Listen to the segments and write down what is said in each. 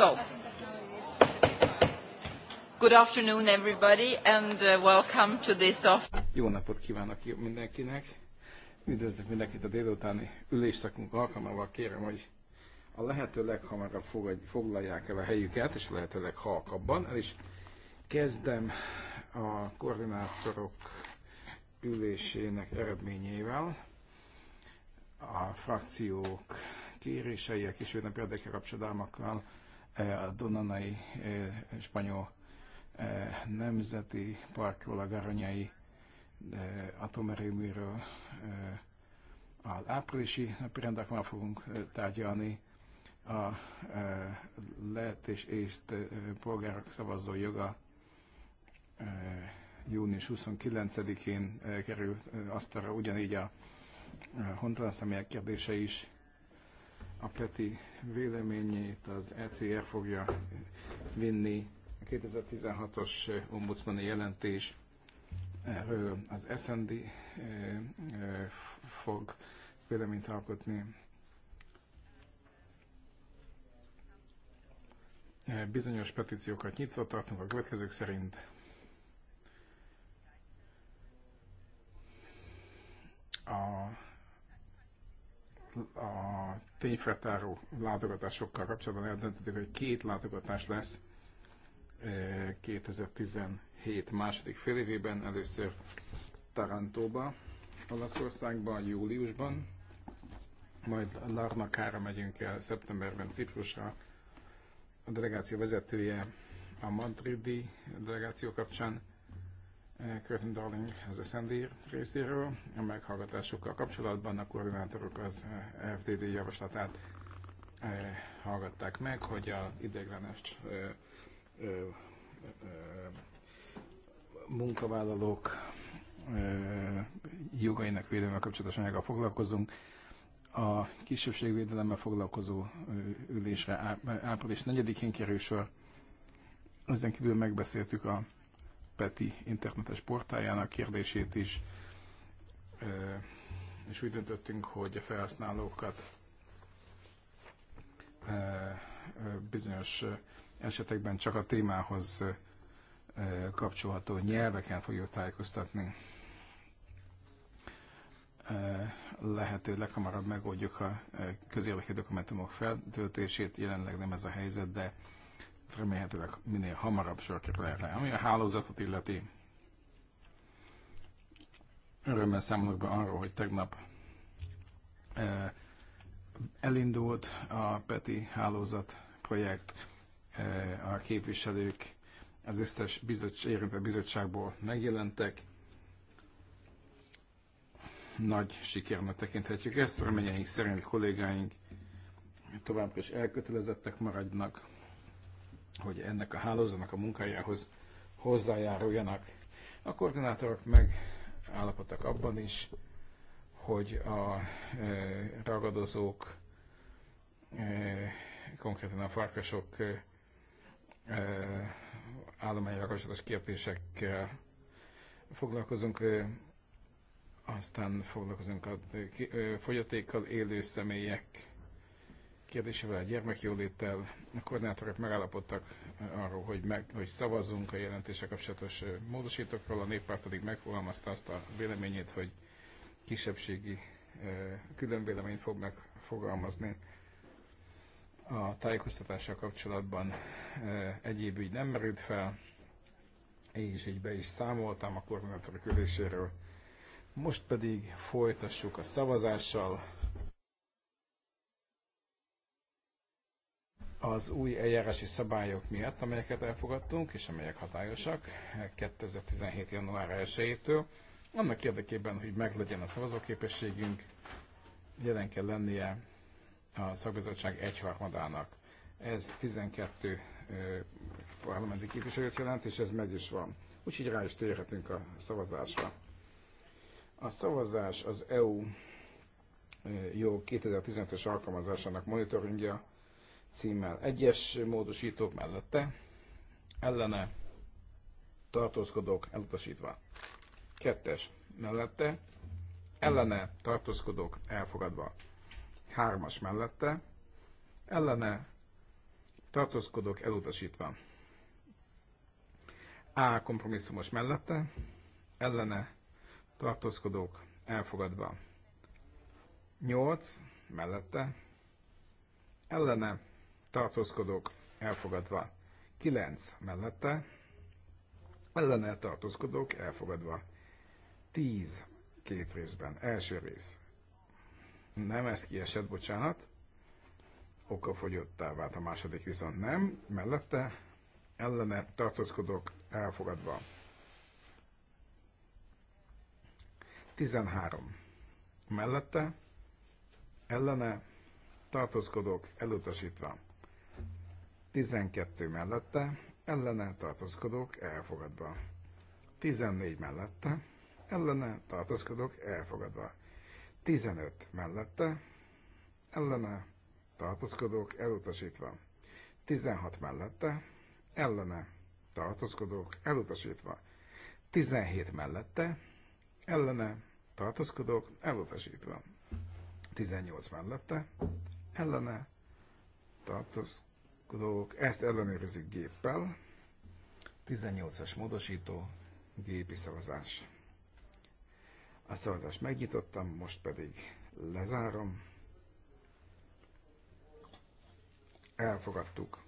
So, good afternoon everybody and uh, welcome to this off. Jó napot kívánok mindenkinek. Üdvözlök mindenkit a délutáni ülésszakunk alkalmával. Kérem, hogy a lehető leghamarabb foglalják el a helyüket, és a lehető leghalkabban. El is kezdem a koordinátorok ülésének eredményével. A frakciók kérései, a késő napi kapcsolatával E, a Dunanai e, spanyol e, nemzeti parkról, a Garonyai atomerőműről az áprilisi már fogunk tárgyalni. A lehet és észt polgárok szavazó joga június 29-én kerül asztalra, ugyanígy a hontalan személyek kérdése is a Peti véleményét az ECR fogja vinni a 2016-os ombudsmani jelentés erről az SND eh, eh, fog véleményt alkotni. Eh, bizonyos petíciókat nyitva tartunk a következők szerint. A a tényfeltáró látogatásokkal kapcsolatban eldöntöttük, hogy két látogatás lesz 2017 eh, második évében, először Tarantóba, Olaszországban, júliusban, majd Larnakára megyünk el szeptemberben Ciprusra. A delegáció vezetője a madridi delegáció kapcsán Köszönöm, Darling az SND részéről a meghallgatásokkal kapcsolatban a koordinátorok az eh, FDD javaslatát eh, hallgatták meg, hogy a ideiglenes eh, munkavállalók jogainak védelme kapcsolatos a foglalkozunk. A kisebbségvédelemmel foglalkozó ülésre április 4-én kerül sor. Ezen kívül megbeszéltük a Peti internetes portájának kérdését is, és úgy döntöttünk, hogy a felhasználókat bizonyos esetekben csak a témához kapcsolható nyelveken fogjuk tájékoztatni. Lehető leghamarabb megoldjuk a közérdekű dokumentumok feltöltését, jelenleg nem ez a helyzet, de remélhetőleg minél hamarabb sor lehet erre. Ami a hálózatot illeti, örömmel számolok be arról, hogy tegnap eh, elindult a PETI hálózat projekt, eh, a képviselők az összes bizottság, érintett bizottságból megjelentek. Nagy sikernek tekinthetjük ezt, reményeink szerint kollégáink továbbra is elkötelezettek maradnak hogy ennek a hálózatnak a munkájához hozzájáruljanak. A koordinátorok megállapodtak abban is, hogy a e, ragadozók, e, konkrétan a farkasok e, állományi ragadozatos kérdésekkel foglalkozunk, aztán foglalkozunk a fogyatékkal élő személyek kérdésével, a gyermekjóléttel. A koordinátorok megállapodtak eh, arról, hogy, meg, hogy szavazzunk a jelentése kapcsolatos eh, módosítókról, a néppárt pedig megfogalmazta azt a véleményét, hogy kisebbségi eh, külön véleményt fog megfogalmazni a tájékoztatással kapcsolatban egyéb ügy nem merült fel, és így be is számoltam a koordinátorok üléséről. Most pedig folytassuk a szavazással. az új eljárási szabályok miatt, amelyeket elfogadtunk, és amelyek hatályosak 2017. január 1-től, annak érdekében, hogy meglegyen a szavazóképességünk, jelen kell lennie a szakbizottság egyharmadának. Ez 12 parlamenti képviselőt jelent, és ez meg is van. Úgyhogy rá is térhetünk a szavazásra. A szavazás az EU jog 2015-ös alkalmazásának monitoringja, címmel. Egyes módosítók mellette ellene tartózkodók elutasítva. Kettes mellette ellene tartózkodók elfogadva. Hármas mellette ellene tartózkodók elutasítva. A kompromisszumos mellette ellene tartózkodók elfogadva. 8 mellette ellene tartózkodók elfogadva. 9 mellette, ellene tartózkodók elfogadva. 10 két részben, első rész. Nem, ez kiesett, bocsánat. Okafogyottá vált a második, viszont nem. Mellette, ellene tartózkodók elfogadva. 13 mellette, ellene tartózkodók elutasítva. 12 mellette, ellene tartózkodók elfogadva. 14 mellette, ellene tartózkodók elfogadva. 15 mellette, ellene tartózkodók elutasítva. 16 mellette, ellene tartózkodók elutasítva. 17 mellette, ellene tartózkodók elutasítva. 18 mellette, ellene tartózkodók dolgok, ezt ellenőrizik géppel. 18-as módosító, gépi szavazás. A szavazást megnyitottam, most pedig lezárom. Elfogadtuk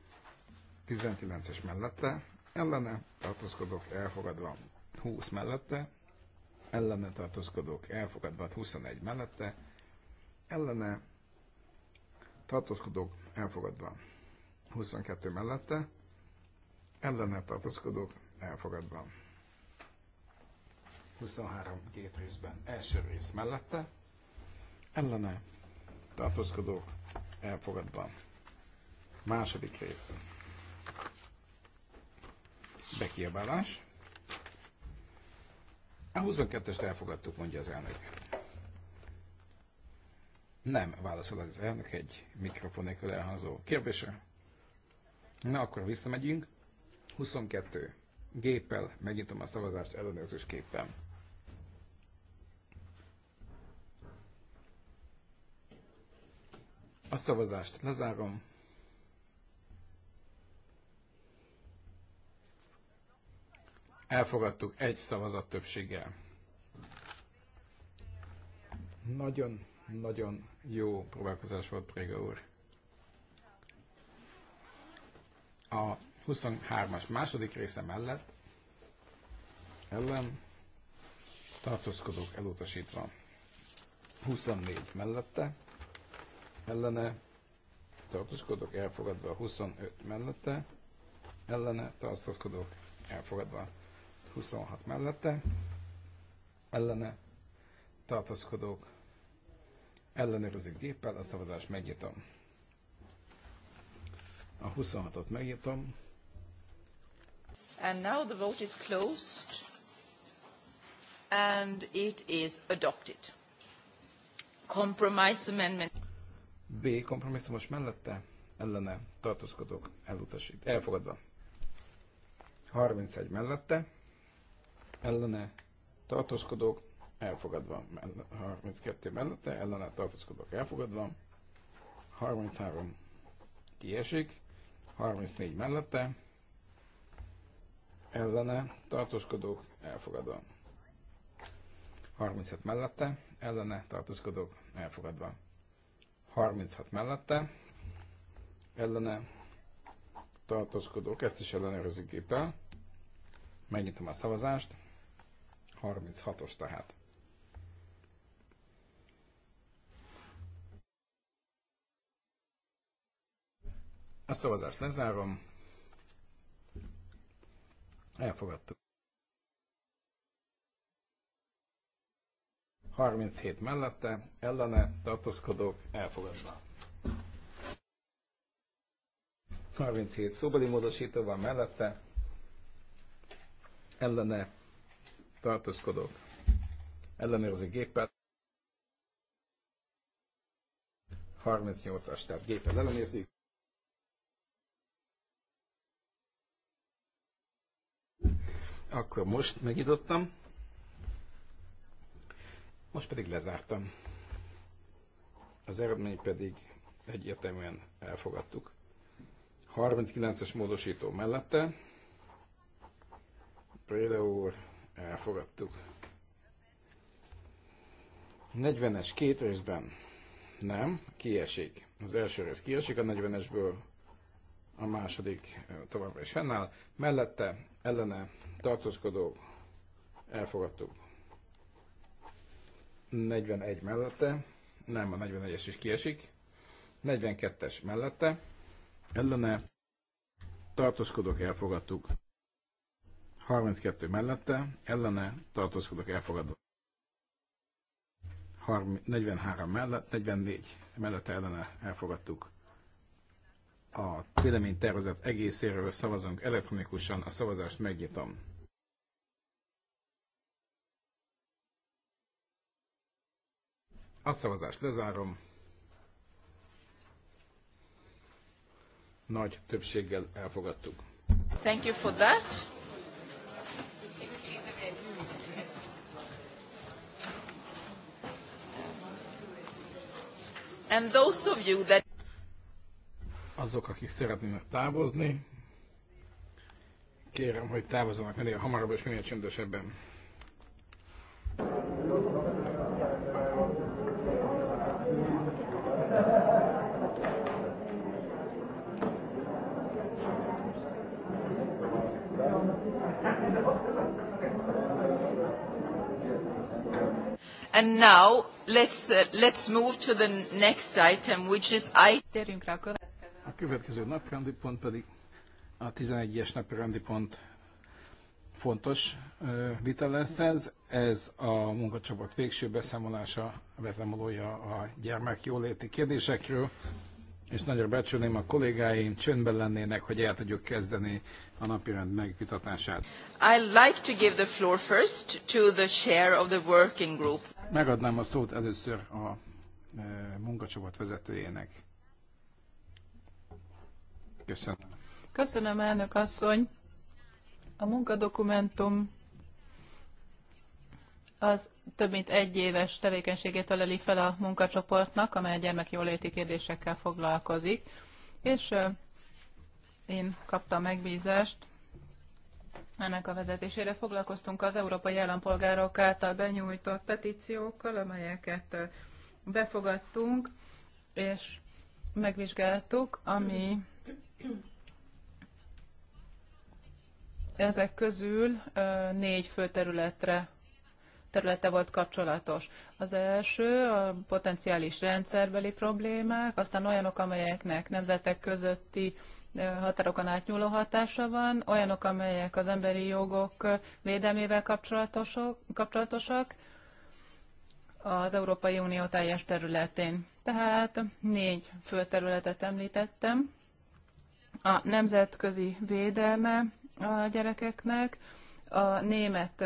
19-es mellette, ellene tartózkodók elfogadva 20 mellette, ellene tartózkodók elfogadva 21 mellette, ellene tartózkodók elfogadva 22 mellette, ellene tartózkodók elfogadva. 23 két részben, első rész mellette, ellene tartózkodók elfogadva. Második rész. Bekiabálás. A 22-est elfogadtuk, mondja az elnök. Nem, válaszol az elnök egy mikrofon nélkül elhangzó kérdésre. Na, akkor visszamegyünk. 22. Géppel megnyitom a szavazást képpen. A szavazást lezárom. Elfogadtuk egy szavazat többséggel. Nagyon, nagyon jó próbálkozás volt, Préga úr. a 23-as második része mellett ellen tartózkodók elutasítva. 24 mellette ellene tartózkodók elfogadva, 25 mellette ellene tartózkodók elfogadva, 26 mellette ellene tartózkodók ellenőrzik géppel a szavazás megnyitom. A 26-ot megnyitom. And now the vote is closed and it is adopted. Compromise amendment. B. Kompromisszumos mellette ellene tartózkodók elutasít. Elfogadva. 31 mellette ellene tartózkodók elfogadva. 32 mellette ellene tartózkodók elfogadva. 33 kiesik. 34 mellette, ellene, tartózkodók elfogadva. 36 mellette, ellene, tartózkodók elfogadva. 36 mellette, ellene, tartózkodók, ezt is ellenőrzik éppen. Megnyitom a szavazást. 36-os tehát. A szavazást lezárom. Elfogadtuk. 37 mellette, ellene tartózkodók elfogadva. 37 szóbeli módosítóval mellette, ellene tartózkodók ellenőrző géppel. 38-as, tehát géppel ellenőrzik. Akkor most megnyitottam. Most pedig lezártam. Az eredmény pedig egyértelműen elfogadtuk. 39-es módosító mellette. Préle úr, elfogadtuk. 40-es két részben nem, kiesik. Az első rész kiesik a 40-esből, a második továbbra is fennáll. Mellette, ellene tartózkodó, elfogadtuk. 41 mellette, nem, a 41-es is kiesik. 42-es mellette, ellene, tartózkodók, elfogadtuk. 32 mellette, ellene, tartózkodók, elfogadva. 43 mellett, 44 mellette ellene elfogadtuk. A véleménytervezet egészéről szavazunk elektronikusan, a szavazást megnyitom. A szavazást lezárom. Nagy többséggel elfogadtuk. Thank you for that. And those of you that azok, akik szeretnének távozni, kérem, hogy távozzanak minél hamarabb és minél csendesebben. And now let's, uh, let's move to the next item, which is I... a következő. A naprendi pont pedig a 11-es naprendi pont fontos vita lesz ez. Ez a munkacsoport végső beszámolása, beszámolója a gyermekjóléti kérdésekről és nagyra becsülném a kollégáim, csöndben lennének, hogy el tudjuk kezdeni a napirend megvitatását. I like to give the floor first to the chair of the working group. Megadnám a szót először a e, munkacsoport vezetőjének. Köszönöm. Köszönöm, elnök asszony. A munkadokumentum az több mint egy éves tevékenységét öleli fel a munkacsoportnak, amely a gyermekjóléti kérdésekkel foglalkozik, és én kaptam megbízást ennek a vezetésére. Foglalkoztunk az európai állampolgárok által benyújtott petíciókkal, amelyeket befogadtunk, és megvizsgáltuk, ami ezek közül négy fő területre területe volt kapcsolatos. Az első a potenciális rendszerbeli problémák, aztán olyanok, amelyeknek nemzetek közötti határokon átnyúló hatása van, olyanok, amelyek az emberi jogok védelmével kapcsolatosok, kapcsolatosak az Európai Unió teljes területén. Tehát négy fő területet említettem. A nemzetközi védelme a gyerekeknek, a német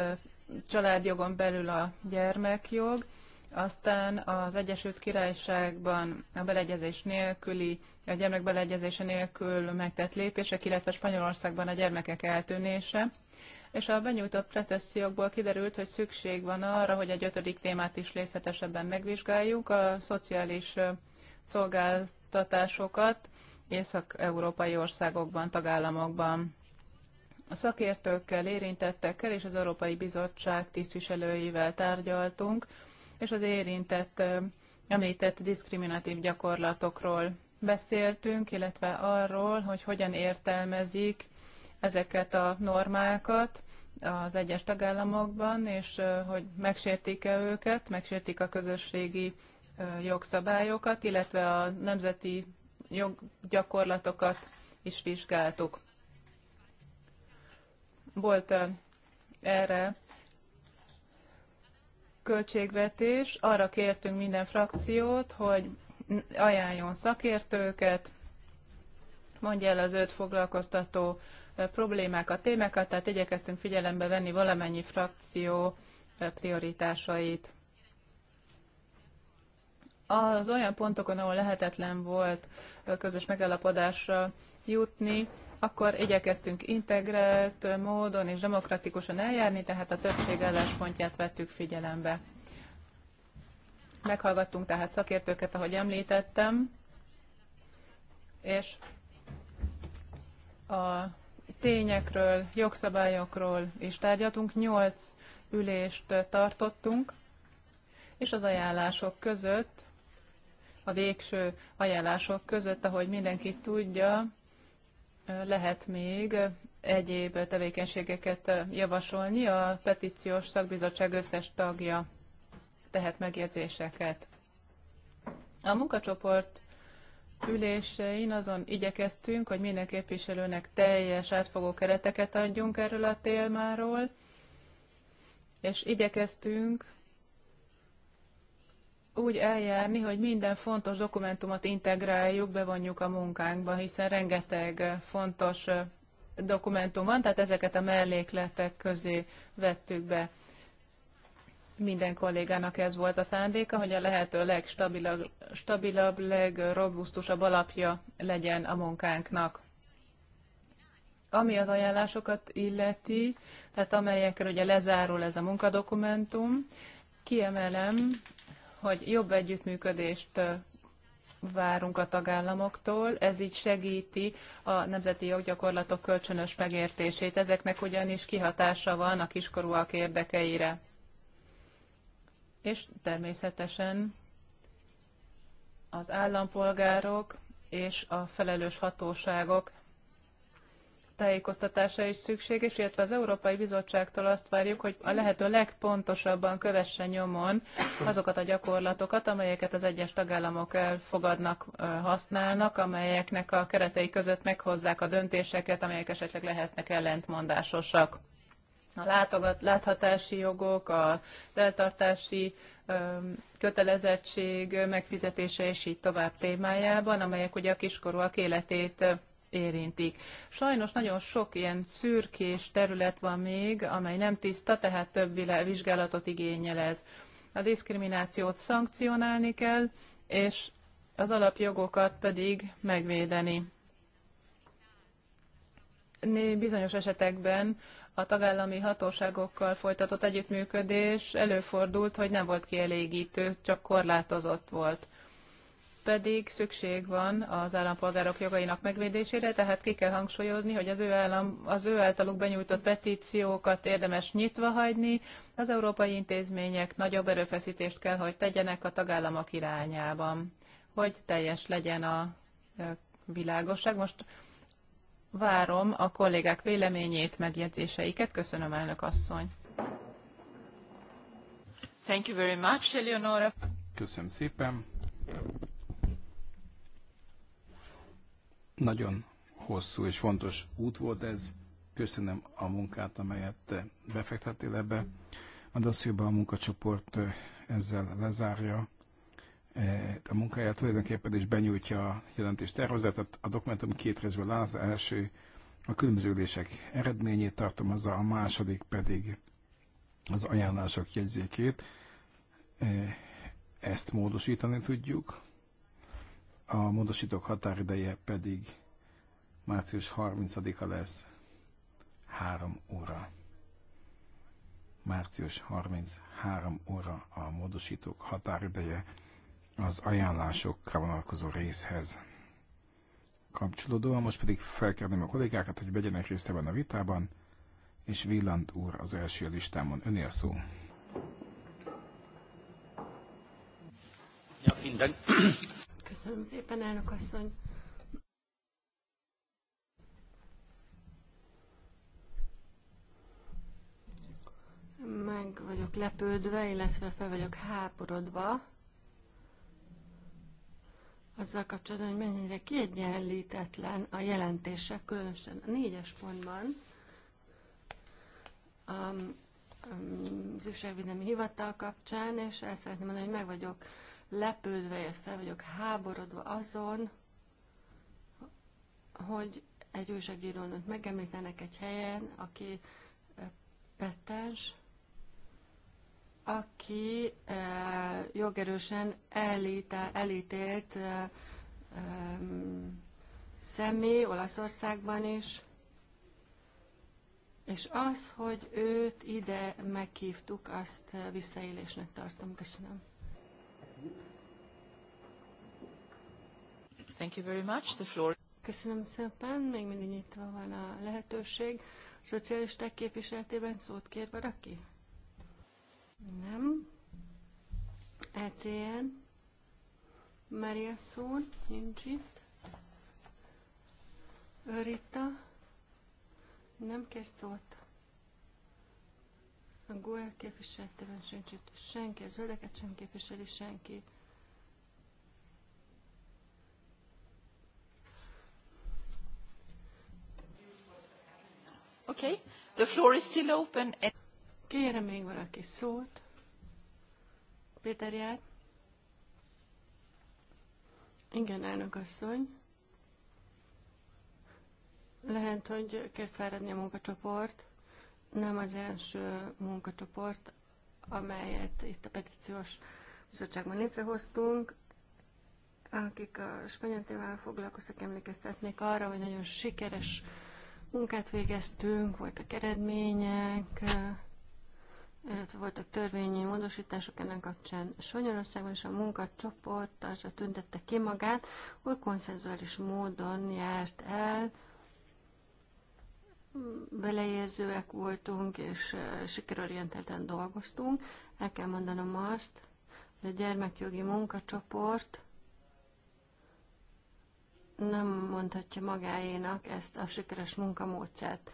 családjogon belül a gyermekjog, aztán az Egyesült Királyságban a beleegyezés nélküli, a gyermek beleegyezése nélkül megtett lépések, illetve Spanyolországban a gyermekek eltűnése, és a benyújtott precessziókból kiderült, hogy szükség van arra, hogy egy ötödik témát is részletesebben megvizsgáljuk, a szociális szolgáltatásokat észak-európai országokban, tagállamokban. A szakértőkkel, érintettekkel és az Európai Bizottság tisztviselőivel tárgyaltunk, és az érintett, említett diszkriminatív gyakorlatokról beszéltünk, illetve arról, hogy hogyan értelmezik ezeket a normákat az egyes tagállamokban, és hogy megsértik-e őket, megsértik a közösségi jogszabályokat, illetve a nemzeti joggyakorlatokat is vizsgáltuk volt erre költségvetés, arra kértünk minden frakciót, hogy ajánljon szakértőket, mondja el az öt foglalkoztató problémákat, témákat, tehát igyekeztünk figyelembe venni valamennyi frakció prioritásait. Az olyan pontokon, ahol lehetetlen volt közös megállapodásra jutni, akkor igyekeztünk integrált módon és demokratikusan eljárni, tehát a többség álláspontját vettük figyelembe. Meghallgattunk tehát szakértőket, ahogy említettem, és a tényekről, jogszabályokról is tárgyaltunk, nyolc ülést tartottunk, és az ajánlások között, a végső ajánlások között, ahogy mindenki tudja, lehet még egyéb tevékenységeket javasolni. A petíciós szakbizottság összes tagja tehet megjegyzéseket. A munkacsoport ülésein azon igyekeztünk, hogy minden képviselőnek teljes átfogó kereteket adjunk erről a témáról, és igyekeztünk úgy eljárni, hogy minden fontos dokumentumot integráljuk, bevonjuk a munkánkba, hiszen rengeteg fontos dokumentum van, tehát ezeket a mellékletek közé vettük be. Minden kollégának ez volt a szándéka, hogy a lehető legstabilabb, stabilabb, legrobusztusabb alapja legyen a munkánknak. Ami az ajánlásokat illeti, tehát amelyekkel ugye lezárul ez a munkadokumentum, kiemelem hogy jobb együttműködést várunk a tagállamoktól, ez így segíti a nemzeti joggyakorlatok kölcsönös megértését. Ezeknek ugyanis kihatása van a kiskorúak érdekeire. És természetesen az állampolgárok és a felelős hatóságok tájékoztatása is szükséges, illetve az Európai Bizottságtól azt várjuk, hogy a lehető legpontosabban kövesse nyomon azokat a gyakorlatokat, amelyeket az egyes tagállamok elfogadnak, használnak, amelyeknek a keretei között meghozzák a döntéseket, amelyek esetleg lehetnek ellentmondásosak. A látogat, láthatási jogok, a eltartási kötelezettség megfizetése és így tovább témájában, amelyek ugye a kiskorúak életét érintik. Sajnos nagyon sok ilyen szürkés terület van még, amely nem tiszta, tehát több vizsgálatot igényel ez. A diszkriminációt szankcionálni kell, és az alapjogokat pedig megvédeni. Bizonyos esetekben a tagállami hatóságokkal folytatott együttműködés előfordult, hogy nem volt kielégítő, csak korlátozott volt pedig szükség van az állampolgárok jogainak megvédésére, tehát ki kell hangsúlyozni, hogy az ő, állam, az ő általuk benyújtott petíciókat érdemes nyitva hagyni, az európai intézmények nagyobb erőfeszítést kell, hogy tegyenek a tagállamok irányában, hogy teljes legyen a világosság. Most várom a kollégák véleményét, megjegyzéseiket. Köszönöm, elnök asszony. Thank you very much, Eleonora. Köszönöm szépen. Nagyon hosszú és fontos út volt ez. Köszönöm a munkát, amelyet befektettél ebbe. A dosszióban a munkacsoport ezzel lezárja e, a munkáját, tulajdonképpen is benyújtja a jelentés tervezetet. A dokumentum két részből áll, az első a különböző ülések eredményét tartalmazza, a második pedig az ajánlások jegyzékét. E, ezt módosítani tudjuk, a módosítók határideje pedig március 30-a lesz 3 óra. Március 33 óra a módosítók határideje az ajánlásokra vonatkozó részhez kapcsolódóan. Most pedig felkérném a kollégákat, hogy vegyenek részt ebben a vitában, és Villant úr az első listámon. Öné a szó. Ja, Köszönöm szépen, elnök asszony. Meg vagyok lepődve, illetve fel vagyok háborodva azzal kapcsolatban, hogy mennyire kiegyenlítetlen a jelentések, különösen a négyes pontban a, a, az Hivatal kapcsán, és el szeretném mondani, hogy meg vagyok lepődve, és fel vagyok háborodva azon, hogy egy újságírónőt megemlítenek egy helyen, aki petens, aki jogerősen elítélt, elítélt személy Olaszországban is, és az, hogy őt ide meghívtuk, azt visszaélésnek tartom. Köszönöm. Thank you very much. The floor. Köszönöm szépen, még mindig nyitva van a lehetőség. A szocialisták képviseletében szót kér valaki? Nem. ECN. Maria Szón, nincs itt. Rita. Nem kér szót. A GUE képviseletében sincs itt senki, a zöldeket sem képviseli senki. Okay. The floor is still open. Kérem még valaki szót. Péter jár. Igen, elnök asszony. Lehet, hogy kezd fáradni a munkacsoport. Nem az első munkacsoport, amelyet itt a petíciós bizottságban létrehoztunk. Akik a spanyol témával foglalkoztak, emlékeztetnék arra, hogy nagyon sikeres Munkát végeztünk, voltak eredmények, illetve voltak törvényi módosítások ennek kapcsán. Spanyolországban is a munkacsoport tartsa tüntette ki magát, hogy konszenzuális módon járt el, beleérzőek voltunk, és sikerorientáltan dolgoztunk. El kell mondanom azt, hogy a gyermekjogi munkacsoport nem mondhatja magáénak ezt a sikeres munkamódszert.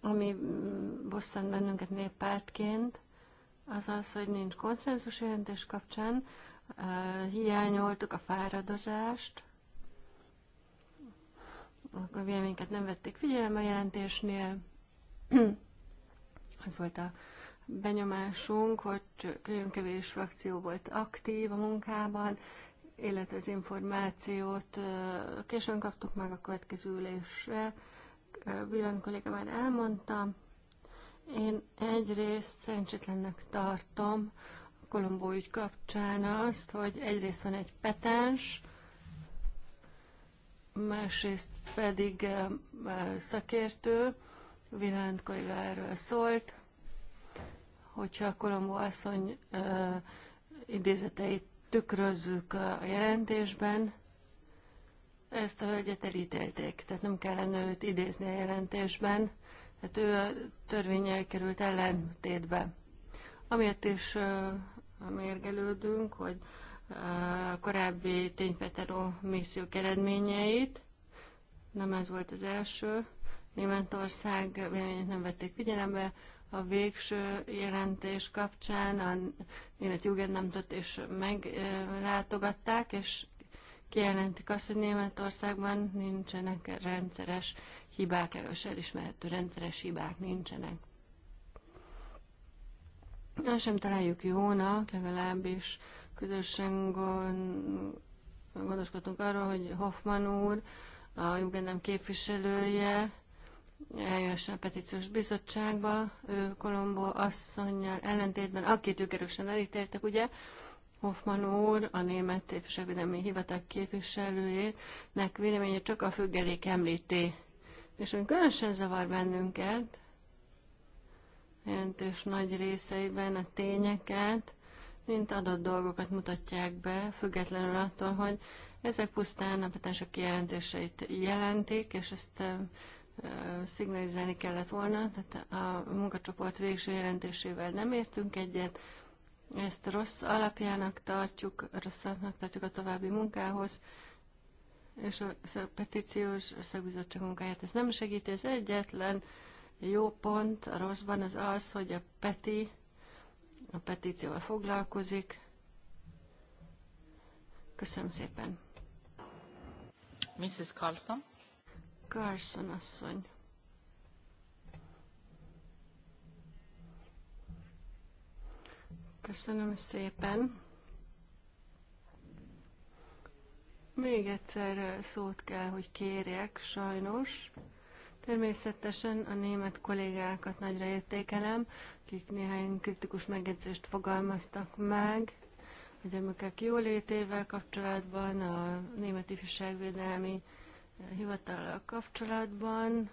Ami mm, bosszant bennünket néppártként, az az, hogy nincs konszenzus jelentés kapcsán, hiányoltuk a fáradozást, akkor véleményeket nem vették figyelembe a jelentésnél. Az volt a benyomásunk, hogy nagyon kevés frakció volt aktív a munkában, illetve az információt későn kaptuk meg a következő ülésre. Villany kolléga már elmondta. Én egyrészt szerencsétlennek tartom a Kolombó ügy kapcsán azt, hogy egyrészt van egy petens, másrészt pedig szakértő, Vilán kolléga erről szólt, hogyha a Kolombó asszony idézeteit tükrözzük a jelentésben, ezt a hölgyet elítélték, tehát nem kellene őt idézni a jelentésben, tehát ő a törvényel került ellentétbe. Amiért is mérgelődünk, hogy a korábbi tényfeteró missziók eredményeit, nem ez volt az első, Németország véleményét nem vették figyelembe, a végső jelentés kapcsán a német Jugendamtot is meglátogatták, és kijelentik azt, hogy Németországban nincsenek rendszeres hibák, és elismerhető rendszeres hibák nincsenek. Azt sem találjuk jónak, legalábbis közösen gondoskodtunk arról, hogy Hoffman úr, a Jugendem képviselője, eljöjjön a petíciós bizottságba, ő Kolombó asszonynal ellentétben, akit ők erősen elítéltek, ugye, Hoffman úr, a Német Ifjúságvédelmi Hivatal képviselőjének véleménye csak a függelék említi. És ami különösen zavar bennünket, jelentős nagy részeiben a tényeket, mint adott dolgokat mutatják be, függetlenül attól, hogy ezek pusztán a kijelentéseit jelentik, és ezt szignalizálni kellett volna, tehát a munkacsoport végső jelentésével nem értünk egyet, ezt rossz alapjának tartjuk, rosszatnak tartjuk a további munkához, és a petíciós szakbizottság munkáját ez nem segíti. Ez egyetlen jó pont a rosszban az az, hogy a Peti a petícióval foglalkozik. Köszönöm szépen. Mrs. Carlson. Carson asszony. Köszönöm szépen. Még egyszer eh, szót kell, hogy kérjek, sajnos. Természetesen a német kollégákat nagyra értékelem, akik néhány kritikus megjegyzést fogalmaztak meg hogy a jó jólétével kapcsolatban, a német ifjúságvédelmi hivatallal kapcsolatban.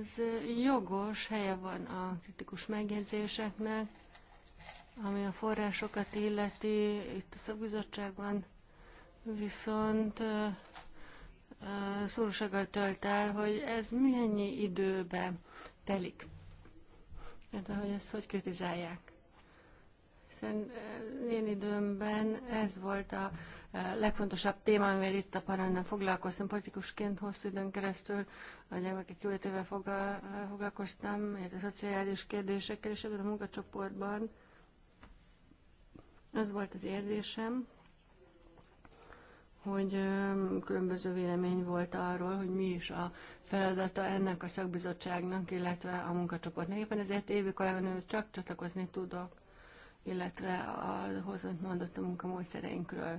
Ez jogos helye van a kritikus megjegyzéseknek, ami a forrásokat illeti, itt a szakbizottságban viszont szorúsággal tölt el, hogy ez mennyi időben telik. Hát, hogy ezt hogy kritizálják. Hiszen én időmben ez volt a legfontosabb téma, amivel itt a Parannál foglalkoztam politikusként hosszú időn keresztül, a gyermekek jólétével eh, foglalkoztam, a szociális kérdésekkel, és ebben a munkacsoportban az volt az érzésem, hogy eh, különböző vélemény volt arról, hogy mi is a feladata ennek a szakbizottságnak, illetve a munkacsoportnak. Éppen ezért évi kolléganő csak csatlakozni tudok, illetve ahhoz, amit mondott a munkamódszereinkről.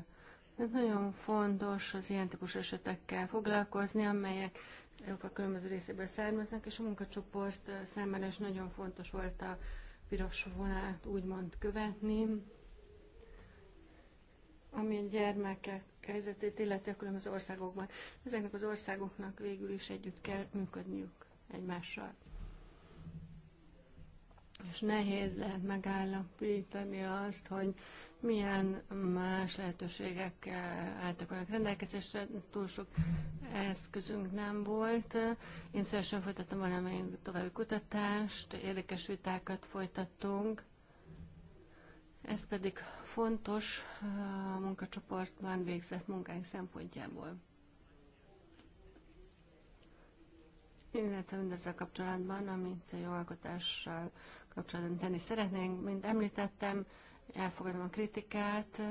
Nagyon fontos az ilyen típus esetekkel foglalkozni, amelyek a különböző részéből származnak, és a munkacsoport számára is nagyon fontos volt a piros vonát úgymond követni, ami a gyermekek helyzetét illeti a különböző országokban. Ezeknek az országoknak végül is együtt kell működniük egymással és nehéz lehet megállapítani azt, hogy milyen más lehetőségek álltak a rendelkezésre, túl sok eszközünk nem volt. Én szeresen folytattam valamelyik további kutatást, érdekes vitákat folytattunk. Ez pedig fontos a munkacsoportban végzett munkánk szempontjából. Illetve mindezzel kapcsolatban, amit a jogalkotással kapcsolatban tenni szeretnénk. Mint említettem, elfogadom a kritikát,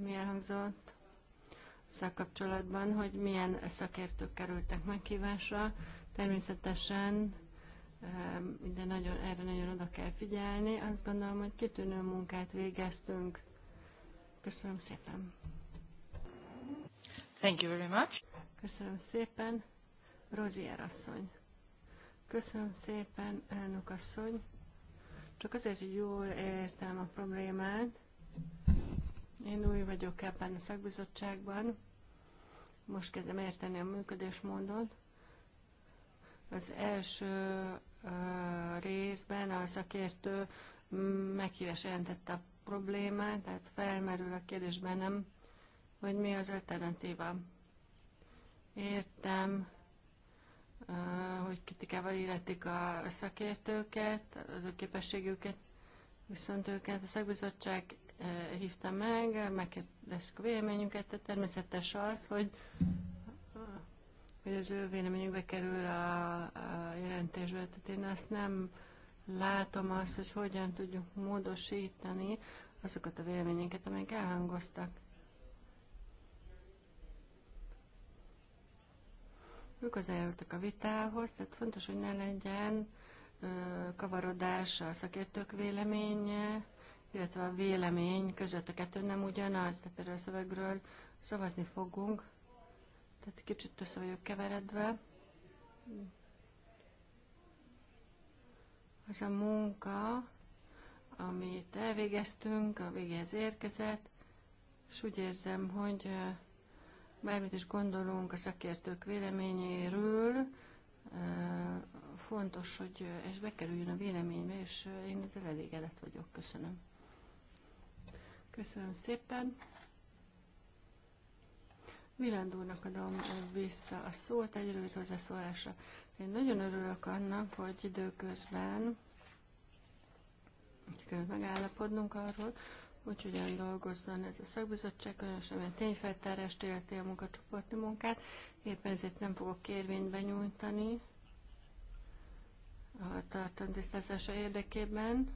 ami elhangzott Szakkapcsolatban, hogy milyen szakértők kerültek meghívásra. Természetesen de nagyon, erre nagyon oda kell figyelni. Azt gondolom, hogy kitűnő munkát végeztünk. Köszönöm szépen. Thank you very much. Köszönöm szépen. Rozier asszony. Köszönöm szépen, elnök asszony. Csak azért, hogy jól értem a problémát, én új vagyok ebben a szakbizottságban, most kezdem érteni a működésmódot. Az első ö, részben a szakértő mm, meghívás jelentette a problémát, tehát felmerül a kérdés bennem, hogy mi az alternatíva. Értem hogy kritikával illetik a szakértőket, az ő képességüket, viszont őket a szakbizottság hívta meg, megkérdeztük a véleményünket, tehát természetes az, hogy, hogy az ő véleményükbe kerül a, a jelentésbe. Tehát én azt nem látom azt, hogy hogyan tudjuk módosítani azokat a véleményeket, amelyek elhangoztak. Ők hozzájárultak a vitához, tehát fontos, hogy ne legyen kavarodás a szakértők véleménye, illetve a vélemény között a kettő nem ugyanaz, tehát erről a szövegről szavazni fogunk. Tehát kicsit össze vagyok keveredve. Az a munka, amit elvégeztünk, a végéhez érkezett, és úgy érzem, hogy Bármit is gondolunk a szakértők véleményéről, fontos, hogy ez bekerüljön a véleménybe, és én ezzel elégedett vagyok. Köszönöm. Köszönöm szépen. Viránd úrnak adom vissza a szót egy rövid hozzászólásra. Én nagyon örülök annak, hogy időközben kell megállapodnunk arról, hogy hogyan dolgozzon ez a szakbizottság, különösen mert tényfeltárást illeti a munkacsoporti munkát. Éppen ezért nem fogok kérvényt benyújtani a tartalom tisztázása érdekében,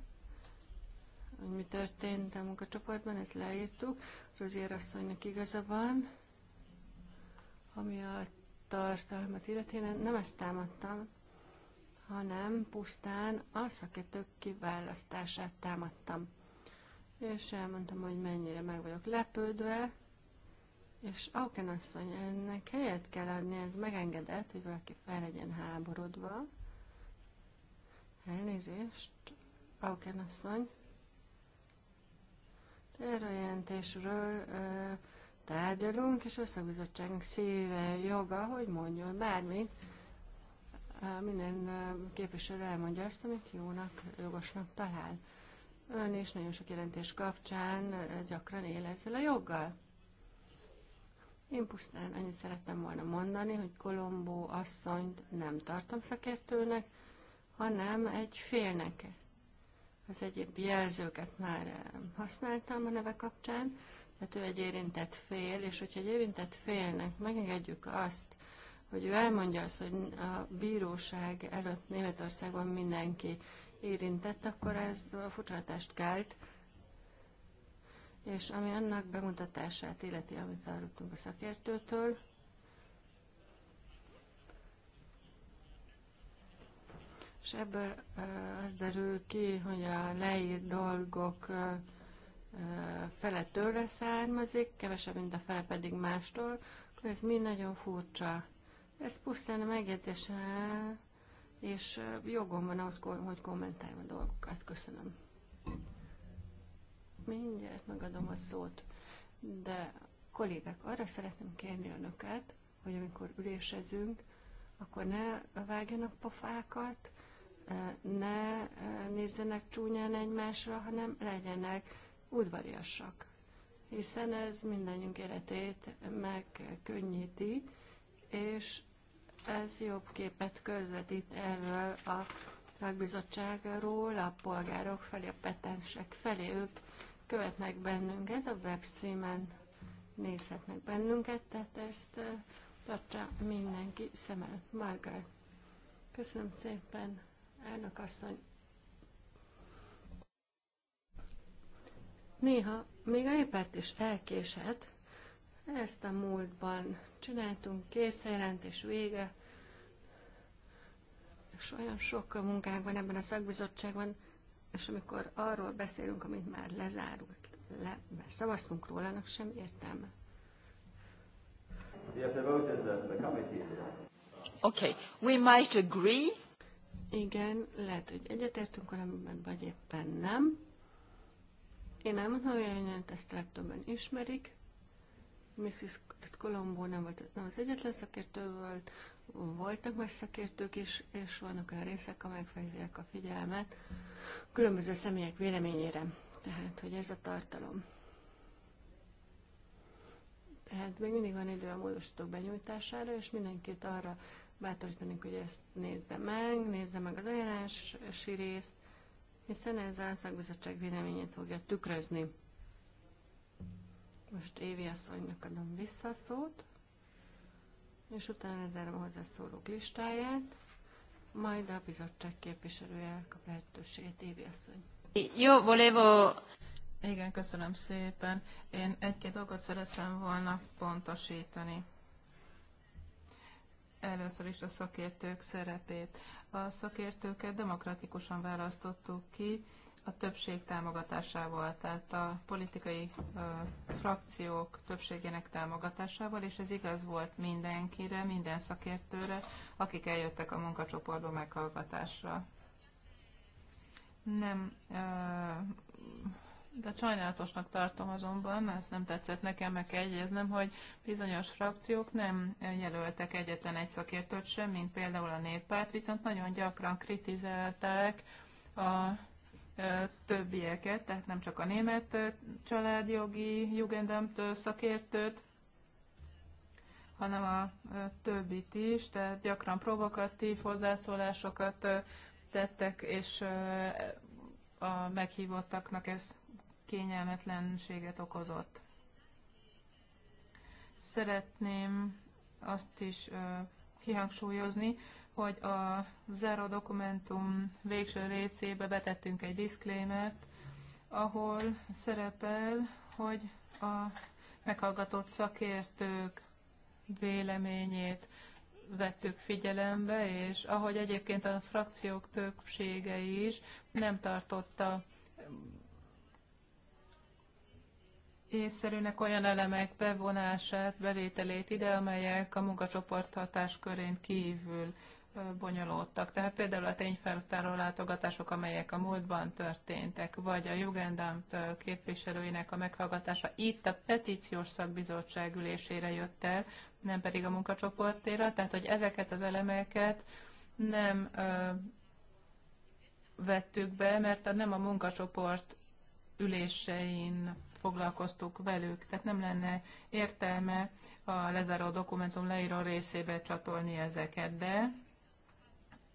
hogy mi történt a munkacsoportban, ezt leírtuk. Rozier asszonynak igaza van, ami a tartalmat illeti, nem ezt támadtam, hanem pusztán a szakértők kiválasztását támadtam és elmondtam, hogy mennyire meg vagyok lepődve, és Auken asszony, ennek helyet kell adni, ez megengedett, hogy valaki fel legyen háborodva. Elnézést, Auken asszony. Terrorjelentésről tárgyalunk, és összebizottságunk szíve joga, hogy mondjon bármit. Minden képviselő elmondja azt, amit jónak, jogosnak talál. Ön is nagyon sok jelentés kapcsán gyakran él ezzel a joggal. Én pusztán annyit szerettem volna mondani, hogy Kolombó asszonyt nem tartom szakértőnek, hanem egy félnek. Az egyéb jelzőket már használtam a neve kapcsán, tehát ő egy érintett fél, és hogyha egy érintett félnek megengedjük azt, hogy ő elmondja azt, hogy a bíróság előtt Németországban mindenki érintett, akkor ez a furcsolatást kelt, és ami annak bemutatását illeti, amit hallottunk a szakértőtől, és ebből az derül ki, hogy a leírt dolgok fele tőle származik, kevesebb, mint a fele pedig mástól, akkor ez mind nagyon furcsa. Ez pusztán a megjegyzése és jogom van az, hogy kommentáljam a dolgokat. Köszönöm. Mindjárt megadom a szót, de kollégák, arra szeretném kérni önöket, hogy amikor ülésezünk, akkor ne vágjanak pofákat, ne nézzenek csúnyán egymásra, hanem legyenek udvariasak. Hiszen ez mindannyiunk életét megkönnyíti, és ez jobb képet közvetít erről a szakbizottságról a polgárok felé, a petensek felé. Ők követnek bennünket, a webstreamen nézhetnek bennünket, tehát ezt tartsa mindenki szem előtt. Margaret, köszönöm szépen, elnök asszony. Néha még a népárt is elkésed, ezt a múltban csináltunk, és vége, és olyan sok munkánk van ebben a szakbizottságban, és amikor arról beszélünk, amit már lezárult, le, mert szavaztunk róla, annak sem értelme. Okay, we might agree. Igen, lehet, hogy egyetértünk valamiben, vagy éppen nem. Én nem mondom, hogy ezt a legtöbben ismerik. Mrs. Colombo nem, volt, nem az egyetlen szakértő volt, voltak más szakértők is, és vannak olyan részek, amelyek felhívják a figyelmet különböző személyek véleményére. Tehát, hogy ez a tartalom. Tehát még mindig van idő a módosítók benyújtására, és mindenkit arra bátorítanék, hogy ezt nézze meg, nézze meg az ajánlási részt, hiszen ez a szakbizottság véleményét fogja tükrözni. Most Évi asszonynak adom vissza a szót, és utána lezárom a hozzászólók listáját, majd a bizottság képviselője kap lehetőséget, Évi asszony. Jó, volevo... Igen, köszönöm szépen. Én egy-két dolgot szeretem volna pontosítani. Először is a szakértők szerepét. A szakértőket demokratikusan választottuk ki, a többség támogatásával, tehát a politikai ö, frakciók többségének támogatásával, és ez igaz volt mindenkire, minden szakértőre, akik eljöttek a munkacsoportba meghallgatásra. Nem, ö, de sajnálatosnak tartom azonban, ezt nem tetszett nekem meg egyeznem, hogy bizonyos frakciók nem jelöltek egyetlen egy szakértőt sem, mint például a néppárt, viszont nagyon gyakran kritizálták a többieket, tehát nem csak a német családjogi jugendamt szakértőt, hanem a többit is, tehát gyakran provokatív hozzászólásokat tettek, és a meghívottaknak ez kényelmetlenséget okozott. Szeretném azt is kihangsúlyozni, hogy a Zero dokumentum végső részébe betettünk egy diszklémert, ahol szerepel, hogy a meghallgatott szakértők véleményét vettük figyelembe, és ahogy egyébként a frakciók többsége is nem tartotta észszerűnek olyan elemek bevonását, bevételét ide, amelyek a munkacsoport hatáskörén kívül bonyolódtak. Tehát például a tényfeltáró látogatások, amelyek a múltban történtek, vagy a Jugendamt képviselőinek a meghallgatása itt a petíciós szakbizottság ülésére jött el, nem pedig a munkacsoportére, tehát hogy ezeket az elemeket nem ö, vettük be, mert nem a munkacsoport ülésein foglalkoztuk velük, tehát nem lenne értelme a lezáró dokumentum leíró részébe csatolni ezeket, de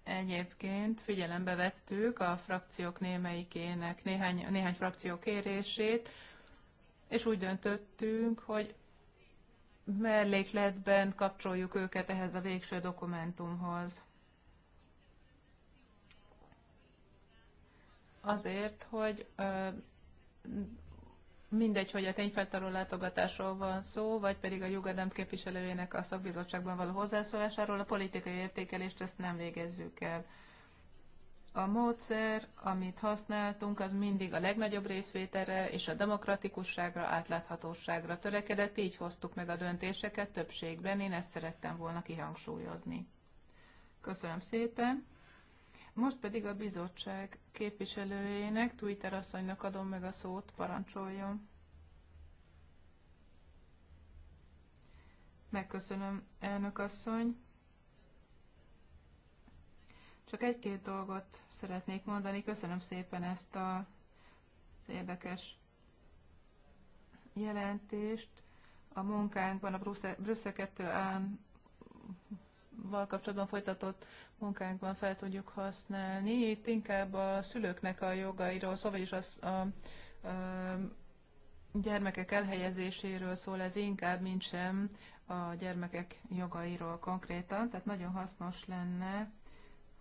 Egyébként figyelembe vettük a frakciók némelyikének, néhány, néhány frakció kérését, és úgy döntöttünk, hogy mellékletben kapcsoljuk őket ehhez a végső dokumentumhoz. Azért, hogy mindegy, hogy a tényfeltaró látogatásról van szó, vagy pedig a jogadám képviselőjének a szakbizottságban való hozzászólásáról, a politikai értékelést ezt nem végezzük el. A módszer, amit használtunk, az mindig a legnagyobb részvételre és a demokratikusságra, átláthatóságra törekedett, így hoztuk meg a döntéseket többségben, én ezt szerettem volna kihangsúlyozni. Köszönöm szépen! Most pedig a bizottság képviselőjének, Twitter asszonynak adom meg a szót, parancsoljon. Megköszönöm, elnök asszony. Csak egy-két dolgot szeretnék mondani. Köszönöm szépen ezt a érdekes jelentést. A munkánkban a Brüsszel 2 val kapcsolatban folytatott munkánkban fel tudjuk használni. Itt inkább a szülőknek a jogairól szól, vagyis az a, a gyermekek elhelyezéséről szól ez inkább, mint sem a gyermekek jogairól konkrétan, tehát nagyon hasznos lenne,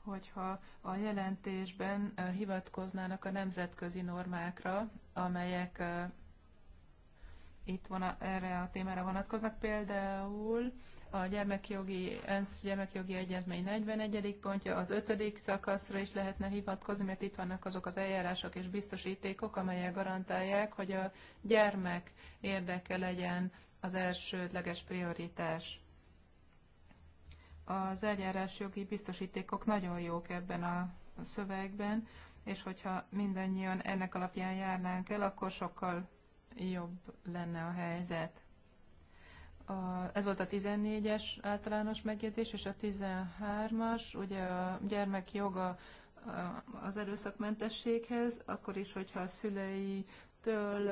hogyha a jelentésben hivatkoznának a nemzetközi normákra, amelyek itt van erre a témára vonatkoznak, például a gyermekjogi, ENSZ gyermekjogi egyezmény 41. pontja, az 5. szakaszra is lehetne hivatkozni, mert itt vannak azok az eljárások és biztosítékok, amelyek garantálják, hogy a gyermek érdeke legyen az elsődleges prioritás. Az eljárásjogi biztosítékok nagyon jók ebben a szövegben, és hogyha mindannyian ennek alapján járnánk el, akkor sokkal jobb lenne a helyzet a, ez volt a 14-es általános megjegyzés, és a 13-as, ugye a gyermek joga az erőszakmentességhez, akkor is, hogyha a szülei től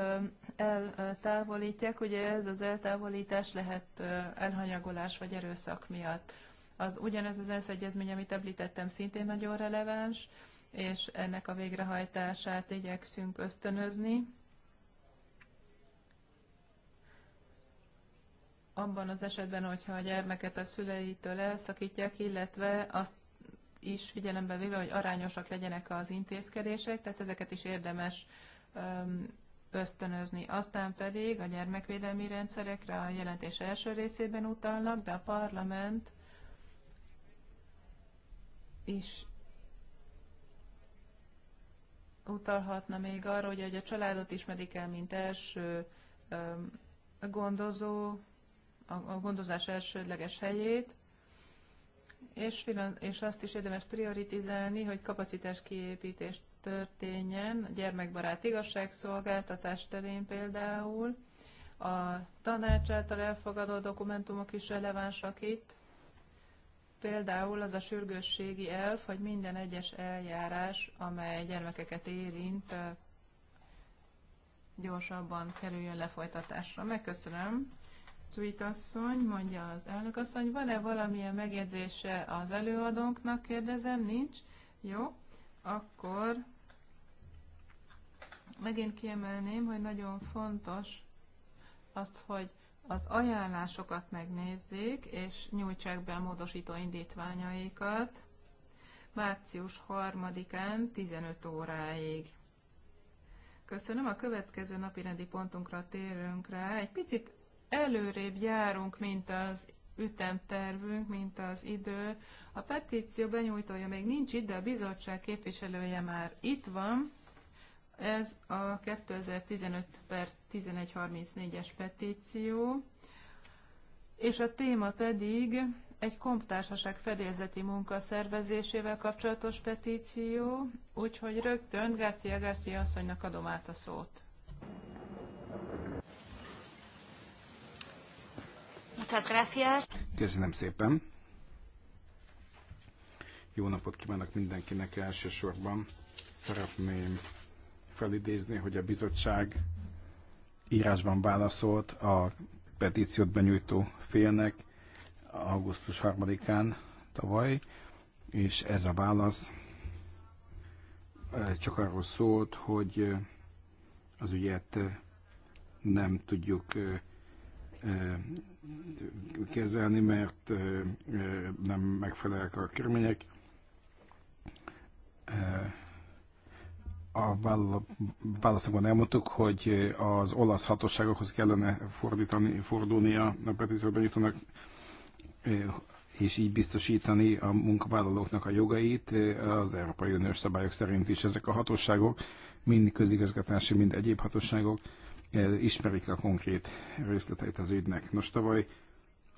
eltávolítják, ugye ez az eltávolítás lehet elhanyagolás vagy erőszak miatt. Az ugyanez az ENSZ egyezmény, amit említettem, szintén nagyon releváns, és ennek a végrehajtását igyekszünk ösztönözni abban az esetben, hogyha a gyermeket a szüleitől elszakítják, illetve azt is figyelembe véve, hogy arányosak legyenek az intézkedések, tehát ezeket is érdemes ösztönözni. Aztán pedig a gyermekvédelmi rendszerekre a jelentés első részében utalnak, de a parlament is utalhatna még arra, hogy a családot ismerik el, mint első gondozó a, a gondozás elsődleges helyét, és, és azt is érdemes prioritizálni, hogy kapacitás kiépítés történjen, gyermekbarát igazságszolgáltatás terén például, a tanács által elfogadó dokumentumok is relevánsak itt, például az a sürgősségi elf, hogy minden egyes eljárás, amely gyermekeket érint, gyorsabban kerüljön lefolytatásra. Megköszönöm. Tweet asszony, mondja az elnök asszony, van-e valamilyen megjegyzése az előadónknak, kérdezem, nincs. Jó, akkor megint kiemelném, hogy nagyon fontos azt, hogy az ajánlásokat megnézzék, és nyújtsák be a módosító indítványaikat március 3-án 15 óráig. Köszönöm, a következő napi rendi pontunkra térünk rá. Egy picit előrébb járunk, mint az ütemtervünk, mint az idő. A petíció benyújtója még nincs itt, de a bizottság képviselője már itt van. Ez a 2015 per 1134-es petíció, és a téma pedig egy komptársaság fedélzeti munka szervezésével kapcsolatos petíció, úgyhogy rögtön Garcia Garcia asszonynak adom át a szót. Muchas gracias. Köszönöm szépen. Jó napot kívánok mindenkinek elsősorban. Szeretném felidézni, hogy a bizottság írásban válaszolt a petíciót benyújtó félnek augusztus 3-án tavaly, és ez a válasz eh, csak arról szólt, hogy eh, az ügyet eh, nem tudjuk kezelni, mert nem megfelelnek a körmények. A válaszokban elmondtuk, hogy az olasz hatóságokhoz kellene fordítani, fordulnia a petíciót benyújtónak, és így biztosítani a munkavállalóknak a jogait az Európai Uniós szabályok szerint is. Ezek a hatóságok, mind közigazgatási, mind egyéb hatóságok ismerik a konkrét részleteit az ügynek. Nos, tavaly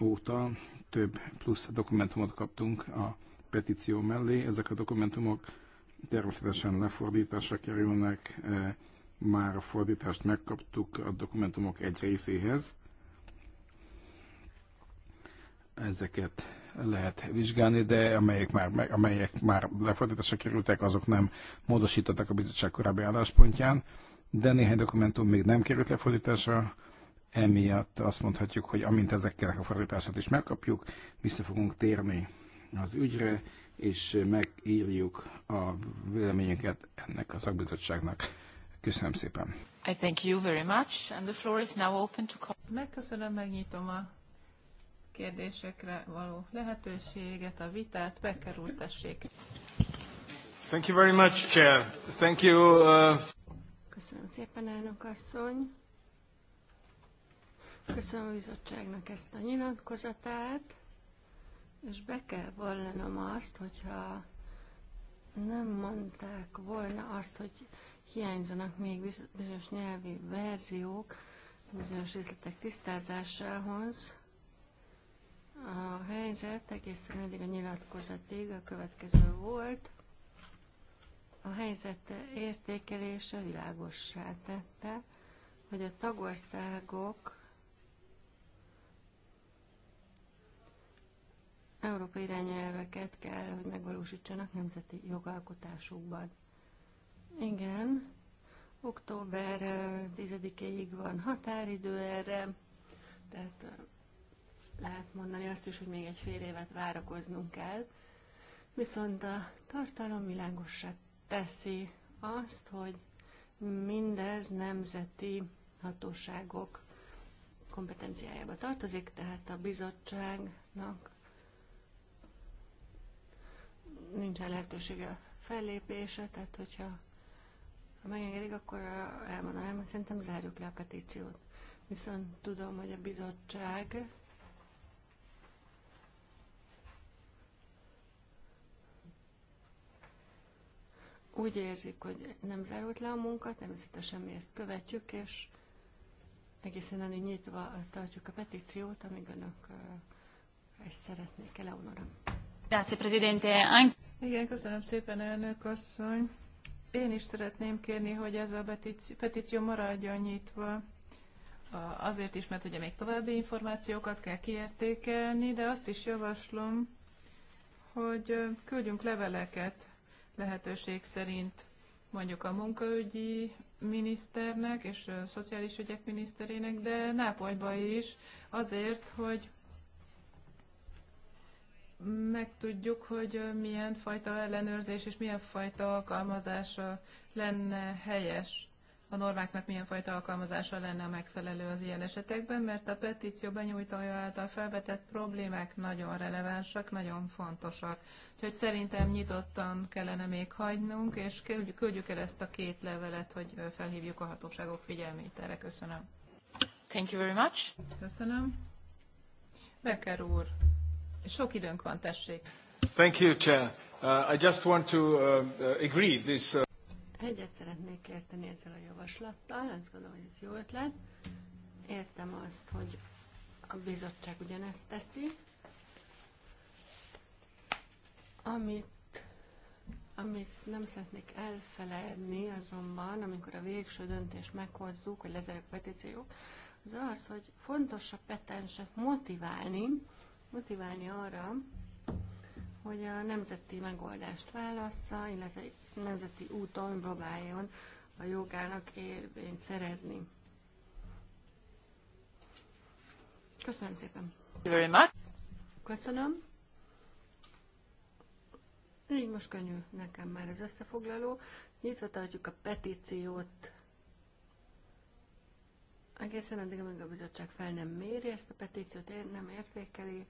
óta több plusz dokumentumot kaptunk a petíció mellé. Ezek a dokumentumok természetesen lefordításra kerülnek, e, már a fordítást megkaptuk a dokumentumok egy részéhez. Ezeket lehet vizsgálni, de amelyek már, amelyek már lefordításra kerültek, azok nem módosítottak a bizottság korábbi álláspontján de néhány dokumentum még nem került lefordításra, emiatt azt mondhatjuk, hogy amint ezekkel a fordítását is megkapjuk, vissza fogunk térni az ügyre, és megírjuk a véleményeket ennek a szakbizottságnak. Köszönöm szépen. I thank you very much, and the floor is now open to Megköszönöm, megnyitom a kérdésekre való lehetőséget, a vitát. bekerültessék. Thank you very much, Chair. Thank you. Uh... Köszönöm szépen, elnök asszony. Köszönöm a bizottságnak ezt a nyilatkozatát, és be kell vallanom azt, hogyha nem mondták volna azt, hogy hiányzanak még bizonyos nyelvi verziók, bizonyos részletek tisztázásához, a helyzet egészen eddig a nyilatkozatig a következő volt. A helyzet értékelése világossá tette, hogy a tagországok európai irányelveket kell, hogy megvalósítsanak nemzeti jogalkotásukban. Igen, október 10-ig van határidő erre, tehát lehet mondani azt is, hogy még egy fél évet várakoznunk kell, viszont a tartalom világossá teszi azt, hogy mindez nemzeti hatóságok kompetenciájába tartozik, tehát a bizottságnak nincs lehetősége a fellépése, tehát hogyha ha megengedik, akkor elmondanám, hogy szerintem zárjuk le a petíciót. Viszont tudom, hogy a bizottság úgy érzik, hogy nem zárult le a munka, természetesen mi ezt követjük, és egészen elég nyitva tartjuk a petíciót, amíg önök ezt szeretnék. Eleonora. Grazie, Presidente. Igen, köszönöm szépen, elnök asszony. Én is szeretném kérni, hogy ez a petíció, petíció maradjon nyitva. Azért is, mert ugye még további információkat kell kiértékelni, de azt is javaslom, hogy küldjünk leveleket lehetőség szerint mondjuk a munkaügyi miniszternek és a szociális ügyek miniszterének, de Nápolyba is azért, hogy megtudjuk, hogy milyen fajta ellenőrzés és milyen fajta alkalmazása lenne helyes a normáknak milyen fajta alkalmazása lenne a megfelelő az ilyen esetekben, mert a petíció benyújtója által felvetett problémák nagyon relevánsak, nagyon fontosak. Úgyhogy szerintem nyitottan kellene még hagynunk, és küldjük el ezt a két levelet, hogy felhívjuk a hatóságok figyelmét erre. Köszönöm. Thank you very much. Köszönöm. Becker úr, sok időnk van, tessék. Thank you, Chair. Uh, I just want to uh, uh agree this. Uh... Egyet szeretnék érteni ezzel a javaslattal, azt gondolom, hogy ez jó ötlet. Értem azt, hogy a bizottság ugyanezt teszi, amit amit nem szeretnék elfelejteni azonban, amikor a végső döntést meghozzuk, hogy lezerek petíciók, az az, hogy fontos a petenset motiválni, motiválni arra, hogy a nemzeti megoldást válassza, illetve nemzeti úton próbáljon a jogának érvényt szerezni. Köszönöm szépen. Very much. Köszönöm. Így most könnyű nekem már az összefoglaló. Nyitva tartjuk a petíciót. Egészen addig, amíg a bizottság fel nem méri ezt a petíciót, ér, nem értékeli,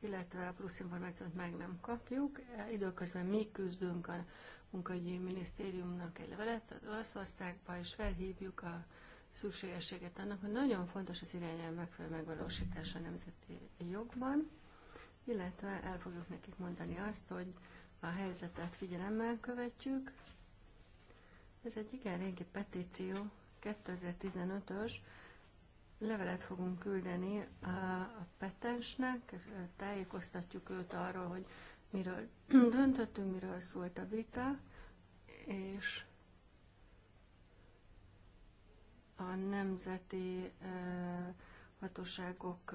illetve a plusz információt meg nem kapjuk. Időközben mi küzdünk a munkahogyi minisztériumnak egy levelet az Olaszországba, és felhívjuk a szükségességet annak, hogy nagyon fontos az irányelv megfelelő megvalósítása a nemzeti jogban, illetve el fogjuk nekik mondani azt, hogy a helyzetet figyelemmel követjük. Ez egy igen régi petíció, 2015-ös, Levelet fogunk küldeni a, eh, a petensnek, tájékoztatjuk őt arról, hogy miről döntöttünk, miről szólt a vita, és a nemzeti eh, hatóságok,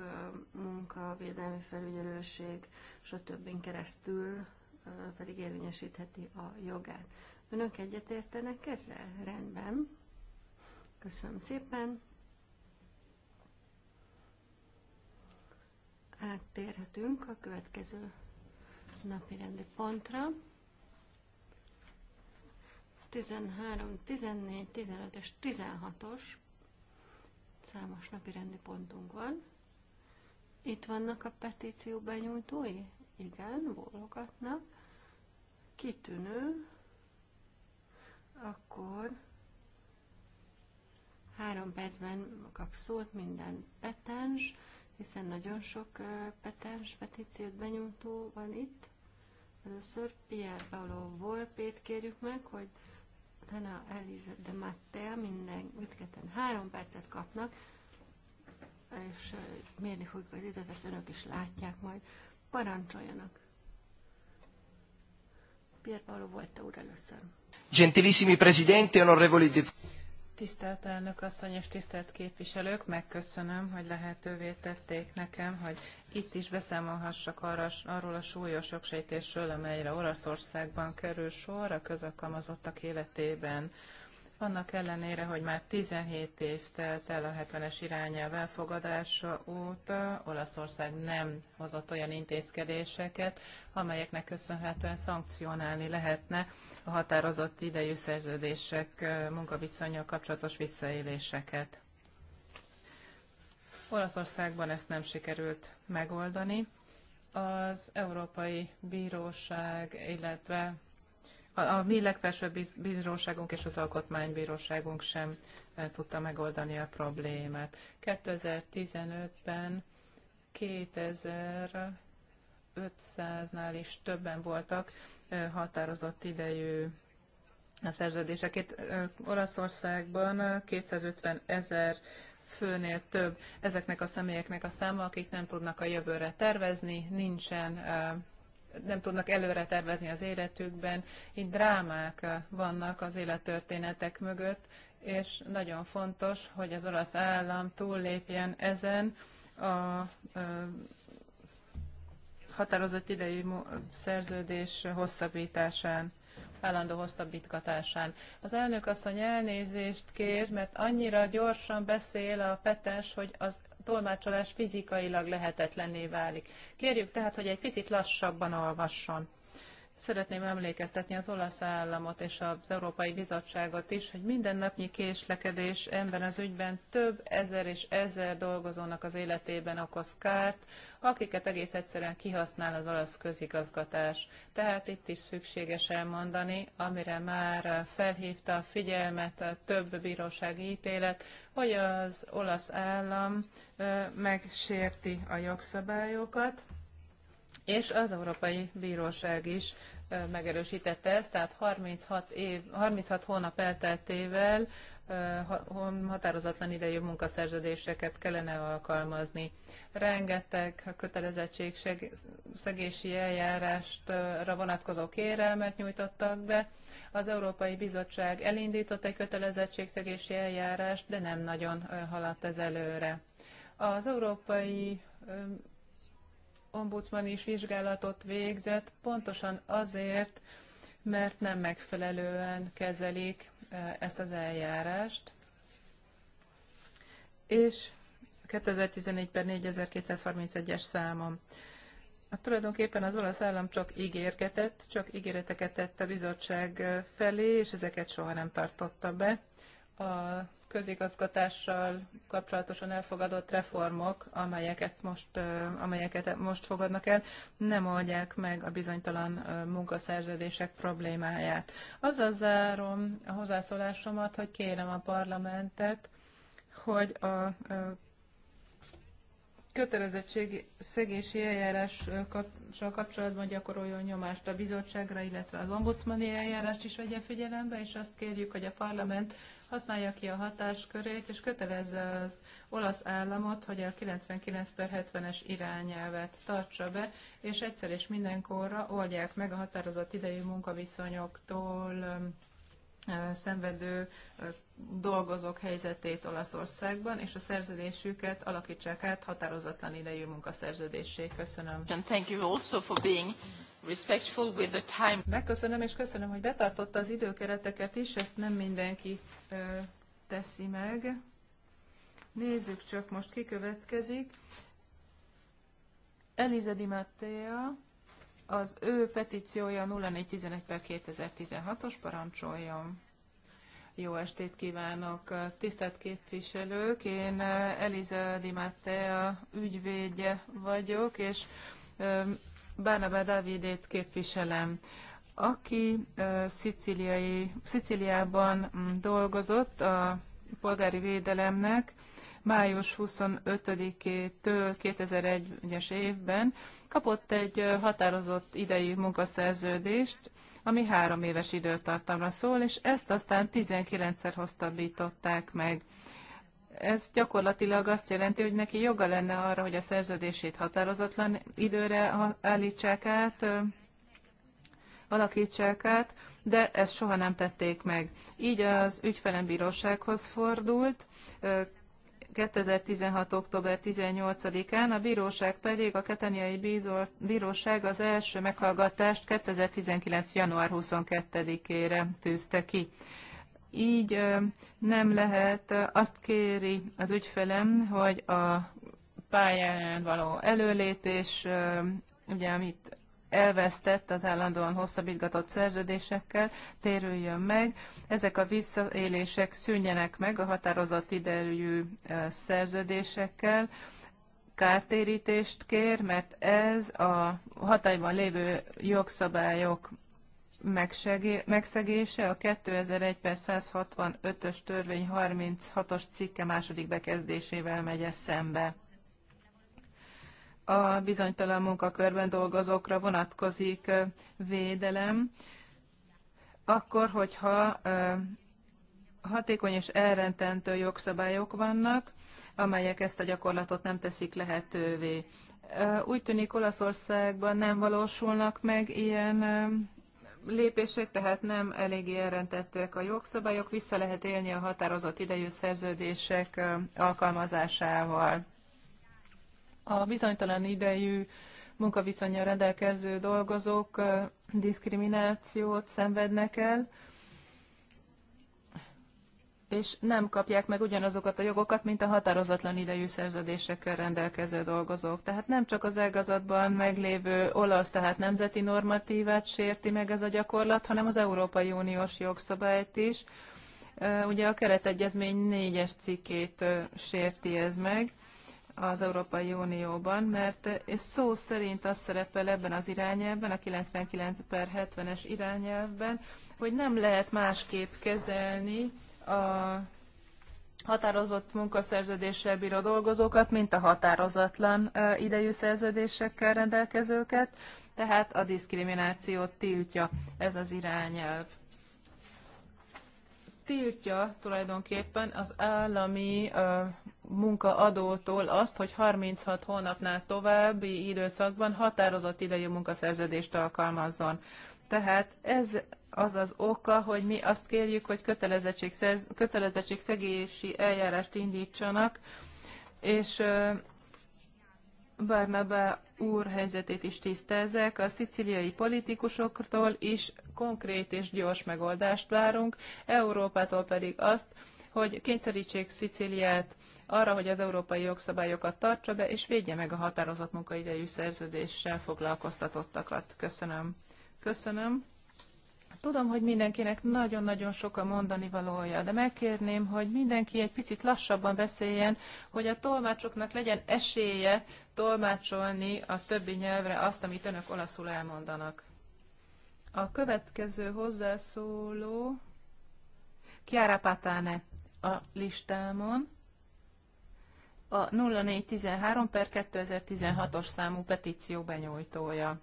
eh, védelmi felügyelőség, stb. keresztül pedig érvényesítheti a jogát. Önök egyetértenek ezzel? Rendben. Köszönöm szépen. áttérhetünk a következő napi rendi pontra. 13, 14, 15 és 16-os számos napi rendi pontunk van. Itt vannak a petíció benyújtói? Igen, bólogatnak. Kitűnő. Akkor három percben kap szót minden petens hiszen nagyon sok petens petíciót benyújtó van itt. Először Pierre Paolo Volpét kérjük meg, hogy utána Elise de Mattea minden, ütketen három percet kapnak, és mérni fogjuk az időt, ezt önök is látják majd. Parancsoljanak! Pierre Paolo Volta úr először. Gentilissimi Presidente, onorevoli deputati. Tisztelt elnök asszony és tisztelt képviselők, megköszönöm, hogy lehetővé tették nekem, hogy itt is beszámolhassak arra, arról a súlyos jogsejtésről, amelyre Olaszországban kerül sor a közalkalmazottak életében. Annak ellenére, hogy már 17 év telt el a 70-es irányelv elfogadása óta, Olaszország nem hozott olyan intézkedéseket, amelyeknek köszönhetően szankcionálni lehetne a határozott idejű szerződések munkaviszonyok kapcsolatos visszaéléseket. Olaszországban ezt nem sikerült megoldani. Az Európai Bíróság, illetve a, mi legfelsőbb bíróságunk és az alkotmánybíróságunk sem e, tudta megoldani a problémát. 2015-ben 2500-nál is többen voltak e, határozott idejű a szerződések. E, Olaszországban 250 ezer főnél több ezeknek a személyeknek a száma, akik nem tudnak a jövőre tervezni, nincsen nem tudnak előre tervezni az életükben. Itt drámák vannak az élettörténetek mögött, és nagyon fontos, hogy az olasz állam túllépjen ezen a határozott idejű szerződés hosszabbításán állandó hosszabbítgatásán. Az elnök asszony elnézést kér, mert annyira gyorsan beszél a petes, hogy az tolmácsolás fizikailag lehetetlenné válik. Kérjük tehát, hogy egy picit lassabban olvasson. Szeretném emlékeztetni az olasz államot és az Európai Bizottságot is, hogy minden napnyi késlekedés ebben az ügyben több ezer és ezer dolgozónak az életében okoz kárt, akiket egész egyszerűen kihasznál az olasz közigazgatás. Tehát itt is szükséges elmondani, amire már felhívta a figyelmet a több bírósági ítélet, hogy az olasz állam megsérti a jogszabályokat, és az Európai Bíróság is megerősítette ezt, tehát 36, év, 36 hónap elteltével határozatlan idejű munkaszerződéseket kellene alkalmazni. Rengeteg kötelezettség szegési eljárástra vonatkozó kérelmet nyújtottak be. Az Európai Bizottság elindított egy szegési eljárást, de nem nagyon haladt ez előre. Az Európai ombudsman is vizsgálatot végzett, pontosan azért, mert nem megfelelően kezelik ezt az eljárást. És 2014 per 4231-es számom. Hát tulajdonképpen az olasz állam csak ígérgetett, csak ígéreteket tett a bizottság felé, és ezeket soha nem tartotta be a közigazgatással kapcsolatosan elfogadott reformok, amelyeket most, amelyeket most fogadnak el, nem oldják meg a bizonytalan munkaszerződések problémáját. Azzal zárom a hozzászólásomat, hogy kérem a parlamentet, hogy a kötelezettség szegési eljárással kapcsolatban gyakoroljon nyomást a bizottságra, illetve az ombudsmani eljárást is vegye figyelembe, és azt kérjük, hogy a parlament használja ki a hatáskörét, és kötelezze az olasz államot, hogy a 99 per 70-es irányelvet tartsa be, és egyszer és mindenkorra oldják meg a határozott idejű munkaviszonyoktól szenvedő dolgozók helyzetét Olaszországban, és a szerződésüket alakítsák át határozatlan idejű munkaszerződésé. Köszönöm. And thank you also for being respectful with the time. Megköszönöm, és köszönöm, hogy betartotta az időkereteket is, ezt nem mindenki teszi meg. Nézzük csak most, ki következik. Elize Di Mattea, az ő petíciója 0411 per 2016-os parancsoljon. Jó estét kívánok, tisztelt képviselők! Én Eliza Di Mattea ügyvédje vagyok, és Bárnabá Dávidét képviselem aki szicíliai, Szicíliában mm, dolgozott a polgári védelemnek, május 25-től 2001-es évben kapott egy határozott idei munkaszerződést, ami három éves időtartamra szól, és ezt aztán 19-szer hosszabbították meg. Ez gyakorlatilag azt jelenti, hogy neki joga lenne arra, hogy a szerződését határozatlan időre állítsák át, alakítsák át, de ezt soha nem tették meg. Így az ügyfelem bírósághoz fordult, 2016. október 18-án, a bíróság pedig a Keteniai Bíróság az első meghallgatást 2019. január 22-ére tűzte ki. Így nem lehet, azt kéri az ügyfelem, hogy a pályán való előlépés, ugye amit elvesztett az állandóan hosszabbítgatott szerződésekkel, térüljön meg. Ezek a visszaélések szűnjenek meg a határozott idejű szerződésekkel, kártérítést kér, mert ez a hatályban lévő jogszabályok megszegése a 2001 per 165-ös törvény 36-os cikke második bekezdésével megy szembe a bizonytalan munkakörben dolgozókra vonatkozik védelem, akkor, hogyha hatékony és elrententő jogszabályok vannak, amelyek ezt a gyakorlatot nem teszik lehetővé. Úgy tűnik Olaszországban nem valósulnak meg ilyen lépések, tehát nem eléggé elrendettőek a jogszabályok, vissza lehet élni a határozott idejű szerződések alkalmazásával. A bizonytalan idejű munkaviszonyra rendelkező dolgozók diszkriminációt szenvednek el, és nem kapják meg ugyanazokat a jogokat, mint a határozatlan idejű szerződésekkel rendelkező dolgozók. Tehát nem csak az ágazatban meglévő olasz, tehát nemzeti normatívát sérti meg ez a gyakorlat, hanem az Európai Uniós jogszabályt is. Ugye a keretegyezmény négyes cikkét sérti ez meg, az Európai Unióban, mert és szó szerint az szerepel ebben az irányelvben, a 99 per 70-es irányelvben, hogy nem lehet másképp kezelni a határozott munkaszerződéssel bíró dolgozókat, mint a határozatlan idejű szerződésekkel rendelkezőket, tehát a diszkriminációt tiltja ez az irányelv tiltja tulajdonképpen az állami munkaadótól azt, hogy 36 hónapnál további időszakban határozott idejű munkaszerződést alkalmazzon. Tehát ez az az oka, hogy mi azt kérjük, hogy kötelezettség szegési eljárást indítsanak, és Barnabá úr helyzetét is tisztelzek, a sziciliai politikusoktól is konkrét és gyors megoldást várunk, Európától pedig azt, hogy kényszerítsék Sziciliát arra, hogy az európai jogszabályokat tartsa be, és védje meg a határozott munkaidejű szerződéssel foglalkoztatottakat. Köszönöm. Köszönöm. Tudom, hogy mindenkinek nagyon-nagyon sok a mondani valója, de megkérném, hogy mindenki egy picit lassabban beszéljen, hogy a tolmácsoknak legyen esélye tolmácsolni a többi nyelvre azt, amit önök olaszul elmondanak. A következő hozzászóló Chiara Patane a listámon a 0413 per 2016-os számú petíció benyújtója.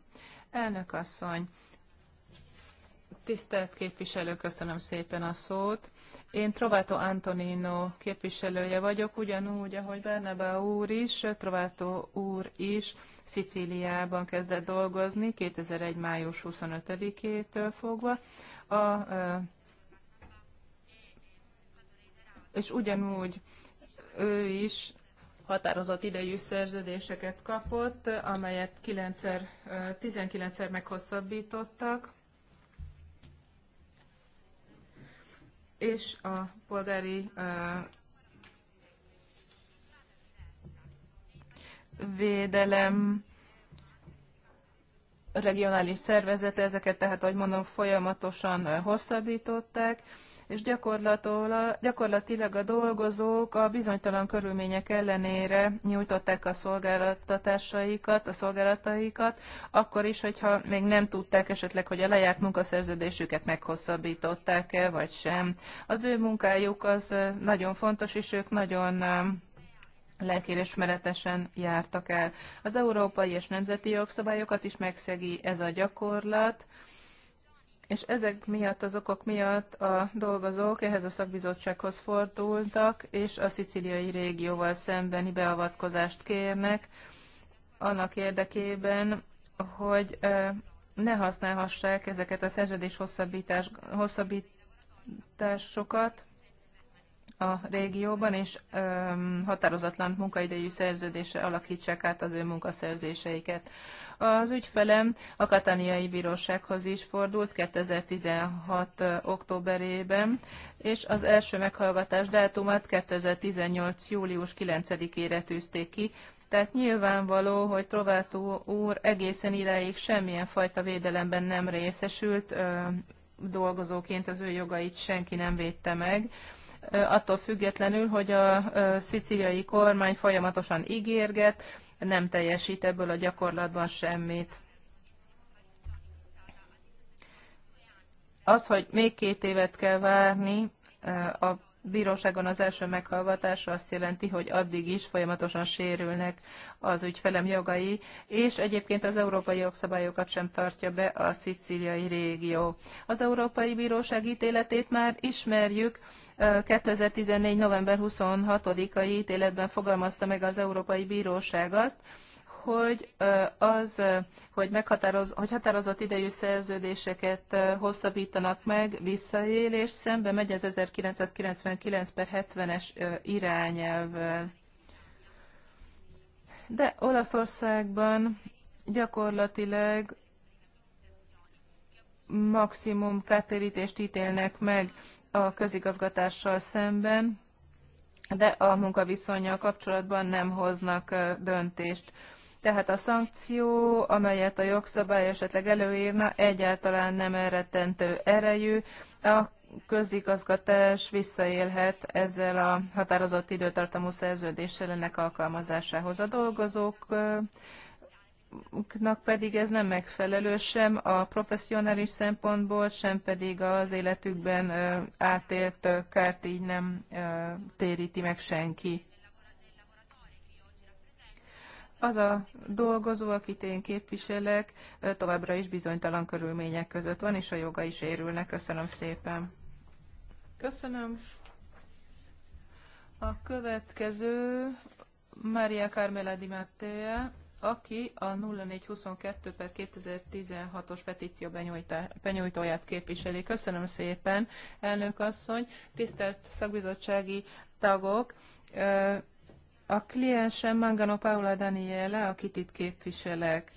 Elnök asszony, tisztelt képviselő, köszönöm szépen a szót. Én Trovato Antonino képviselője vagyok, ugyanúgy, ahogy Bernabe úr is, Trovato úr is Szicíliában kezdett dolgozni 2001. május 25-től fogva. A, és ugyanúgy ő is határozott idejű szerződéseket kapott, amelyet 19-szer meghosszabbítottak, és a polgári védelem regionális szervezete, ezeket tehát, ahogy mondom, folyamatosan hosszabbították, és gyakorlatilag a dolgozók a bizonytalan körülmények ellenére nyújtották a szolgáltatásaikat, a szolgálataikat, akkor is, hogyha még nem tudták esetleg, hogy a lejárt munkaszerződésüket meghosszabbították-e, vagy sem. Az ő munkájuk az nagyon fontos, és ők nagyon lelkérésmeretesen jártak el. Az európai és nemzeti jogszabályokat is megszegi ez a gyakorlat, és ezek miatt, az okok miatt a dolgozók ehhez a szakbizottsághoz fordultak, és a szicíliai régióval szembeni beavatkozást kérnek, annak érdekében, hogy ne használhassák ezeket a szerződés hosszabbítás, hosszabbításokat, a régióban, és öm, határozatlan munkaidejű szerződése alakítsák át az ő munkaszerzéseiket. Az ügyfelem a katániai bírósághoz is fordult 2016. októberében, és az első meghallgatás dátumát 2018. július 9-ére tűzték ki, tehát nyilvánvaló, hogy Trovátó úr egészen ideig semmilyen fajta védelemben nem részesült, dolgozóként az ő jogait senki nem védte meg attól függetlenül, hogy a szicíliai kormány folyamatosan ígérget, nem teljesít ebből a gyakorlatban semmit. Az, hogy még két évet kell várni a bíróságon az első meghallgatásra azt jelenti, hogy addig is folyamatosan sérülnek az ügyfelem jogai, és egyébként az európai jogszabályokat sem tartja be a szicíliai régió. Az Európai Bíróság ítéletét már ismerjük, 2014. november 26-ai ítéletben fogalmazta meg az Európai Bíróság azt, hogy az, hogy, meghatároz, hogy határozott idejű szerződéseket hosszabbítanak meg, visszaélés szembe megy az 1999 per 70-es irányelvvel. De Olaszországban gyakorlatilag maximum kártérítést ítélnek meg a közigazgatással szemben, de a munkaviszonyjal kapcsolatban nem hoznak döntést. Tehát a szankció, amelyet a jogszabály esetleg előírna, egyáltalán nem elrettentő erejű. A közigazgatás visszaélhet ezzel a határozott időtartamú szerződéssel ennek alkalmazásához. A dolgozók Nak pedig ez nem megfelelő sem a professzionális szempontból, sem pedig az életükben átélt kárt így nem téríti meg senki. Az a dolgozó, akit én képviselek, továbbra is bizonytalan körülmények között van, és a joga is érülnek. Köszönöm szépen. Köszönöm. A következő Maria Carmela Di Mattea aki a 0422 per 2016-os petíció benyújtóját képviseli. Köszönöm szépen, elnök asszony, tisztelt szakbizottsági tagok, a kliensem Mangano Paula Daniele, akit itt képviselek.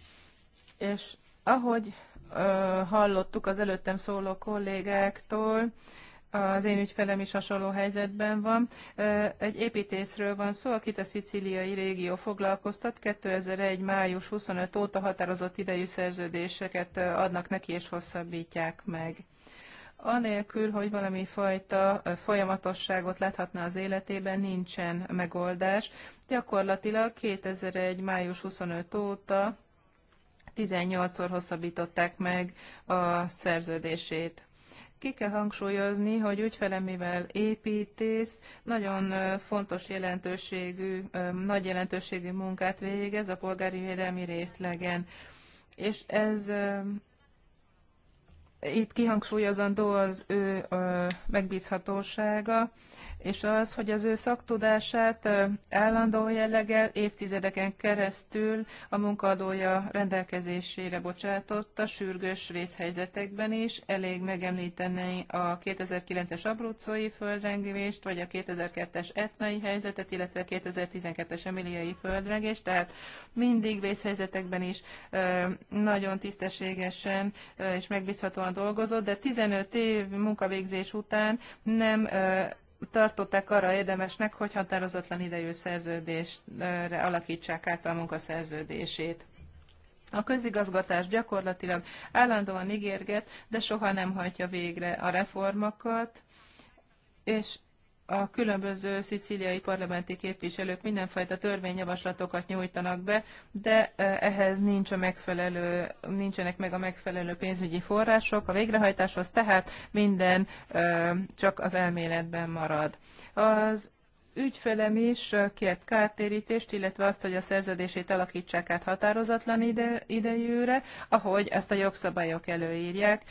És ahogy hallottuk az előttem szóló kollégáktól, az én ügyfelem is hasonló helyzetben van. Egy építészről van szó, akit a szicíliai régió foglalkoztat. 2001. május 25 óta határozott idejű szerződéseket adnak neki és hosszabbítják meg. Anélkül, hogy valami fajta folyamatosságot láthatna az életében, nincsen megoldás. Gyakorlatilag 2001. május 25 óta 18-szor hosszabbították meg a szerződését ki kell hangsúlyozni, hogy ügyfelem, mivel építész, nagyon fontos jelentőségű, nagy jelentőségű munkát végez a polgári védelmi részlegen. És ez itt kihangsúlyozandó az ő megbízhatósága, és az, hogy az ő szaktudását állandó jelleggel évtizedeken keresztül a munkaadója rendelkezésére bocsátotta sürgős vészhelyzetekben is. Elég megemlíteni a 2009-es abrucói földrengést, vagy a 2002-es etnai helyzetet, illetve a 2012-es emiliai földrengést, tehát mindig vészhelyzetekben is nagyon tisztességesen és megbízhatóan dolgozott, de 15 év munkavégzés után nem tartották arra érdemesnek, hogy határozatlan idejű szerződésre alakítsák át a munkaszerződését. A közigazgatás gyakorlatilag állandóan ígérget, de soha nem hajtja végre a reformokat, és a különböző szicíliai parlamenti képviselők mindenfajta törvényjavaslatokat nyújtanak be, de ehhez nincs a megfelelő, nincsenek meg a megfelelő pénzügyi források a végrehajtáshoz, tehát minden csak az elméletben marad. Az ügyfelem is kért kártérítést, illetve azt, hogy a szerződését alakítsák át határozatlan ide, idejűre, ahogy ezt a jogszabályok előírják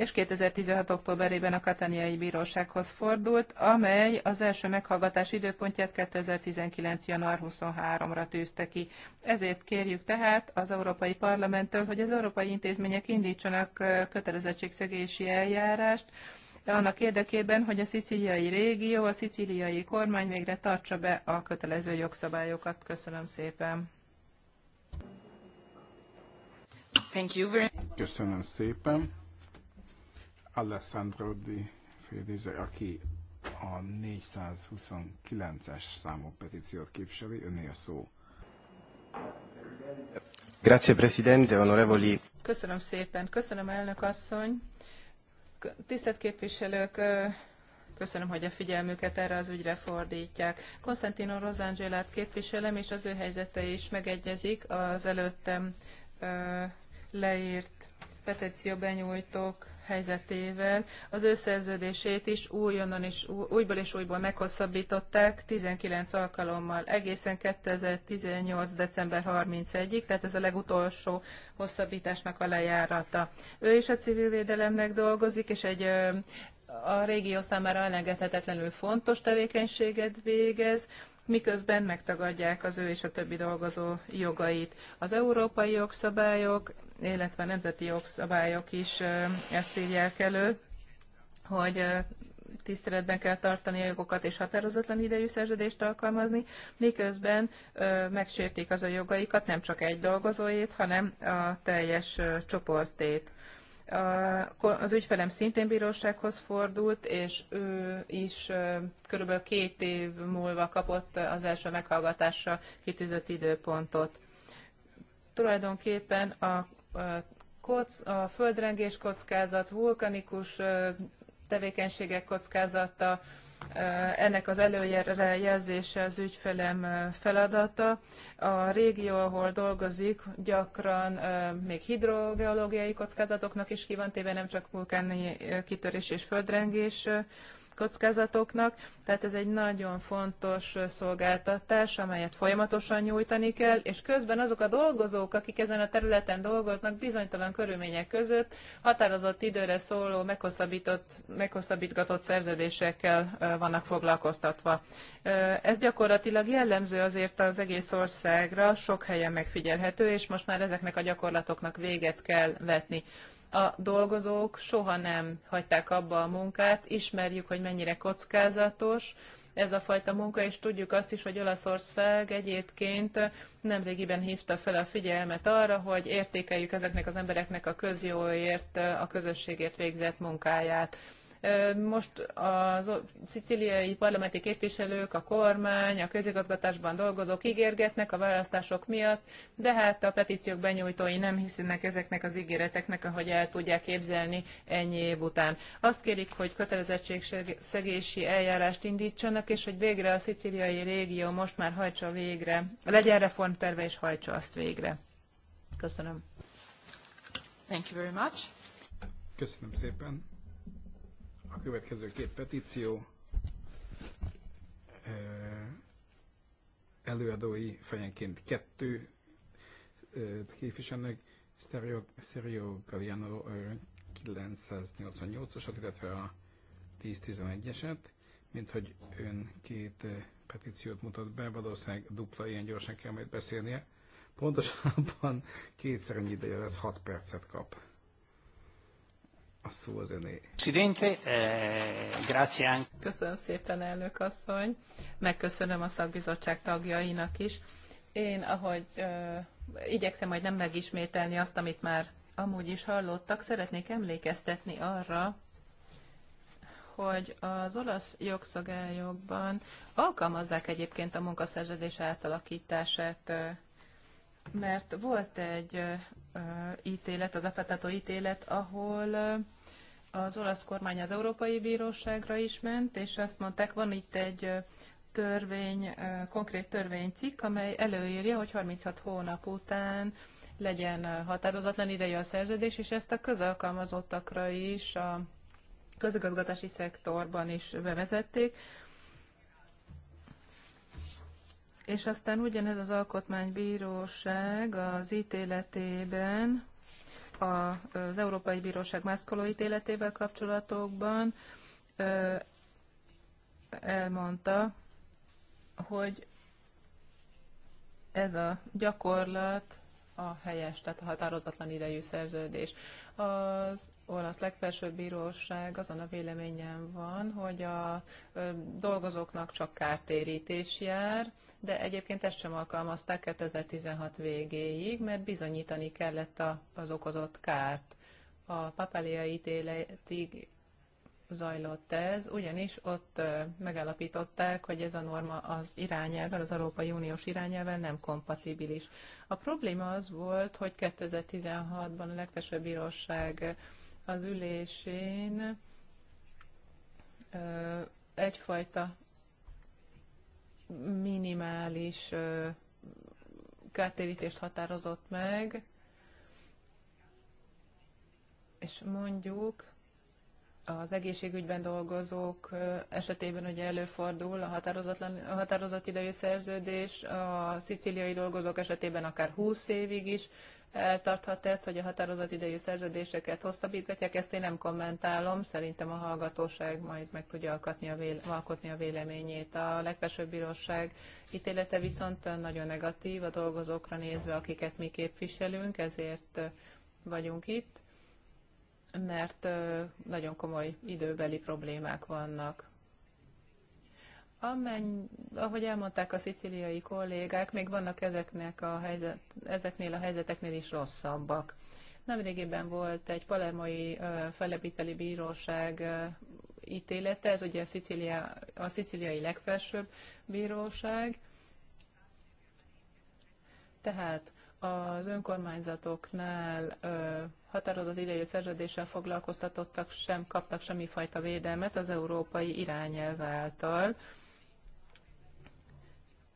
és 2016. októberében a Katániai Bírósághoz fordult, amely az első meghallgatás időpontját 2019. január 23-ra tűzte ki. Ezért kérjük tehát az Európai Parlamenttől, hogy az európai intézmények indítsanak kötelezettségszegési eljárást, annak érdekében, hogy a szicíliai régió, a szicíliai kormány végre tartsa be a kötelező jogszabályokat. Köszönöm szépen. Thank you very Köszönöm szépen. Alessandro Di Félize, aki a 429-es számú petíciót képviseli, önné a szó. Grazie Presidente, onorevoli. Köszönöm szépen, köszönöm elnök asszony. Tisztelt képviselők, Köszönöm, hogy a figyelmüket erre az ügyre fordítják. Konstantino Rosangelát képviselem, és az ő helyzete is megegyezik az előttem leírt petíció benyújtók helyzetével. Az ő szerződését is újonnan és újból és újból meghosszabbították 19 alkalommal egészen 2018. december 31-ig, tehát ez a legutolsó hosszabbításnak a lejárata. Ő is a civil védelemnek dolgozik, és egy a régió számára elengedhetetlenül fontos tevékenységet végez, miközben megtagadják az ő és a többi dolgozó jogait. Az európai jogszabályok illetve a nemzeti jogszabályok is ezt írják elő, hogy tiszteletben kell tartani a jogokat és határozatlan idejű szerződést alkalmazni, miközben ö, megsértik az a jogaikat nem csak egy dolgozóét, hanem a teljes ö, csoportét. A, az ügyfelem szintén bírósághoz fordult, és ő is körülbelül két év múlva kapott az első meghallgatásra kitűzött időpontot. Tulajdonképpen a kock, a földrengés kockázat, vulkanikus tevékenységek kockázata, ennek az előjelre jelzése az ügyfelem feladata. A régió, ahol dolgozik, gyakran még hidrogeológiai kockázatoknak is kivantéve, nem csak vulkáni kitörés és földrengés kockázatoknak, tehát ez egy nagyon fontos szolgáltatás, amelyet folyamatosan nyújtani kell, és közben azok a dolgozók, akik ezen a területen dolgoznak, bizonytalan körülmények között határozott időre szóló meghosszabbított, meghosszabbítgatott szerződésekkel vannak foglalkoztatva. Ez gyakorlatilag jellemző azért az egész országra, sok helyen megfigyelhető, és most már ezeknek a gyakorlatoknak véget kell vetni a dolgozók soha nem hagyták abba a munkát, ismerjük, hogy mennyire kockázatos ez a fajta munka, és tudjuk azt is, hogy Olaszország egyébként nemrégiben hívta fel a figyelmet arra, hogy értékeljük ezeknek az embereknek a közjóért, a közösségért végzett munkáját most a szicíliai parlamenti képviselők, a kormány, a közigazgatásban dolgozók ígérgetnek a választások miatt, de hát a petíciók benyújtói nem hiszenek ezeknek az ígéreteknek, ahogy el tudják képzelni ennyi év után. Azt kérik, hogy kötelezettségszegési eljárást indítsanak, és hogy végre a szicíliai régió most már hajtsa végre, legyen reformterve és hajtsa azt végre. Köszönöm. Thank you very much. Köszönöm szépen. A következő két petíció előadói fejenként kettő képviselnek, Stereo, Stereo Galliano 988-asat, illetve a 10-11-eset, mint hogy ön két petíciót mutat be, valószínűleg dupla ilyen gyorsan kell majd beszélnie. Pontosabban kétszer ennyi ideje lesz, 6 percet kap szó az öné. Eh, Köszönöm szépen, elnök asszony. Megköszönöm a szakbizottság tagjainak is. Én, ahogy uh, igyekszem majd nem megismételni azt, amit már amúgy is hallottak, szeretnék emlékeztetni arra, hogy az olasz jogszabályokban alkalmazzák egyébként a munkaszerződés átalakítását, mert volt egy ítélet, az Apatato ítélet, ahol az olasz kormány az Európai Bíróságra is ment, és azt mondták, van itt egy törvény, konkrét törvénycikk, amely előírja, hogy 36 hónap után legyen határozatlan ideje a szerződés, és ezt a közalkalmazottakra is a közigazgatási szektorban is bevezették, És aztán ugyanez az alkotmánybíróság az ítéletében, az Európai Bíróság mászkoló ítéletével kapcsolatokban elmondta, hogy ez a gyakorlat a helyes, tehát a határozatlan idejű szerződés. Az olasz legfelsőbb bíróság azon a véleményen van, hogy a dolgozóknak csak kártérítés jár, de egyébként ezt sem alkalmazták 2016 végéig, mert bizonyítani kellett az okozott kárt. A papáliai ítéletig zajlott ez, ugyanis ott megállapították, hogy ez a norma az irányelven, az Európai Uniós irányelven nem kompatibilis. A probléma az volt, hogy 2016-ban a legfelsőbb bíróság az ülésén egyfajta minimális kártérítést határozott meg, és mondjuk az egészségügyben dolgozók esetében ugye előfordul a, határozatlan, a határozat idejű szerződés, a szicíliai dolgozók esetében akár 20 évig is eltarthat ez, hogy a határozat idejű szerződéseket hosszabbítgatják, ezt én nem kommentálom, szerintem a hallgatóság majd meg tudja alkotni a, véle, alkotni a véleményét. A legfelsőbb bíróság ítélete viszont nagyon negatív a dolgozókra nézve, akiket mi képviselünk, ezért vagyunk itt mert nagyon komoly időbeli problémák vannak. Amenny, ahogy elmondták a szicíliai kollégák, még vannak ezeknek a helyzet, ezeknél a helyzeteknél is rosszabbak. Nemrégiben volt egy palermai felebíteli bíróság ítélete, ez ugye a, Szicília, a szicíliai legfelsőbb bíróság. Tehát az önkormányzatoknál határozott idejű szerződéssel foglalkoztatottak sem kaptak semmifajta védelmet az európai irányelv által.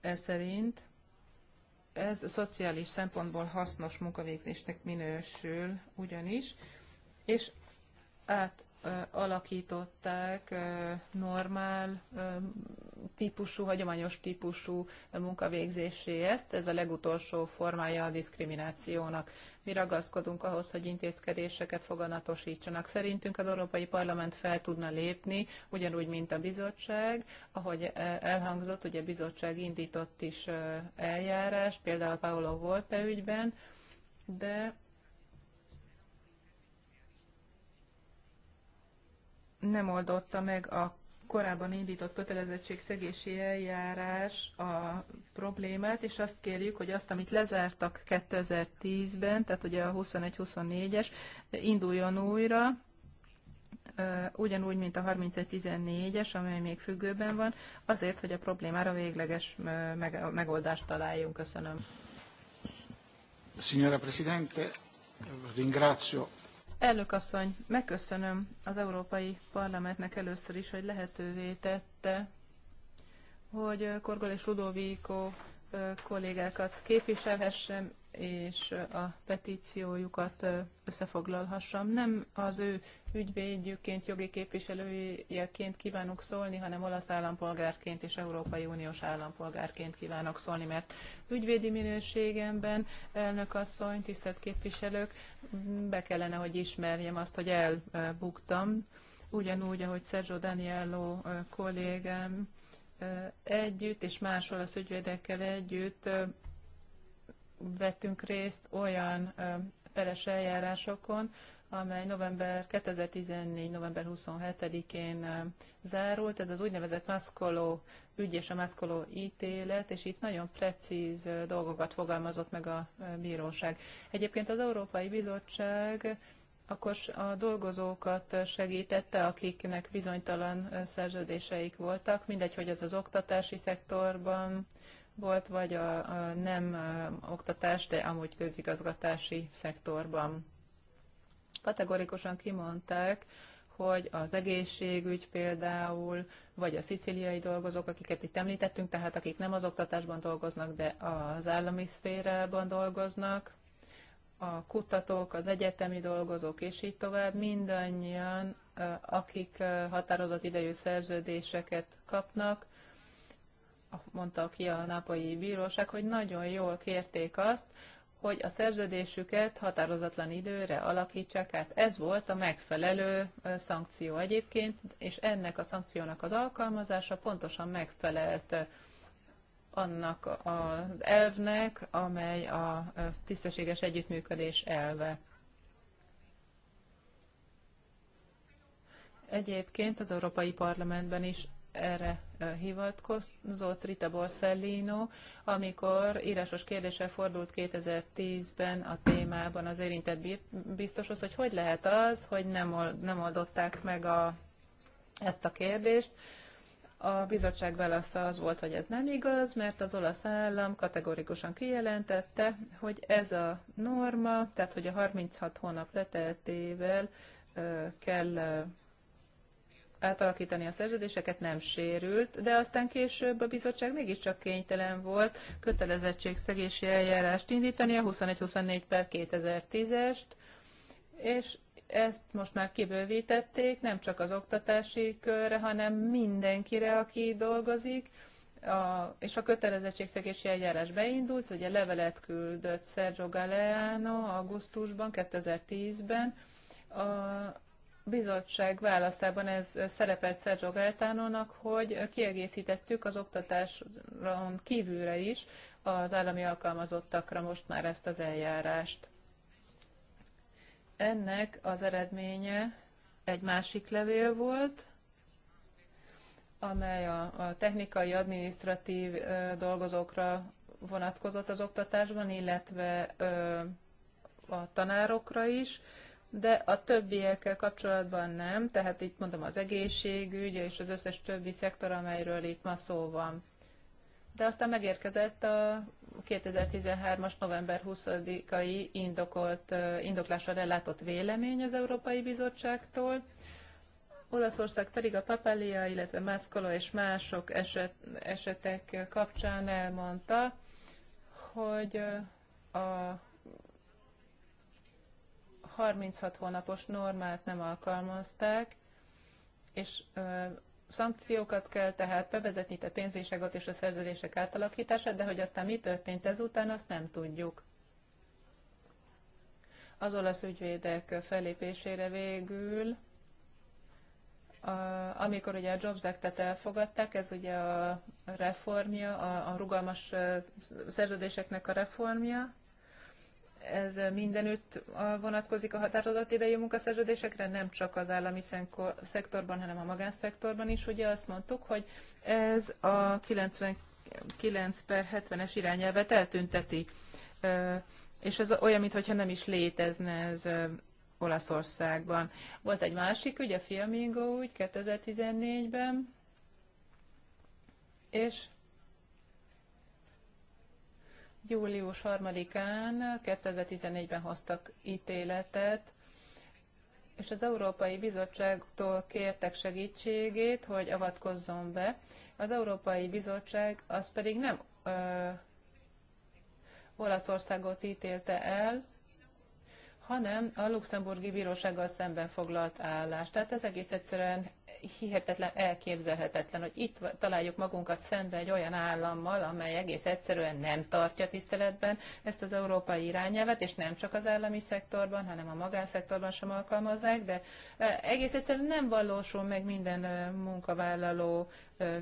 Ez szerint ez szociális szempontból hasznos munkavégzésnek minősül ugyanis, és átalakították normál típusú, hagyományos típusú munkavégzéséhez. Ez a legutolsó formája a diszkriminációnak. Mi ragaszkodunk ahhoz, hogy intézkedéseket foganatosítsanak. Szerintünk az Európai Parlament fel tudna lépni, ugyanúgy, mint a bizottság. Ahogy elhangzott, ugye a bizottság indított is eljárás, például a Paolo Volpe ügyben, de nem oldotta meg a korábban indított kötelezettségszegési eljárás a problémát, és azt kérjük, hogy azt, amit lezártak 2010-ben, tehát ugye a 21-24-es, induljon újra, ugyanúgy, mint a 14 es amely még függőben van, azért, hogy a problémára végleges megoldást találjunk. Köszönöm. Signora Presidente, ringrazio Elnök asszony, megköszönöm az Európai Parlamentnek először is, hogy lehetővé tette, hogy Korgol és Ludovíko kollégákat képviselhessem, és a petíciójukat összefoglalhassam. Nem az ő ügyvédjükként, jogi képviselőjeként kívánok szólni, hanem olasz állampolgárként és Európai Uniós állampolgárként kívánok szólni, mert ügyvédi minőségemben, elnök asszony, tisztelt képviselők, be kellene, hogy ismerjem azt, hogy elbuktam, ugyanúgy, ahogy Sergio Daniello kollégám együtt és más olasz ügyvédekkel együtt vettünk részt olyan peres eljárásokon, amely november 2014. november 27-én zárult. Ez az úgynevezett maszkoló ügy és a maszkoló ítélet, és itt nagyon precíz dolgokat fogalmazott meg a bíróság. Egyébként az Európai Bizottság akkor a dolgozókat segítette, akiknek bizonytalan szerződéseik voltak, mindegy, hogy ez az oktatási szektorban, volt, vagy a, a nem a, oktatás, de amúgy közigazgatási szektorban. Kategorikusan kimondták, hogy az egészségügy például, vagy a szicíliai dolgozók, akiket itt említettünk, tehát akik nem az oktatásban dolgoznak, de az állami szférában dolgoznak, a kutatók, az egyetemi dolgozók, és így tovább, mindannyian, akik határozott idejű szerződéseket kapnak, mondta ki a nápolyi bíróság, hogy nagyon jól kérték azt, hogy a szerződésüket határozatlan időre alakítsák át. Ez volt a megfelelő szankció egyébként, és ennek a szankciónak az alkalmazása pontosan megfelelt annak az elvnek, amely a tisztességes együttműködés elve. Egyébként az Európai Parlamentben is erre hivatkozott Rita Borsellino, amikor írásos kérdéssel fordult 2010-ben a témában az érintett biztoshoz, hogy hogy lehet az, hogy nem, nem oldották meg a, ezt a kérdést, a bizottság válasza az volt, hogy ez nem igaz, mert az olasz állam kategorikusan kijelentette, hogy ez a norma, tehát hogy a 36 hónap leteltével kell átalakítani a szerződéseket, nem sérült, de aztán később a bizottság mégiscsak kénytelen volt kötelezettségszegési eljárást indítani a 21-24 per 2010-est, és ezt most már kibővítették, nem csak az oktatási körre, hanem mindenkire, aki dolgozik, a, és a kötelezettségszegési eljárás beindult, ugye levelet küldött Sergio Galeano augusztusban, 2010-ben, a, bizottság válaszában ez szerepelt Sergio Gaetánónak, hogy kiegészítettük az oktatáson kívülre is az állami alkalmazottakra most már ezt az eljárást. Ennek az eredménye egy másik levél volt, amely a, a technikai, adminisztratív ö, dolgozókra vonatkozott az oktatásban, illetve ö, a tanárokra is de a többiekkel kapcsolatban nem, tehát itt mondom az egészségügy és az összes többi szektor, amelyről itt ma szó van. De aztán megérkezett a 2013-as november 20-ai indokolt, indoklásra ellátott vélemény az Európai Bizottságtól, Olaszország pedig a Papelia, illetve Mászkola és mások eset, esetek kapcsán elmondta, hogy a 36 hónapos normát nem alkalmazták, és ö, szankciókat kell tehát bevezetni, tehát pénzbírságot és a szerződések átalakítását, de hogy aztán mi történt ezután, azt nem tudjuk. Az olasz ügyvédek felépésére végül, a, amikor ugye a Jobs Act-et elfogadták, ez ugye a reformja, a, a rugalmas szerződéseknek a reformja, ez mindenütt vonatkozik a határozott idejű munkaszerződésekre, nem csak az állami szektorban, hanem a magánszektorban is. Ugye azt mondtuk, hogy ez a 99 per 70-es irányelvet eltünteti, és ez olyan, mintha nem is létezne ez Olaszországban. Volt egy másik ügy, a Fiamingo úgy 2014-ben, és Július 3-án 2014-ben hoztak ítéletet, és az Európai Bizottságtól kértek segítségét, hogy avatkozzon be. Az Európai Bizottság az pedig nem ö, Olaszországot ítélte el, hanem a luxemburgi bírósággal szemben foglalt állást. Tehát ez egész egyszerűen hihetetlen, elképzelhetetlen, hogy itt találjuk magunkat szembe egy olyan állammal, amely egész egyszerűen nem tartja tiszteletben ezt az európai irányelvet, és nem csak az állami szektorban, hanem a magánszektorban sem alkalmazzák, de egész egyszerűen nem valósul meg minden munkavállaló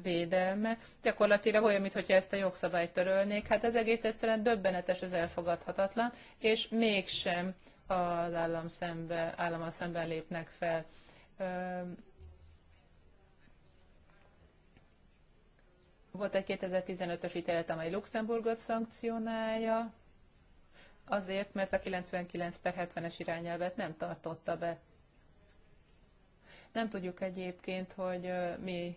védelme. Gyakorlatilag olyan, mintha ezt a jogszabályt törölnék. Hát ez egész egyszerűen döbbenetes, ez elfogadhatatlan, és mégsem az állam szembe, állama szemben lépnek fel Volt egy 2015-ös ítélet, amely Luxemburgot szankcionálja, azért, mert a 99 per 70-es irányelvet nem tartotta be. Nem tudjuk egyébként, hogy mi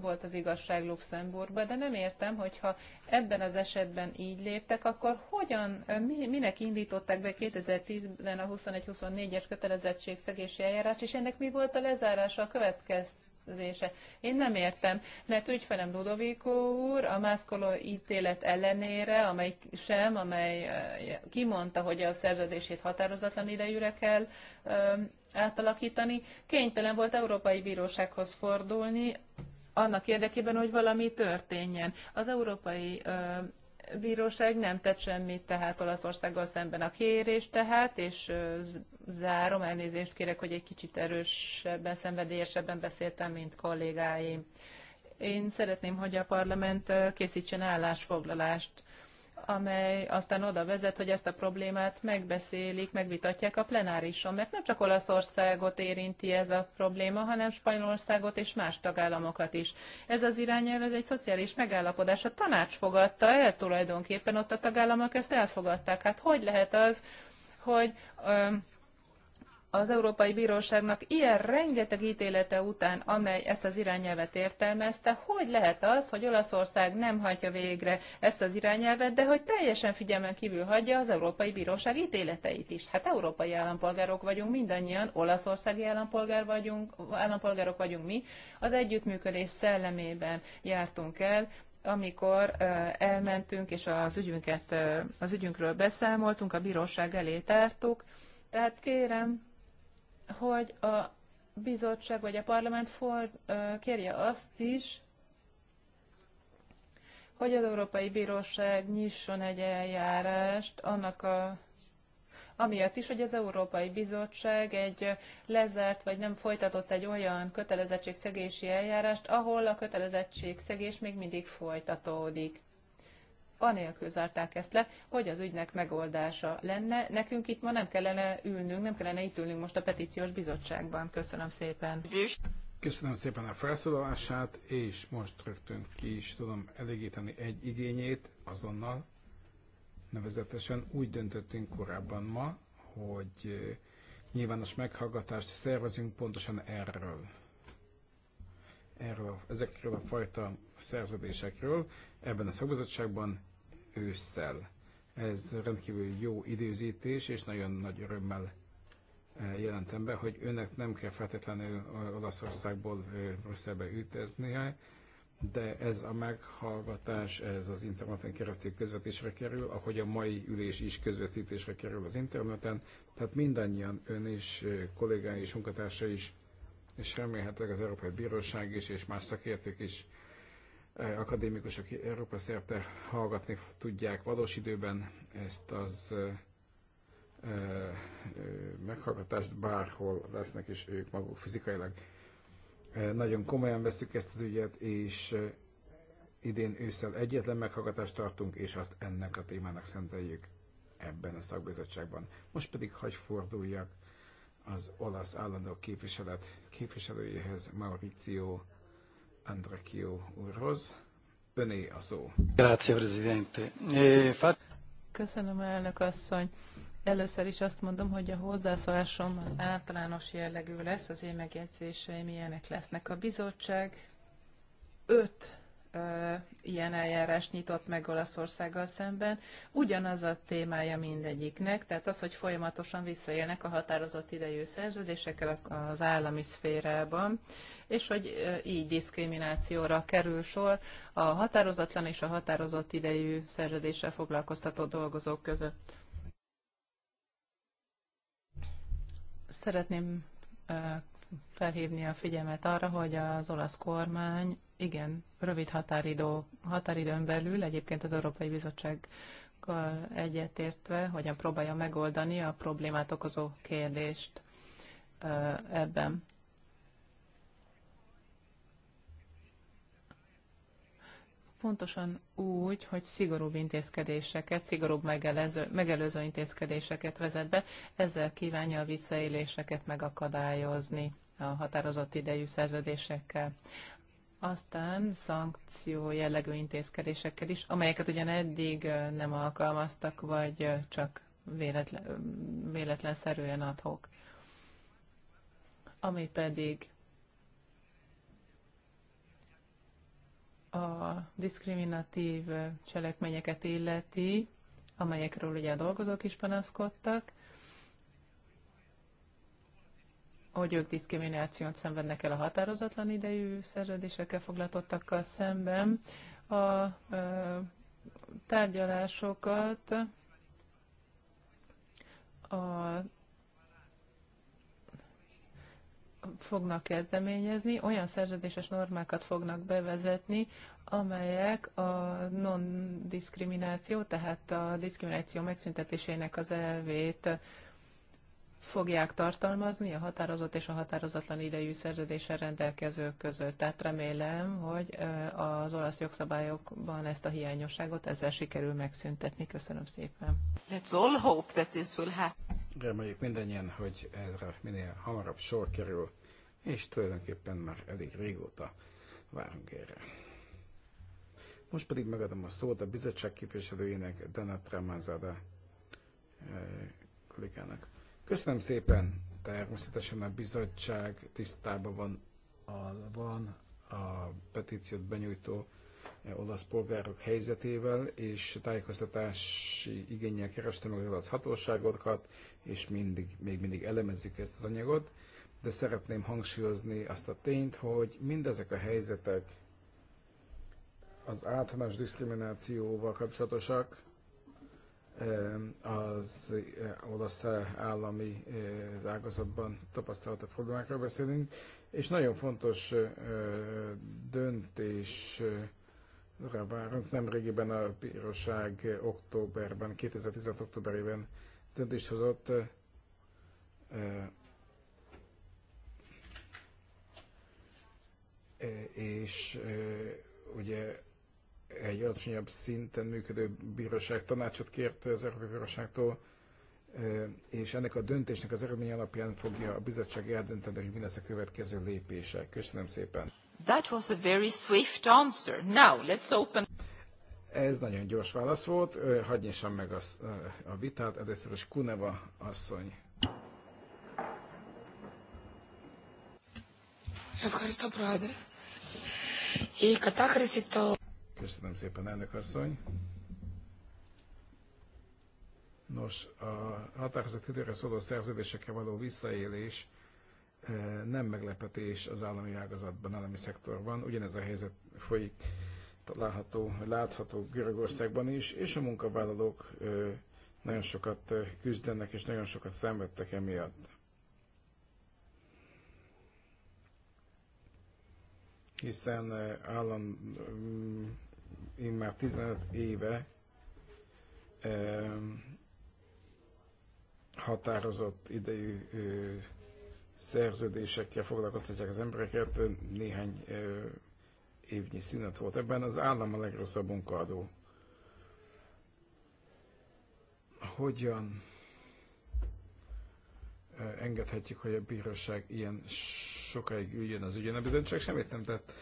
volt az igazság Luxemburgban, de nem értem, hogyha ebben az esetben így léptek, akkor hogyan, mi, minek indították be 2010-ben a 21-24-es kötelezettségszegési eljárás, és ennek mi volt a lezárása, a következő? megszerzése. Én nem értem, mert ügyfelem Ludovico úr a mászkoló ítélet ellenére, amely sem, amely kimondta, hogy a szerződését határozatlan idejűre kell átalakítani, kénytelen volt Európai Bírósághoz fordulni, annak érdekében, hogy valami történjen. Az Európai bíróság nem tett semmit tehát Olaszországgal szemben a kérés tehát, és zárom, elnézést kérek, hogy egy kicsit erősebben, szenvedélyesebben beszéltem, mint kollégáim. Én szeretném, hogy a parlament készítsen állásfoglalást amely aztán oda vezet, hogy ezt a problémát megbeszélik, megvitatják a plenárison, mert nem csak Olaszországot érinti ez a probléma, hanem Spanyolországot és más tagállamokat is. Ez az irányelv, ez egy szociális megállapodás. A tanács fogadta el tulajdonképpen, ott a tagállamok ezt elfogadták. Hát hogy lehet az, hogy az Európai Bíróságnak ilyen rengeteg ítélete után, amely ezt az irányelvet értelmezte, hogy lehet az, hogy Olaszország nem hagyja végre ezt az irányelvet, de hogy teljesen figyelmen kívül hagyja az Európai Bíróság ítéleteit is. Hát európai állampolgárok vagyunk mindannyian, olaszországi állampolgár vagyunk, állampolgárok vagyunk mi, az együttműködés szellemében jártunk el, amikor elmentünk és az, ügyünket, az ügyünkről beszámoltunk, a bíróság elé tártuk, tehát kérem, hogy a bizottság vagy a parlament for, kérje azt is, hogy az Európai Bíróság nyisson egy eljárást annak a amiatt is, hogy az Európai Bizottság egy lezárt vagy nem folytatott egy olyan kötelezettségszegési eljárást, ahol a kötelezettségszegés még mindig folytatódik anélkül zárták ezt le, hogy az ügynek megoldása lenne. Nekünk itt ma nem kellene ülnünk, nem kellene itt ülnünk most a petíciós bizottságban. Köszönöm szépen. Köszönöm szépen a felszólalását, és most rögtön ki is tudom elégíteni egy igényét azonnal. Nevezetesen úgy döntöttünk korábban ma, hogy eh, nyilvános meghallgatást szervezünk pontosan erről erről, ezekről a fajta szerződésekről ebben a szakbizottságban ősszel. Ez rendkívül jó időzítés, és nagyon nagy örömmel eh, jelentem be, hogy önnek nem kell feltétlenül eh, Olaszországból eh, Brüsszelbe üteznie, de ez a meghallgatás, ez az interneten keresztül közvetésre kerül, ahogy a mai ülés is közvetítésre kerül az interneten, tehát mindannyian ön is, kollégái és munkatársai is és remélhetőleg az Európai Bíróság is, és más szakértők is, eh, akadémikusok Európa szerte hallgatni tudják valós időben ezt az eh, eh, meghallgatást bárhol lesznek, és ők maguk fizikailag. Nagyon komolyan veszük ezt az ügyet, és idén ősszel egyetlen meghallgatást tartunk, és azt ennek a témának szenteljük ebben a szakbizottságban. Most pedig hagy forduljak az olasz állandó képviselet képviselőjéhez, Maurizio Andrecchio úrhoz. Öné a szó. Grazie, Presidente. E, Köszönöm, elnök asszony. Először is azt mondom, hogy a hozzászólásom az általános jellegű lesz, az én megjegyzéseim ilyenek lesznek. A bizottság öt ilyen eljárást nyitott meg Olaszországgal szemben. Ugyanaz a témája mindegyiknek, tehát az, hogy folyamatosan visszaélnek a határozott idejű szerződésekkel az állami szférában, és hogy így diszkriminációra kerül sor a határozatlan és a határozott idejű szerződéssel foglalkoztató dolgozók között. Szeretném felhívni a figyelmet arra, hogy az olasz kormány igen, rövid határidő, határidőn belül egyébként az Európai Bizottság egyetértve, hogyan próbálja megoldani a problémát okozó kérdést ebben. Pontosan úgy, hogy szigorúbb intézkedéseket, szigorúbb megelező, megelőző intézkedéseket vezet be, ezzel kívánja a visszaéléseket megakadályozni a határozott idejű szerződésekkel aztán szankció jellegű intézkedésekkel is, amelyeket ugyan eddig nem alkalmaztak, vagy csak véletlen, véletlenszerűen adhok. Ami pedig a diszkriminatív cselekményeket illeti, amelyekről ugye a dolgozók is panaszkodtak, hogy ők diszkriminációt szenvednek el a határozatlan idejű szerződésekkel foglaltottakkal szemben. A tárgyalásokat a fognak kezdeményezni, olyan szerződéses normákat fognak bevezetni, amelyek a non-diszkrimináció, tehát a diszkrimináció megszüntetésének az elvét fogják tartalmazni a határozott és a határozatlan idejű szerződéssel rendelkezők között. Tehát remélem, hogy az olasz jogszabályokban ezt a hiányosságot ezzel sikerül megszüntetni. Köszönöm szépen. Let's all hope that this will happen. Reméljük mindannyian, hogy erre minél hamarabb sor kerül, és tulajdonképpen már elég régóta várunk erre. Most pedig megadom a szót a bizottság képviselőjének, Dana Tremázada kollégának. Köszönöm szépen. Természetesen a bizottság tisztában van a, van a petíciót benyújtó e, olasz polgárok helyzetével, és tájékoztatási igényel kerestem meg az olasz hatóságokat, és mindig, még mindig elemezik ezt az anyagot, de szeretném hangsúlyozni azt a tényt, hogy mindezek a helyzetek az általános diszkriminációval kapcsolatosak, az olasz állami ágazatban tapasztaltabb problémákról beszélünk, és nagyon fontos döntés várunk. Nemrégiben a bíróság októberben, 2016 októberében döntést hozott és ugye egy alacsonyabb szinten működő bíróság tanácsot kért az Európai Bíróságtól, és ennek a döntésnek az eredmény alapján fogja a bizottság eldönteni, hogy mi lesz a következő lépése. Köszönöm szépen. That was a very swift answer. Now, let's open... Ez nagyon gyors válasz volt. Hagyj nyissam meg a, a vitát. Először is Kuneva asszony. Ευχαριστώ, Πρόεδρε. Η κατάχρηση των Köszönöm szépen, elnök asszony. Nos, a határozott időre szóló szerződésekre való visszaélés eh, nem meglepetés az állami ágazatban, állami szektorban. Ugyanez a helyzet folyik található, látható Görögországban is, és a munkavállalók eh, nagyon sokat eh, küzdenek, és nagyon sokat szenvedtek emiatt. Hiszen állam mm, én már 15 éve határozott idejű szerződésekkel foglalkoztatják az embereket, néhány évnyi szünet volt. Ebben az állam a legrosszabb munkaadó. Hogyan engedhetjük, hogy a bíróság ilyen sokáig üljön az ügyen? Ebben csak semmit nem tett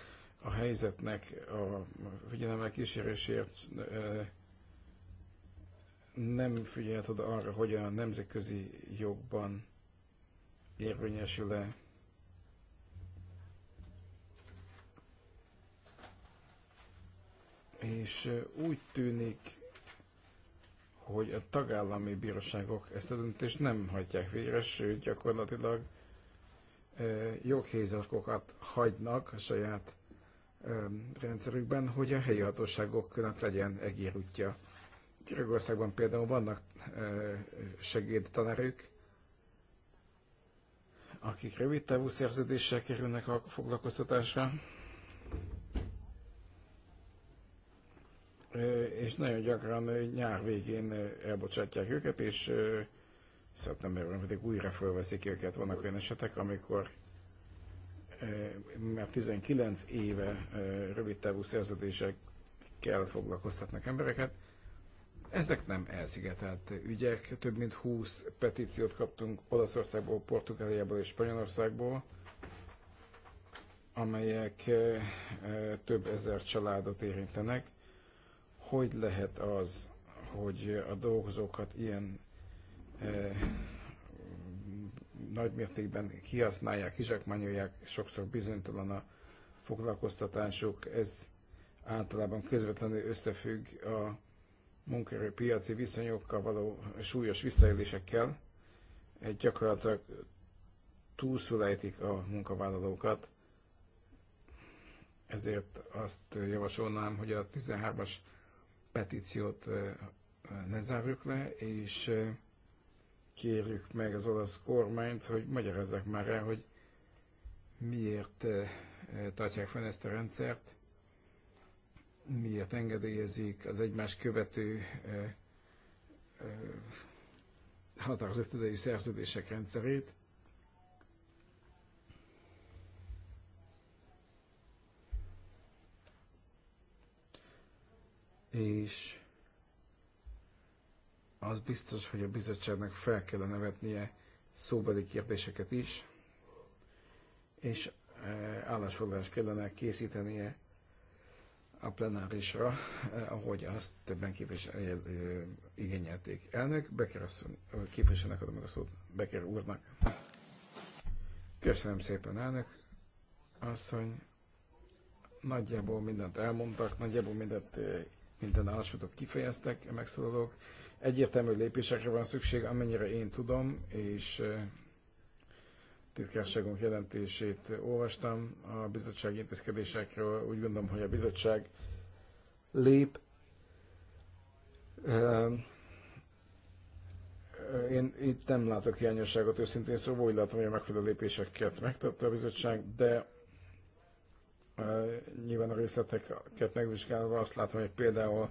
a helyzetnek a figyelemmel kísérésért nem figyelt oda arra, hogy a nemzetközi jogban érvényesül-e és úgy tűnik, hogy a tagállami bíróságok ezt a döntést nem hagyják végre, sőt gyakorlatilag joghézakokat hagynak a saját rendszerükben, hogy a helyi hatóságoknak legyen egérútja. Görögországban például vannak e, segédtanárok, akik rövid távú szerződéssel kerülnek a foglalkoztatásra, e, és nagyon gyakran e, nyár végén elbocsátják őket, és szeptemberben pedig újra felveszik őket. Vannak olyan esetek, amikor már 19 éve rövid távú szerződésekkel foglalkoztatnak embereket. Ezek nem elszigetelt ügyek, több mint 20 petíciót kaptunk Olaszországból, Portugáliából és Spanyolországból, amelyek több ezer családot érintenek. Hogy lehet az, hogy a dolgozókat ilyen nagy mértékben kihasználják, kizsákmányolják, sokszor bizonytalan a foglalkoztatásuk, ez általában közvetlenül összefügg a munkaerőpiaci viszonyokkal való súlyos visszaélésekkel, gyakorlatilag túlszulejtik a munkavállalókat, ezért azt javasolnám, hogy a 13-as petíciót eh, ne zárjuk le, és eh, kérjük meg az olasz kormányt, hogy magyarázzák már el, hogy miért eh, tartják fenn ezt a rendszert, miért engedélyezik az egymás követő eh, eh, határozott idejű szerződések rendszerét. És az biztos, hogy a bizottságnak fel kellene vetnie szóbeli kérdéseket is, és e, állásfoglalást kellene készítenie a plenárisra, e, ahogy azt többen képvisel, e, igényelték. Elnök, Becker asszony, képviselnek adom meg a szót Becker úrnak. Köszönöm szépen, elnök asszony. Nagyjából mindent elmondtak, nagyjából mindent minden álláspontot kifejeztek megszólalok. megszólalók. Egyértelmű lépésekre van szükség, amennyire én tudom, és titkárságunk jelentését olvastam a bizottság intézkedésekről. Úgy gondolom, hogy a bizottság lép. Én itt nem látok hiányosságot, őszintén szóval úgy látom, hogy a megfelelő lépéseket megtette a bizottság, de Nyilván a részleteket megvizsgálva azt látom, hogy például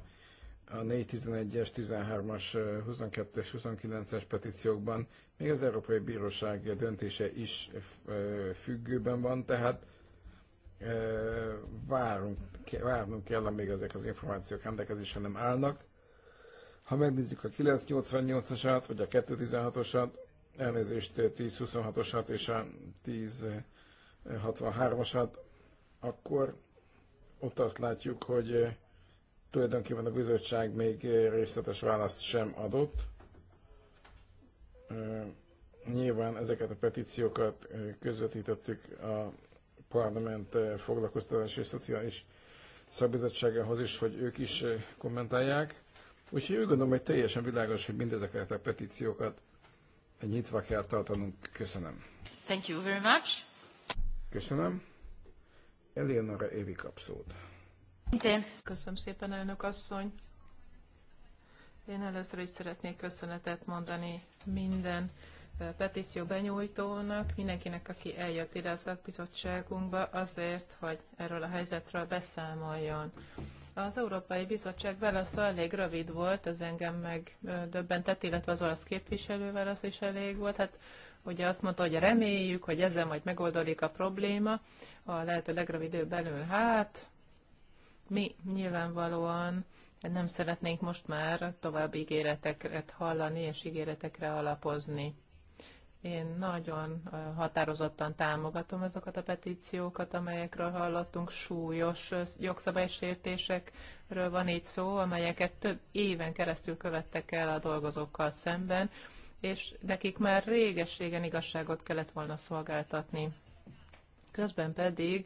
a 411-es, 13-as, 22-es, 29-es petíciókban még az Európai Bíróság döntése is függőben van, tehát várunk, várnunk kell, amíg ezek az információk rendelkezésre nem állnak. Ha megnézzük a 988 asat vagy a 216-osat, elnézést 1026-osat és a 1063-asat, akkor ott azt látjuk, hogy eh, tulajdonképpen a bizottság még eh, részletes választ sem adott. Eh, nyilván ezeket a petíciókat közvetítettük a parlament foglalkoztatási és szociális szakbizottságához is, hogy ők is kommentálják. Úgyhogy úgy gondolom, hogy teljesen világos, hogy mindezeket a petíciókat nyitva kell tartanunk. Köszönöm. Thank you very much. Köszönöm. Eleonora Évi kap Én. Köszönöm szépen, elnök asszony. Én először is szeretnék köszönetet mondani minden petíció benyújtónak, mindenkinek, aki eljött ide a szakbizottságunkba azért, hogy erről a helyzetről beszámoljon. Az Európai Bizottság válasza elég rövid volt, ez engem meg döbbentett, illetve az olasz képviselővel az is elég volt. Hát ugye azt mondta, hogy reméljük, hogy ezzel majd megoldódik a probléma a lehető legrövid idő belül. Hát, mi nyilvánvalóan nem szeretnénk most már további ígéreteket hallani és ígéretekre alapozni. Én nagyon határozottan támogatom azokat a petíciókat, amelyekről hallottunk, súlyos jogszabálysértésekről van itt szó, amelyeket több éven keresztül követtek el a dolgozókkal szemben, és nekik már régességen igazságot kellett volna szolgáltatni. Közben pedig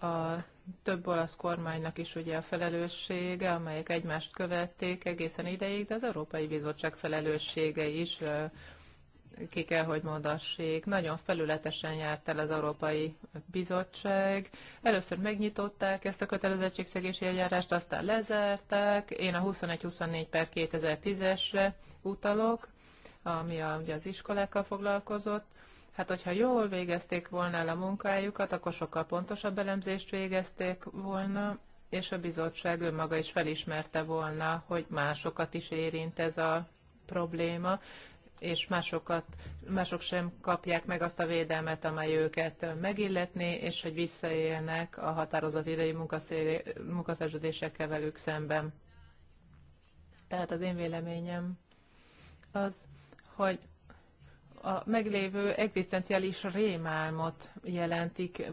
a több olasz kormánynak is ugye a felelőssége, amelyek egymást követték egészen ideig, de az Európai Bizottság felelőssége is ki kell, hogy mondassék. Nagyon felületesen járt el az Európai Bizottság. Először megnyitották ezt a kötelezettségszegési eljárást, aztán lezárták. Én a 21-24 per 2010-esre utalok ami a, ugye az iskolákkal foglalkozott. Hát, hogyha jól végezték volna el a munkájukat, akkor sokkal pontosabb elemzést végezték volna, és a bizottság önmaga is felismerte volna, hogy másokat is érint ez a probléma, és másokat, mások sem kapják meg azt a védelmet, amely őket megilletné, és hogy visszaélnek a határozott idei munkaszerződésekkel velük szemben. Tehát az én véleményem az, hogy a meglévő egzisztenciális rémálmot jelentik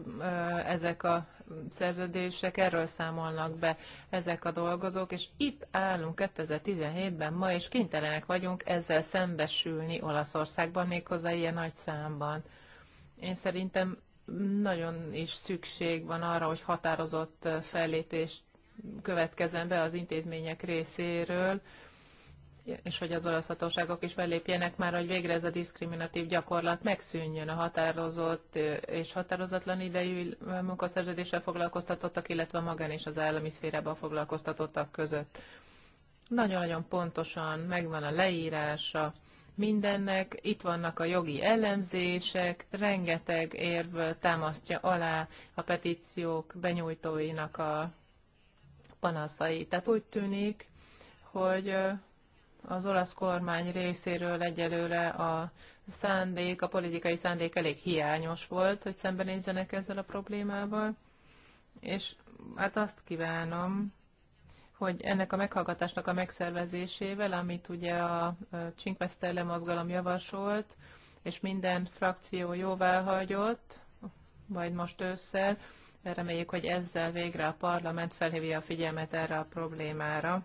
ezek a szerződések, erről számolnak be ezek a dolgozók, és itt állunk 2017-ben ma, és kénytelenek vagyunk ezzel szembesülni Olaszországban, méghozzá ilyen nagy számban. Én szerintem nagyon is szükség van arra, hogy határozott fellépést következzen be az intézmények részéről, és hogy az olasz hatóságok is belépjenek már, hogy végre ez a diszkriminatív gyakorlat megszűnjön a határozott és határozatlan idejű munkaszerződéssel foglalkoztatottak, illetve a magán és az állami szférában foglalkoztatottak között. Nagyon-nagyon pontosan megvan a leírása mindennek, itt vannak a jogi ellenzések, rengeteg érv támasztja alá a petíciók benyújtóinak a panaszai. Tehát úgy tűnik, hogy az olasz kormány részéről egyelőre a szándék, a politikai szándék elég hiányos volt, hogy szembenézzenek ezzel a problémával, és hát azt kívánom, hogy ennek a meghallgatásnak a megszervezésével, amit ugye a Csinkvesztelle mozgalom javasolt, és minden frakció jóvá hagyott, majd most ősszel, reméljük, hogy ezzel végre a parlament felhívja a figyelmet erre a problémára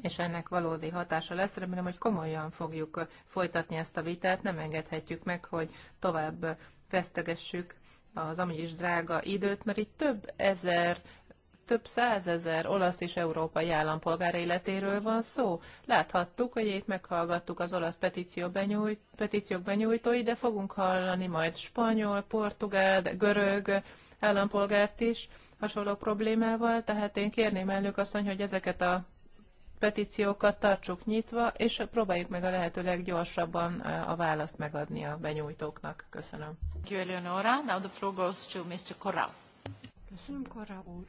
és ennek valódi hatása lesz. Remélem, hogy komolyan fogjuk folytatni ezt a vitát, nem engedhetjük meg, hogy tovább vesztegessük az amúgy is drága időt, mert itt több ezer több százezer olasz és európai állampolgár életéről van szó. Láthattuk, hogy itt meghallgattuk az olasz petíció benyújt, petíciók benyújtói, de fogunk hallani majd spanyol, portugál, görög állampolgárt is hasonló problémával, tehát én kérném elnök azt, hogy ezeket a petíciókat tartsuk nyitva, és próbáljuk meg a lehető leggyorsabban a választ megadni a benyújtóknak. Köszönöm. Eleonora. Now the floor goes to Mr. Corral. Köszönöm, Corral úr.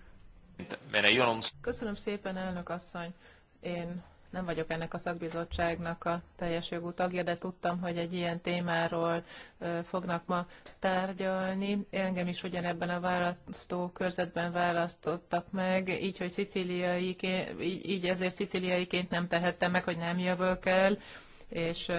Köszönöm szépen, elnök asszony. Én nem vagyok ennek a szakbizottságnak a teljes jogú tagja, de tudtam, hogy egy ilyen témáról fognak ma tárgyalni. Engem is ugyanebben a választó körzetben választottak meg, így, hogy szicíliaiként, így, így ezért szicíliaiként nem tehettem meg, hogy nem jövök el és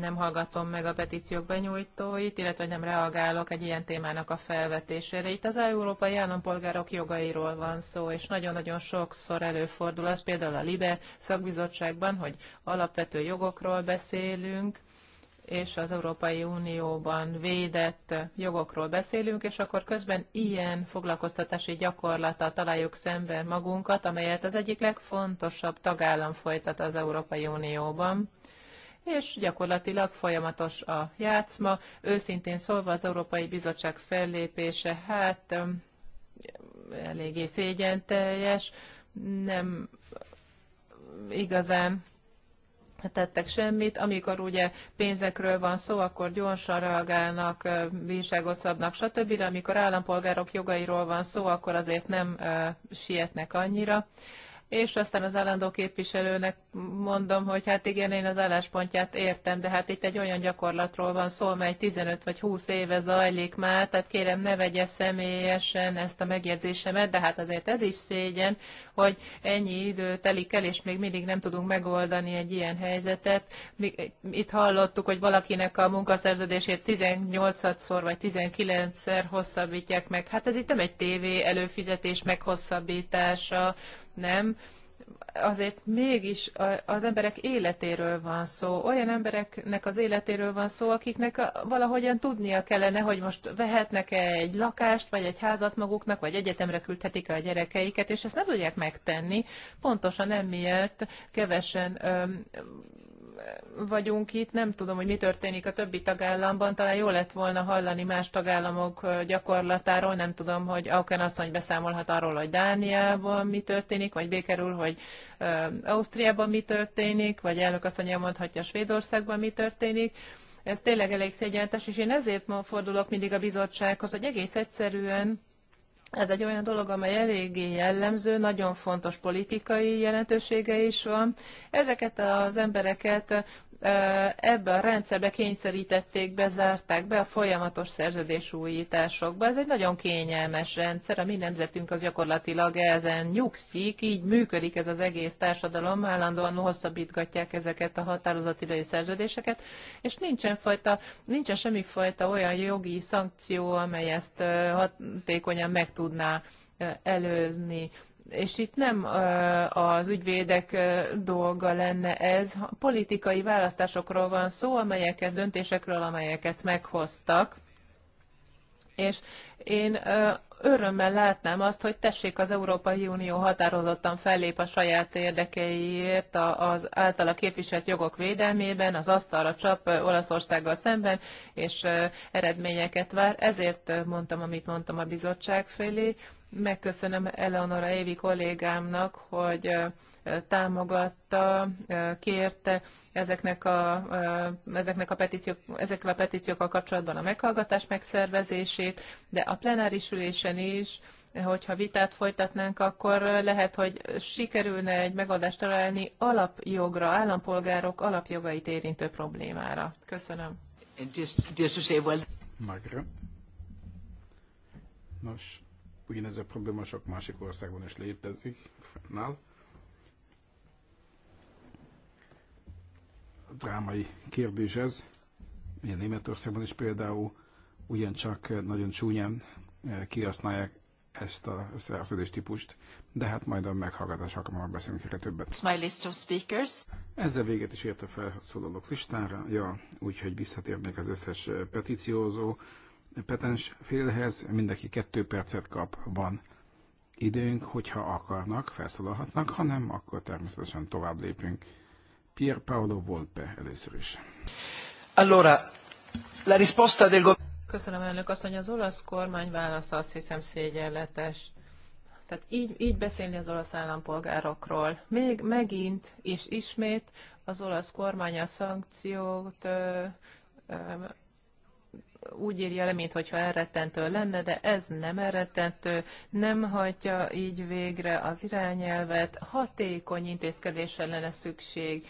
nem hallgatom meg a petíciók benyújtóit, illetve nem reagálok egy ilyen témának a felvetésére. Itt az európai állampolgárok jogairól van szó, és nagyon-nagyon sokszor előfordul az, például a LIBE szakbizottságban, hogy alapvető jogokról beszélünk, és az Európai Unióban védett jogokról beszélünk, és akkor közben ilyen foglalkoztatási gyakorlata találjuk szembe magunkat, amelyet az egyik legfontosabb tagállam folytat az Európai Unióban és gyakorlatilag folyamatos a játszma. Őszintén szólva az Európai Bizottság fellépése, hát eléggé szégyen teljes, nem igazán tettek semmit. Amikor ugye pénzekről van szó, akkor gyorsan reagálnak, bírságot szabnak, stb. De amikor állampolgárok jogairól van szó, akkor azért nem sietnek annyira és aztán az állandó képviselőnek mondom, hogy hát igen, én az álláspontját értem, de hát itt egy olyan gyakorlatról van szó, mely 15 vagy 20 éve zajlik már, tehát kérem ne vegye személyesen ezt a megjegyzésemet, de hát azért ez is szégyen, hogy ennyi idő telik el, és még mindig nem tudunk megoldani egy ilyen helyzetet. Mi, itt hallottuk, hogy valakinek a munkaszerződését 18-szor vagy 19-szer hosszabbítják meg. Hát ez itt nem egy tévé előfizetés meghosszabbítása, nem, azért mégis az emberek életéről van szó. Olyan embereknek az életéről van szó, akiknek valahogyan tudnia kellene, hogy most vehetnek-e egy lakást, vagy egy házat maguknak, vagy egyetemre küldhetik -e a gyerekeiket, és ezt nem tudják megtenni. Pontosan emiatt kevesen öm, vagyunk itt, nem tudom, hogy mi történik a többi tagállamban, talán jó lett volna hallani más tagállamok gyakorlatáról, nem tudom, hogy Auken asszony beszámolhat arról, hogy Dániában mi történik, vagy Békerül, hogy Ausztriában mi történik, vagy elnök asszony elmondhatja Svédországban mi történik. Ez tényleg elég szégyentes, és én ezért ma fordulok mindig a bizottsághoz, hogy egész egyszerűen ez egy olyan dolog, amely eléggé jellemző, nagyon fontos politikai jelentősége is van. Ezeket az embereket ebbe a rendszerbe kényszerítették, bezárták be a folyamatos szerződésújításokba. Ez egy nagyon kényelmes rendszer, a mi nemzetünk az gyakorlatilag ezen nyugszik, így működik ez az egész társadalom, állandóan hosszabbítgatják ezeket a határozatidei szerződéseket, és nincsen, fajta, nincsen semmifajta olyan jogi szankció, amely ezt hatékonyan meg tudná előzni és itt nem az ügyvédek dolga lenne ez, politikai választásokról van szó, amelyeket, döntésekről, amelyeket meghoztak, és én örömmel látnám azt, hogy tessék az Európai Unió határozottan fellép a saját érdekeiért az általa képviselt jogok védelmében, az asztalra csap Olaszországgal szemben, és eredményeket vár. Ezért mondtam, amit mondtam a bizottság felé, Megköszönöm Eleonora Évi kollégámnak, hogy támogatta, kérte ezeknek a, ezeknek a petíciók, ezekkel a petíciókkal kapcsolatban a meghallgatás megszervezését, de a plenáris ülésen is hogyha vitát folytatnánk, akkor lehet, hogy sikerülne egy megoldást találni alapjogra, állampolgárok alapjogait érintő problémára. Köszönöm. Just, just say, well... Magra. Nos, Ugyanez a probléma sok másik országban is létezik, A Drámai kérdés ez. Ugye Németországban is például ugyancsak nagyon csúnyán eh, kihasználják ezt a szerződés típust, de hát majd a meghallgatás alkalommal beszélünk erre többet. my list of speakers. Ezzel véget is ért a felszólalók listára, ja, úgyhogy visszatérnék az összes eh, petíciózó, petens félhez, mindenki kettő percet kap, van időnk, hogyha akarnak, felszólalhatnak, ha nem, akkor természetesen tovább lépünk. Pier Paolo Volpe először is. Allora, la risposta del go- Köszönöm elnök asszony, az olasz kormány válasza azt hiszem szégyenletes. Tehát így, így beszélni az olasz állampolgárokról. Még megint és ismét az olasz kormány a szankciót ö, ö, úgy írja le, mintha elrettentő lenne, de ez nem elrettentő, nem hagyja így végre az irányelvet, hatékony intézkedésre lenne szükség,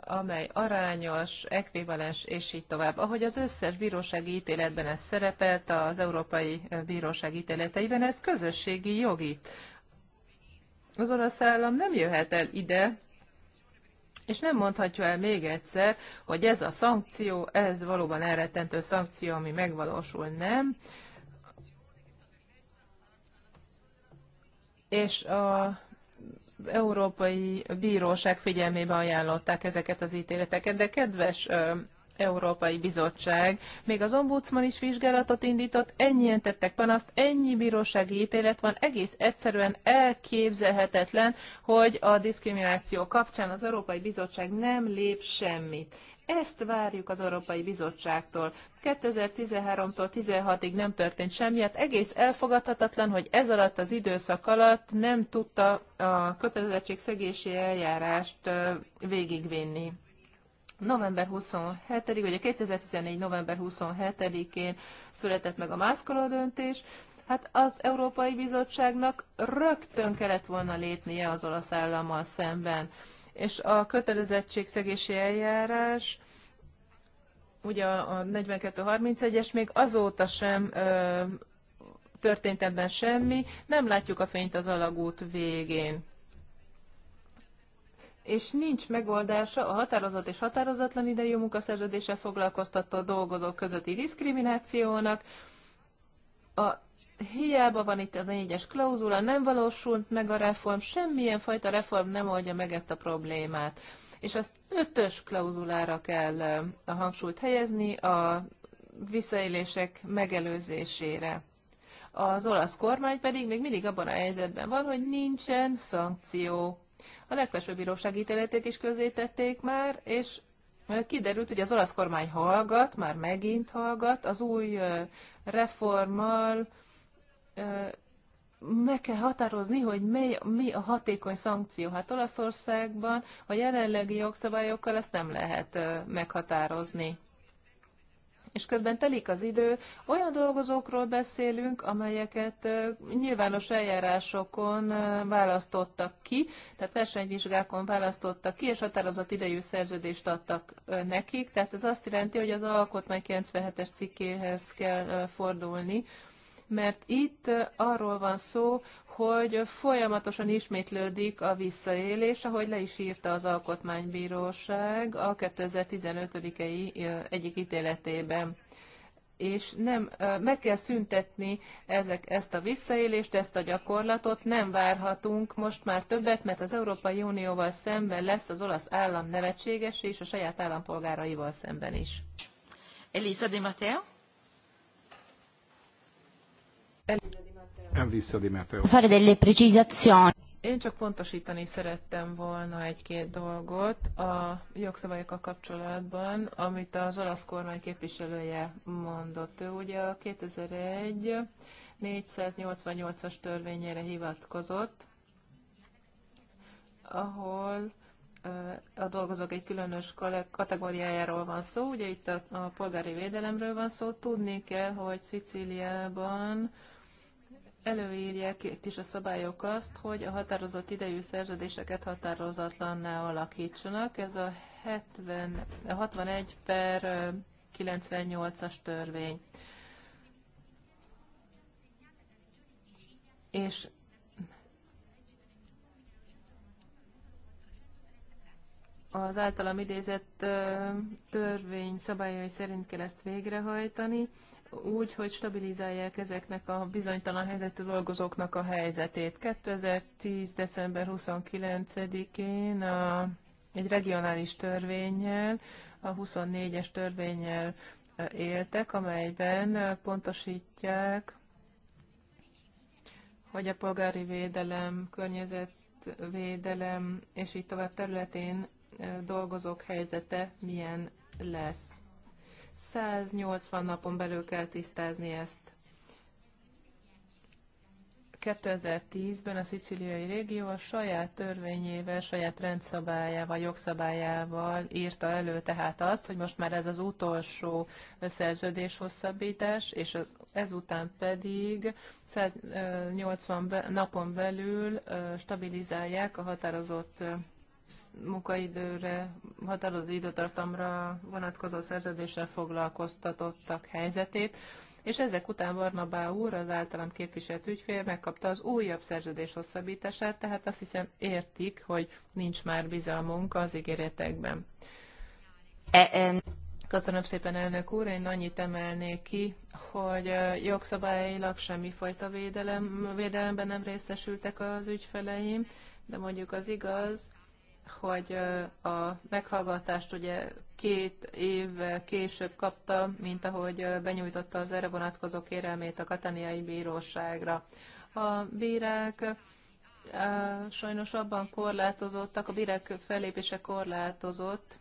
amely arányos, ekvivalens, és így tovább. Ahogy az összes bírósági ítéletben ez szerepelt, az Európai Bíróság ítéleteiben, ez közösségi jogi. Az orosz állam nem jöhet el ide, és nem mondhatja el még egyszer, hogy ez a szankció, ez valóban elrettentő szankció, ami megvalósul, nem. És a Európai Bíróság figyelmébe ajánlották ezeket az ítéleteket, de kedves Európai Bizottság. Még az ombudsman is vizsgálatot indított, ennyien tettek panaszt, ennyi bírósági ítélet van, egész egyszerűen elképzelhetetlen, hogy a diszkrimináció kapcsán az Európai Bizottság nem lép semmit. Ezt várjuk az Európai Bizottságtól. 2013-tól 16-ig nem történt semmi, hát egész elfogadhatatlan, hogy ez alatt az időszak alatt nem tudta a szegési eljárást végigvinni november 27-ig, ugye 2014. november 27-én született meg a mászkoló döntés, Hát az Európai Bizottságnak rögtön kellett volna lépnie az olasz állammal szemben. És a kötelezettségszegési eljárás, ugye a 31 es még azóta sem ö, történt ebben semmi, nem látjuk a fényt az alagút végén és nincs megoldása a határozott és határozatlan idejű munkaszerződéssel foglalkoztató dolgozók közötti diszkriminációnak. A hiába van itt az egyes klauzula, nem valósult meg a reform, semmilyen fajta reform nem oldja meg ezt a problémát. És azt ötös klauzulára kell a hangsúlyt helyezni a visszaélések megelőzésére. Az olasz kormány pedig még mindig abban a helyzetben van, hogy nincsen szankció a legfelsőbb bíróság ítéletét is közzétették már, és kiderült, hogy az olasz kormány hallgat, már megint hallgat, az új reformmal meg kell határozni, hogy mely, mi a hatékony szankció. Hát Olaszországban a jelenlegi jogszabályokkal ezt nem lehet meghatározni és közben telik az idő, olyan dolgozókról beszélünk, amelyeket nyilvános eljárásokon választottak ki, tehát versenyvizsgákon választottak ki, és határozott idejű szerződést adtak nekik, tehát ez azt jelenti, hogy az alkotmány 97-es cikkéhez kell fordulni, mert itt arról van szó, hogy folyamatosan ismétlődik a visszaélés, ahogy le is írta az Alkotmánybíróság a 2015-i egyik ítéletében és nem, meg kell szüntetni ezek, ezt a visszaélést, ezt a gyakorlatot, nem várhatunk most már többet, mert az Európai Unióval szemben lesz az olasz állam nevetséges, és a saját állampolgáraival szemben is. Elisa de Matteo Fare delle precisazioni. Én csak pontosítani szerettem volna egy-két dolgot a jogszabályokkal kapcsolatban, amit az olasz kormány képviselője mondott. Ő ugye a 2001 488-as törvényére hivatkozott, ahol a dolgozók egy különös kategóriájáról van szó, ugye itt a, polgári védelemről van szó, tudni kell, hogy Szicíliában előírják itt is a szabályok azt, hogy a határozott idejű szerződéseket határozatlanná alakítsanak. Ez a, 70, a 61 per 98-as törvény. És az általam idézett törvény szabályai szerint kell ezt végrehajtani úgy, hogy stabilizálják ezeknek a bizonytalan helyzetű dolgozóknak a helyzetét. 2010. december 29-én a, egy regionális törvényel, a 24-es törvényel e, éltek, amelyben pontosítják, hogy a polgári védelem, környezetvédelem és így tovább területén e, dolgozók helyzete milyen lesz. 180 napon belül kell tisztázni ezt. 2010-ben a szicíliai régió a saját törvényével, saját rendszabályával, jogszabályával írta elő tehát azt, hogy most már ez az utolsó szerződés hosszabbítás, és ezután pedig 180 napon belül stabilizálják a határozott munkaidőre, határozott időtartamra vonatkozó szerződéssel foglalkoztatottak helyzetét, és ezek után Barnabá úr, az általam képviselt ügyfél megkapta az újabb szerződés hosszabbítását, tehát azt hiszem értik, hogy nincs már bizalmunk az ígéretekben. E, e, Köszönöm szépen, elnök úr. Én annyit emelnék ki, hogy jogszabályilag semmifajta védelem, védelemben nem részesültek az ügyfeleim, de mondjuk az igaz, hogy a meghallgatást ugye két év később kapta, mint ahogy benyújtotta az erre vonatkozó kérelmét a kataniai bíróságra. A bírák sajnos abban korlátozottak, a bírák fellépése korlátozott,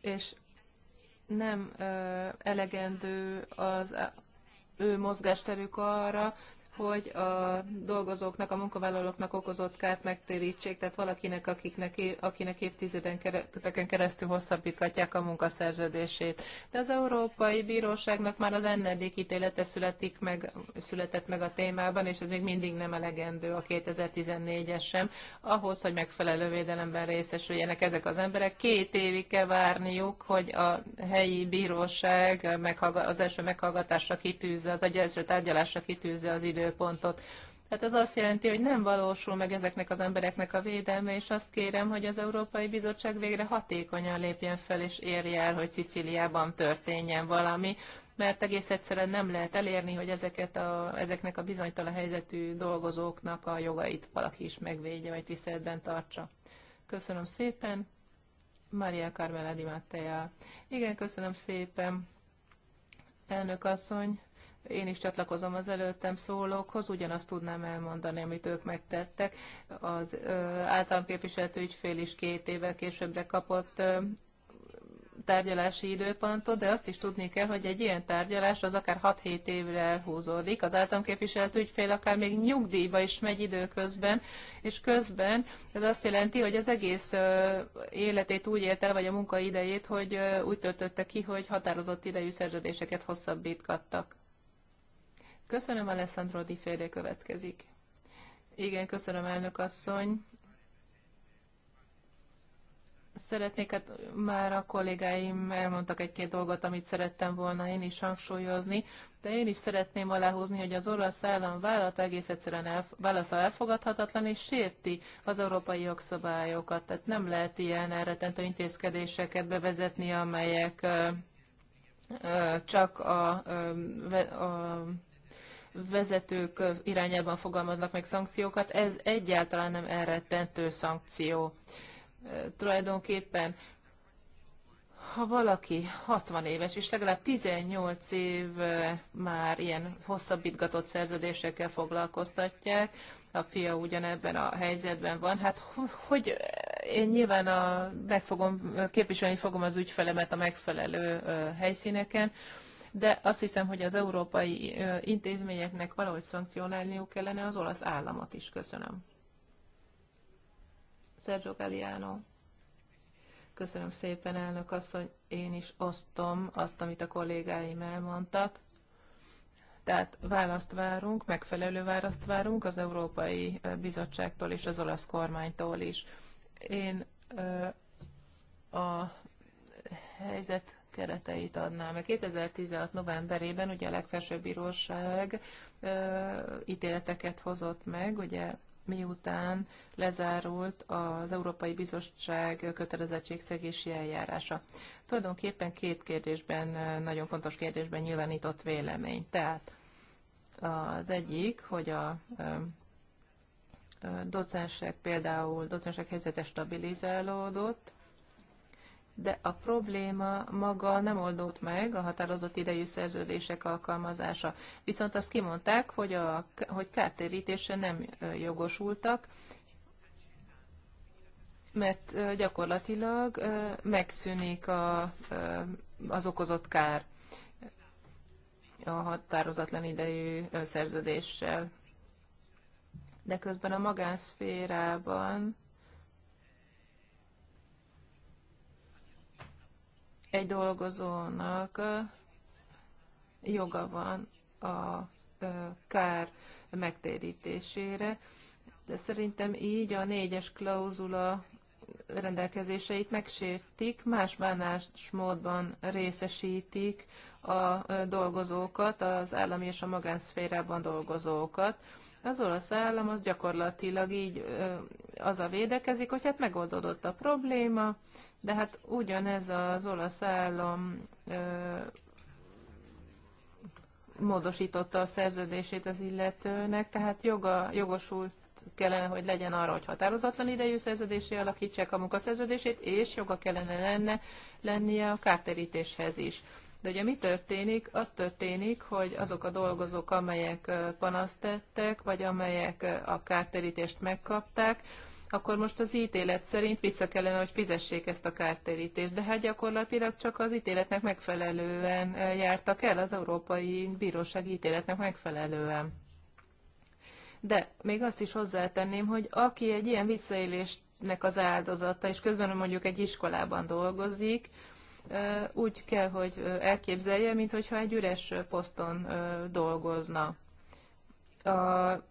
és nem elegendő az ő mozgásterük arra, hogy a dolgozóknak, a munkavállalóknak okozott kárt megtérítsék, tehát valakinek, akiknek, akinek évtizedeken keresztül hosszabbíthatják a munkaszerződését. De az Európai Bíróságnak már az ennedik ítélete születik meg, született meg a témában, és ez még mindig nem elegendő a 2014-es sem, ahhoz, hogy megfelelő védelemben részesüljenek ezek az emberek. Két évig kell várniuk, hogy a helyi bíróság az első meghallgatásra kitűzze, az első tárgyalásra kitűzze az idő időpontot. Tehát ez azt jelenti, hogy nem valósul meg ezeknek az embereknek a védelme, és azt kérem, hogy az Európai Bizottság végre hatékonyan lépjen fel, és érje el, hogy Sziciliában történjen valami, mert egész egyszerűen nem lehet elérni, hogy ezeket a, ezeknek a bizonytalan helyzetű dolgozóknak a jogait valaki is megvédje, vagy tiszteletben tartsa. Köszönöm szépen. Maria Carmela Di Mattea. Igen, köszönöm szépen. Elnök asszony, én is csatlakozom az előttem szólókhoz, ugyanazt tudnám elmondani, amit ők megtettek. Az általam képviselt ügyfél is két évvel későbbre kapott tárgyalási időpontot, de azt is tudni kell, hogy egy ilyen tárgyalás az akár 6-7 évre elhúzódik, az általam képviselt ügyfél akár még nyugdíjba is megy időközben, és közben ez azt jelenti, hogy az egész életét úgy élt el, vagy a munkaidejét, hogy úgy töltötte ki, hogy határozott idejű szerződéseket hosszabbítgattak. Köszönöm, Alessandro Di Fede következik. Igen, köszönöm, elnök asszony. Szeretnék, hát már a kollégáim elmondtak egy-két dolgot, amit szerettem volna én is hangsúlyozni, de én is szeretném aláhúzni, hogy az orosz állam vállalat egész egyszerűen elf- válasza elfogadhatatlan, és sérti az európai jogszabályokat. Tehát nem lehet ilyen elretentő intézkedéseket bevezetni, amelyek csak a, a vezetők irányában fogalmaznak meg szankciókat, ez egyáltalán nem elrettentő szankció. Tulajdonképpen, ha valaki 60 éves, és legalább 18 év már ilyen hosszabbítgatott szerződésekkel foglalkoztatják, a fia ugyanebben a helyzetben van, hát hogy én nyilván a, meg fogom, képviselni fogom az ügyfelemet a megfelelő helyszíneken, de azt hiszem, hogy az európai intézményeknek valahogy szankcionálniuk kellene az olasz államot is. Köszönöm. Sergio Galliano. Köszönöm szépen, elnök asszony. Én is osztom azt, amit a kollégáim elmondtak. Tehát választ várunk, megfelelő választ várunk az Európai Bizottságtól és az olasz kormánytól is. Én ö, a helyzet kereteit adná meg. 2016 novemberében ugye a legfelsőbb bíróság ö, ítéleteket hozott meg, ugye miután lezárult az Európai Bizottság kötelezettségszegési eljárása. Tulajdonképpen két kérdésben, nagyon fontos kérdésben nyilvánított vélemény. Tehát az egyik, hogy a docensek például, docensek helyzete stabilizálódott, de a probléma maga nem oldott meg, a határozott idejű szerződések alkalmazása. Viszont azt kimondták, hogy, a, hogy kártérítése nem jogosultak, mert gyakorlatilag megszűnik a, az okozott kár a határozatlan idejű szerződéssel. De közben a magánszférában egy dolgozónak joga van a kár megtérítésére, de szerintem így a négyes klauzula rendelkezéseit megsértik, más módban részesítik a dolgozókat, az állami és a magánszférában dolgozókat az olasz állam az gyakorlatilag így az a védekezik, hogy hát megoldódott a probléma, de hát ugyanez az olasz állam módosította a szerződését az illetőnek, tehát joga, jogosult kellene, hogy legyen arra, hogy határozatlan idejű szerződésé alakítsák a munkaszerződését, és joga kellene lenne, lennie a kártérítéshez is. De ugye mi történik? Az történik, hogy azok a dolgozók, amelyek panaszt tettek, vagy amelyek a kártérítést megkapták, akkor most az ítélet szerint vissza kellene, hogy fizessék ezt a kártérítést. De hát gyakorlatilag csak az ítéletnek megfelelően jártak el, az Európai Bíróság ítéletnek megfelelően. De még azt is hozzátenném, hogy aki egy ilyen visszaélésnek az áldozata, és közben mondjuk egy iskolában dolgozik, úgy kell, hogy elképzelje, mint egy üres poszton dolgozna. A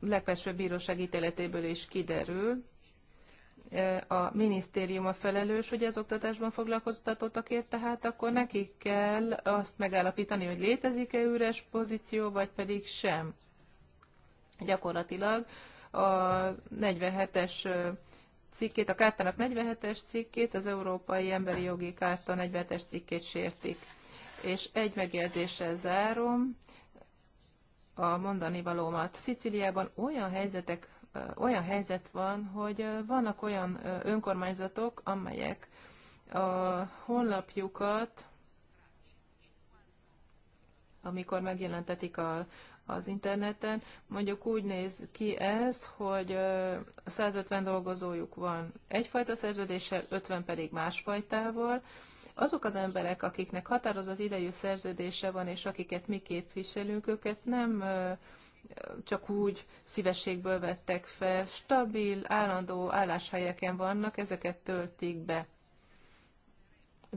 legfelsőbb bíróság ítéletéből is kiderül, a minisztérium a felelős, hogy az oktatásban foglalkoztatottakért, tehát akkor nekik kell azt megállapítani, hogy létezik-e üres pozíció, vagy pedig sem. Gyakorlatilag a 47-es cikkét, a kártának 47-es cikkét, az Európai Emberi Jogi Kárta 47-es cikkét sértik. És egy megjegyzéssel zárom a mondani valómat. Sziciliában olyan helyzetek, olyan helyzet van, hogy vannak olyan önkormányzatok, amelyek a honlapjukat amikor megjelentetik a, az interneten. Mondjuk úgy néz ki ez, hogy 150 dolgozójuk van egyfajta szerződéssel, 50 pedig másfajtával. Azok az emberek, akiknek határozott idejű szerződése van, és akiket mi képviselünk, őket nem csak úgy szívességből vettek fel, stabil, állandó álláshelyeken vannak, ezeket töltik be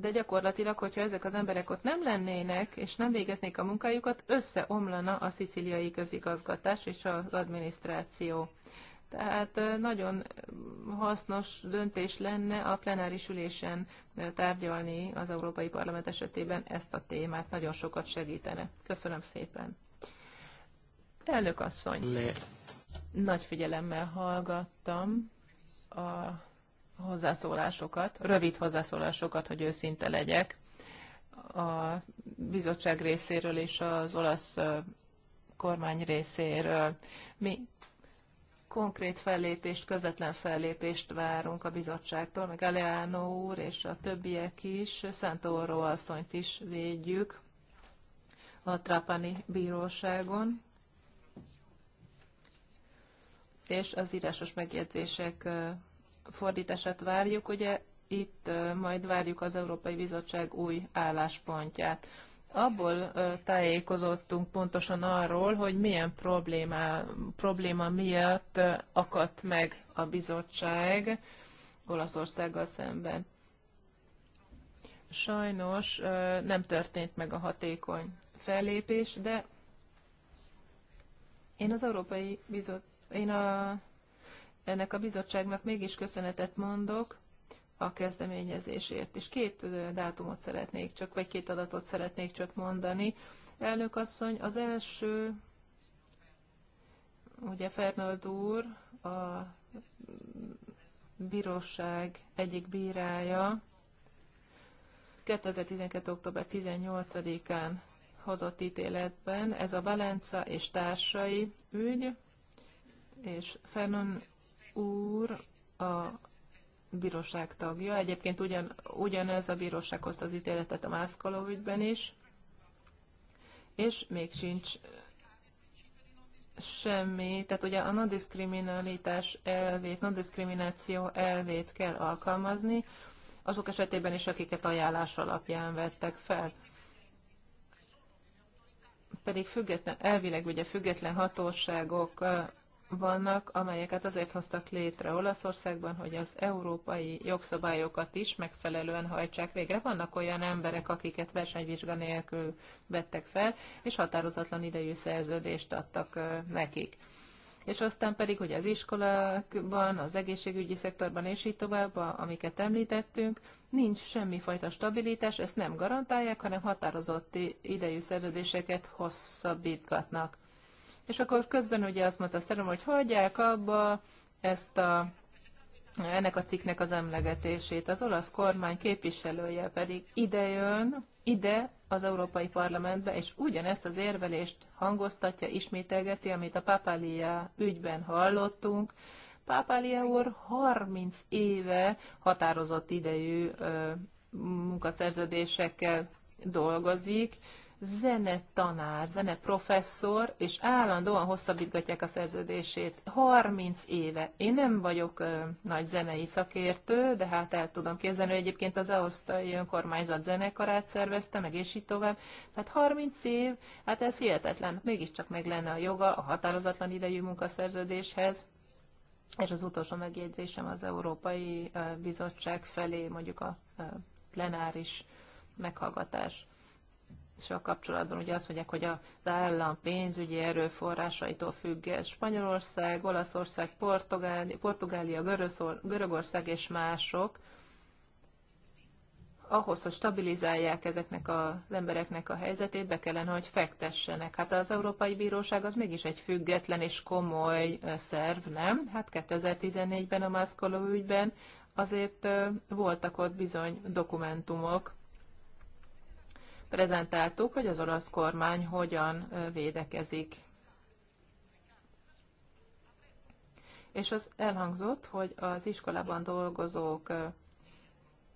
de gyakorlatilag, hogyha ezek az emberek ott nem lennének, és nem végeznék a munkájukat, összeomlana a szicíliai közigazgatás és az adminisztráció. Tehát nagyon hasznos döntés lenne a plenáris ülésen tárgyalni az Európai Parlament esetében ezt a témát. Nagyon sokat segítene. Köszönöm szépen. Elnök asszony. Le. Nagy figyelemmel hallgattam a hozzászólásokat, rövid hozzászólásokat, hogy őszinte legyek. A bizottság részéről és az olasz kormány részéről. Mi konkrét fellépést, közvetlen fellépést várunk a bizottságtól, meg Aleano úr és a többiek is, Szentóró asszonyt is védjük a Trapani bíróságon. És az írásos megjegyzések fordítását várjuk, ugye itt majd várjuk az Európai Bizottság új álláspontját. Abból tájékozottunk pontosan arról, hogy milyen problémá, probléma miatt akadt meg a bizottság Olaszországgal szemben. Sajnos nem történt meg a hatékony fellépés, de én az Európai Bizottság, én a ennek a bizottságnak mégis köszönetet mondok a kezdeményezésért. És két dátumot szeretnék csak, vagy két adatot szeretnék csak mondani. Elnök asszony, az első, ugye Fernald úr, a bíróság egyik bírája 2012. október 18-án hozott ítéletben ez a Valenca és társai ügy, és Fernand úr a bíróság tagja. Egyébként ugyan, ugyanez a bíróság hozta az ítéletet a Mászkalov ügyben is, és még sincs semmi, tehát ugye a nondiskriminalitás elvét, nondiskrimináció elvét kell alkalmazni, azok esetében is, akiket ajánlás alapján vettek fel. Pedig független, elvileg ugye független hatóságok vannak, amelyeket azért hoztak létre Olaszországban, hogy az európai jogszabályokat is megfelelően hajtsák végre. Vannak olyan emberek, akiket versenyvizsga nélkül vettek fel, és határozatlan idejű szerződést adtak nekik. És aztán pedig, hogy az iskolákban, az egészségügyi szektorban és így tovább, amiket említettünk, nincs semmifajta stabilitás, ezt nem garantálják, hanem határozott idejű szerződéseket hosszabbítgatnak és akkor közben ugye azt mondta Szerem, hogy hagyják abba ezt a ennek a cikknek az emlegetését. Az olasz kormány képviselője pedig idejön, ide az Európai Parlamentbe, és ugyanezt az érvelést hangoztatja, ismételgeti, amit a Papália ügyben hallottunk. Pápália úr 30 éve határozott idejű munkaszerződésekkel dolgozik, zenetanár, zeneprofesszor, és állandóan hosszabbítgatják a szerződését. 30 éve. Én nem vagyok ö, nagy zenei szakértő, de hát el tudom képzelni, hogy egyébként az Ausztrai Önkormányzat zenekarát szervezte, meg és így tovább. Tehát 30 év, hát ez hihetetlen. Mégiscsak meg lenne a joga a határozatlan idejű munkaszerződéshez. És az utolsó megjegyzésem az Európai Bizottság felé, mondjuk a plenáris meghallgatás a kapcsolatban ugye azt mondják, hogy az állam pénzügyi erőforrásaitól függ ez Spanyolország, Olaszország, Portugália, Portugália Görögország és mások, ahhoz, hogy stabilizálják ezeknek az embereknek a helyzetét, be kellene, hogy fektessenek. Hát az Európai Bíróság az mégis egy független és komoly szerv, nem? Hát 2014-ben a Mászkoló ügyben azért voltak ott bizony dokumentumok, prezentáltuk, hogy az orosz kormány hogyan védekezik. És az elhangzott, hogy az iskolában dolgozók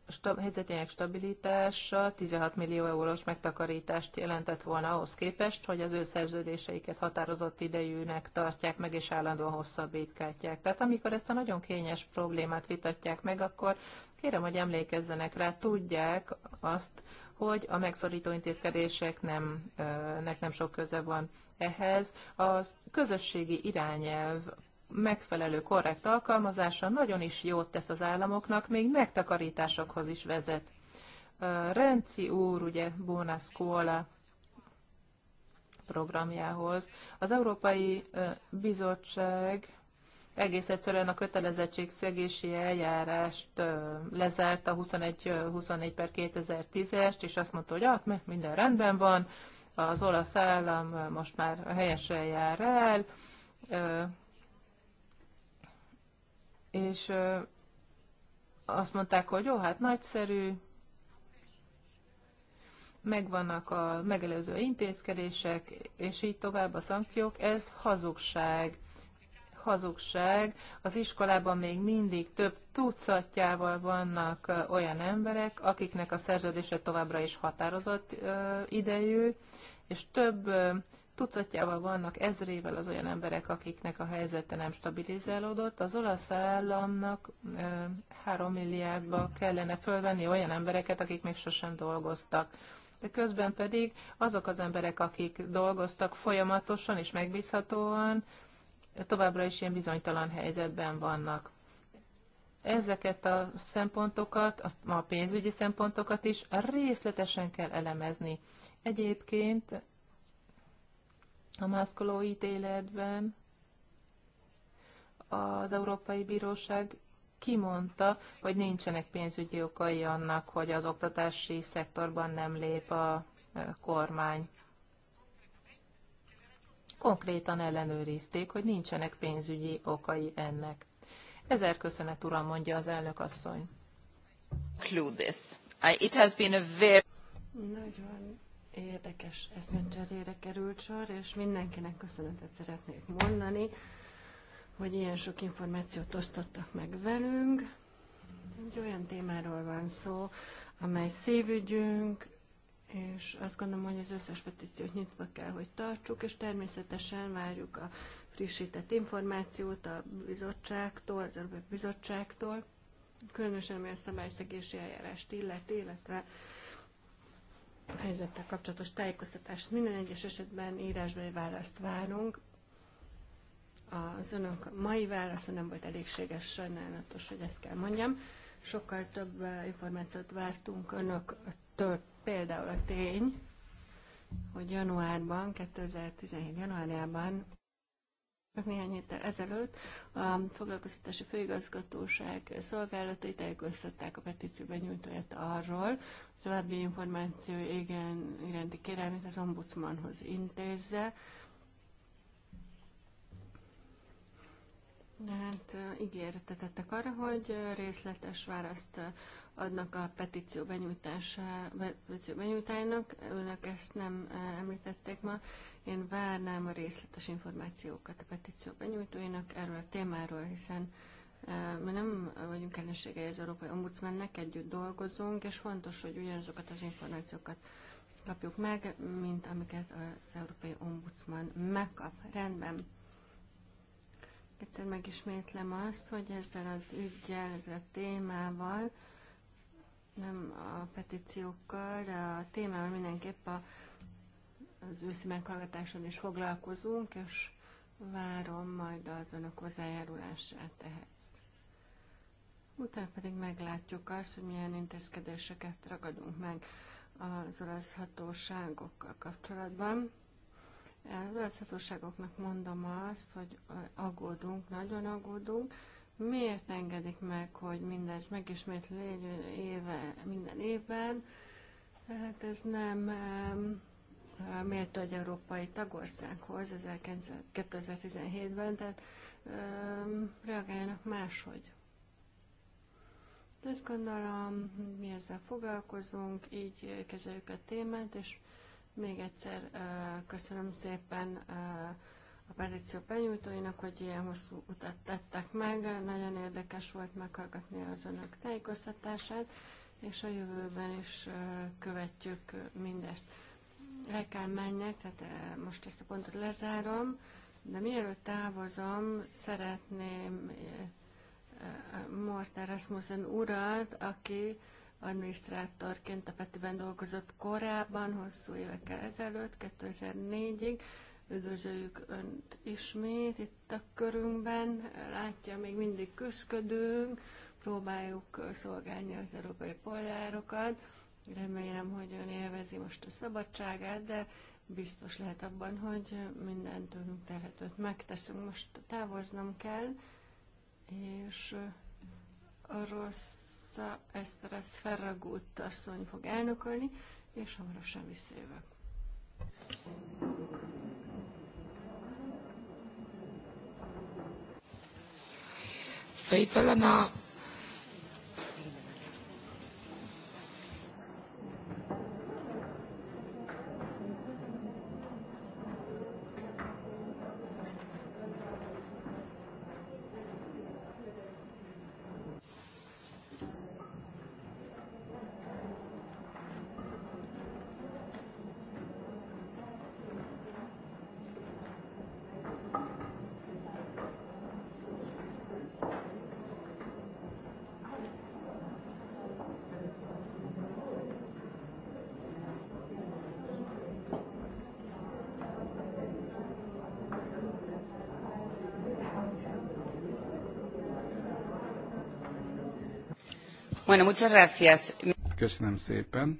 stab- helyzetének stabilitása 16 millió eurós megtakarítást jelentett volna ahhoz képest, hogy az ő szerződéseiket határozott idejűnek tartják meg, és állandóan hosszabbítgatják. Tehát amikor ezt a nagyon kényes problémát vitatják meg, akkor Kérem, hogy emlékezzenek rá, tudják azt, hogy a megszorító intézkedések nem, nek nem sok köze van ehhez. A közösségi irányelv megfelelő korrekt alkalmazása nagyon is jót tesz az államoknak, még megtakarításokhoz is vezet. Renci úr, ugye Bona Scuola programjához. Az Európai Bizottság egész egyszerűen a szegési eljárást lezárta 21-24 per 2010-est, és azt mondta, hogy ah, minden rendben van, az olasz állam most már helyesen jár el, és azt mondták, hogy jó, hát nagyszerű, megvannak a megelőző intézkedések, és így tovább a szankciók, ez hazugság hazugság. Az iskolában még mindig több tucatjával vannak olyan emberek, akiknek a szerződése továbbra is határozott idejű, és több tucatjával vannak ezrével az olyan emberek, akiknek a helyzete nem stabilizálódott. Az olasz államnak 3 milliárdba kellene fölvenni olyan embereket, akik még sosem dolgoztak de közben pedig azok az emberek, akik dolgoztak folyamatosan és megbízhatóan, továbbra is ilyen bizonytalan helyzetben vannak. Ezeket a szempontokat, a pénzügyi szempontokat is részletesen kell elemezni. Egyébként a mászkoló ítéletben az Európai Bíróság kimondta, hogy nincsenek pénzügyi okai annak, hogy az oktatási szektorban nem lép a e, kormány konkrétan ellenőrizték, hogy nincsenek pénzügyi okai ennek. Ezer köszönet, uram, mondja az elnök asszony. It has been a very... Nagyon érdekes eszmecserére került sor, és mindenkinek köszönetet szeretnék mondani, hogy ilyen sok információt osztottak meg velünk. Egy olyan témáról van szó, amely szívügyünk, és azt gondolom, hogy az összes petíciót nyitva kell, hogy tartsuk, és természetesen várjuk a frissített információt a bizottságtól, az Európai Bizottságtól, különösen ami a szabályszegési eljárást illeti, illetve a helyzettel kapcsolatos tájékoztatást. Minden egyes esetben egy választ várunk. Az önök mai válasza nem volt elégséges, sajnálatos, hogy ezt kell mondjam sokkal több eh, információt vártunk önöktől. Például a tény, hogy januárban, 2017 januárjában, néhány héttel ezelőtt a foglalkoztatási főigazgatóság szolgálatai tájékoztatták a petíció benyújtóját arról, hogy további információ igen, iránti kérelmét az ombudsmanhoz intézze, Hát ígéretet arra, hogy részletes választ adnak a petíció benyújtájának. Önök ezt nem említették ma. Én várnám a részletes információkat a petíció benyújtóinak erről a témáról, hiszen mi nem vagyunk ellenségei az Európai Ombudsmannek, együtt dolgozunk, és fontos, hogy ugyanazokat az információkat kapjuk meg, mint amiket az Európai Ombudsman megkap. Rendben. Egyszer megismétlem azt, hogy ezzel az ügyjel, ezzel a témával, nem a petíciókkal, de a témával mindenképp a, az őszi meghallgatáson is foglalkozunk, és várom majd az önök hozzájárulását ehhez. Utána pedig meglátjuk azt, hogy milyen intézkedéseket ragadunk meg az olasz hatóságokkal kapcsolatban. Az olasz mondom azt, hogy aggódunk, nagyon aggódunk. Miért engedik meg, hogy mindez megismétlődjön éve, minden évben? Hát ez nem méltó egy európai tagországhoz 2017-ben, tehát um, reagáljanak máshogy. De azt gondolom, mi ezzel foglalkozunk, így kezeljük a témát, és még egyszer köszönöm szépen a petíció benyújtóinak, hogy ilyen hosszú utat tettek meg. Nagyon érdekes volt meghallgatni az önök tájékoztatását, és a jövőben is követjük mindezt. Le kell menjek, tehát most ezt a pontot lezárom, de mielőtt távozom, szeretném Morten Rasmussen urat, aki adminisztrátorként a Petiben dolgozott korábban, hosszú évekkel ezelőtt, 2004-ig. Üdvözöljük Önt ismét itt a körünkben. Látja, még mindig küzdködünk, próbáljuk szolgálni az európai polgárokat. Remélem, hogy Ön élvezi most a szabadságát, de biztos lehet abban, hogy mindent tőlünk telhetőt megteszünk. Most távoznom kell, és a rossz Kosta Eszteres Ferragut asszony fog elnökölni, és hamarosan visszajövök. Θα ήθελα Bueno, muchas gracias. Köszönöm szépen.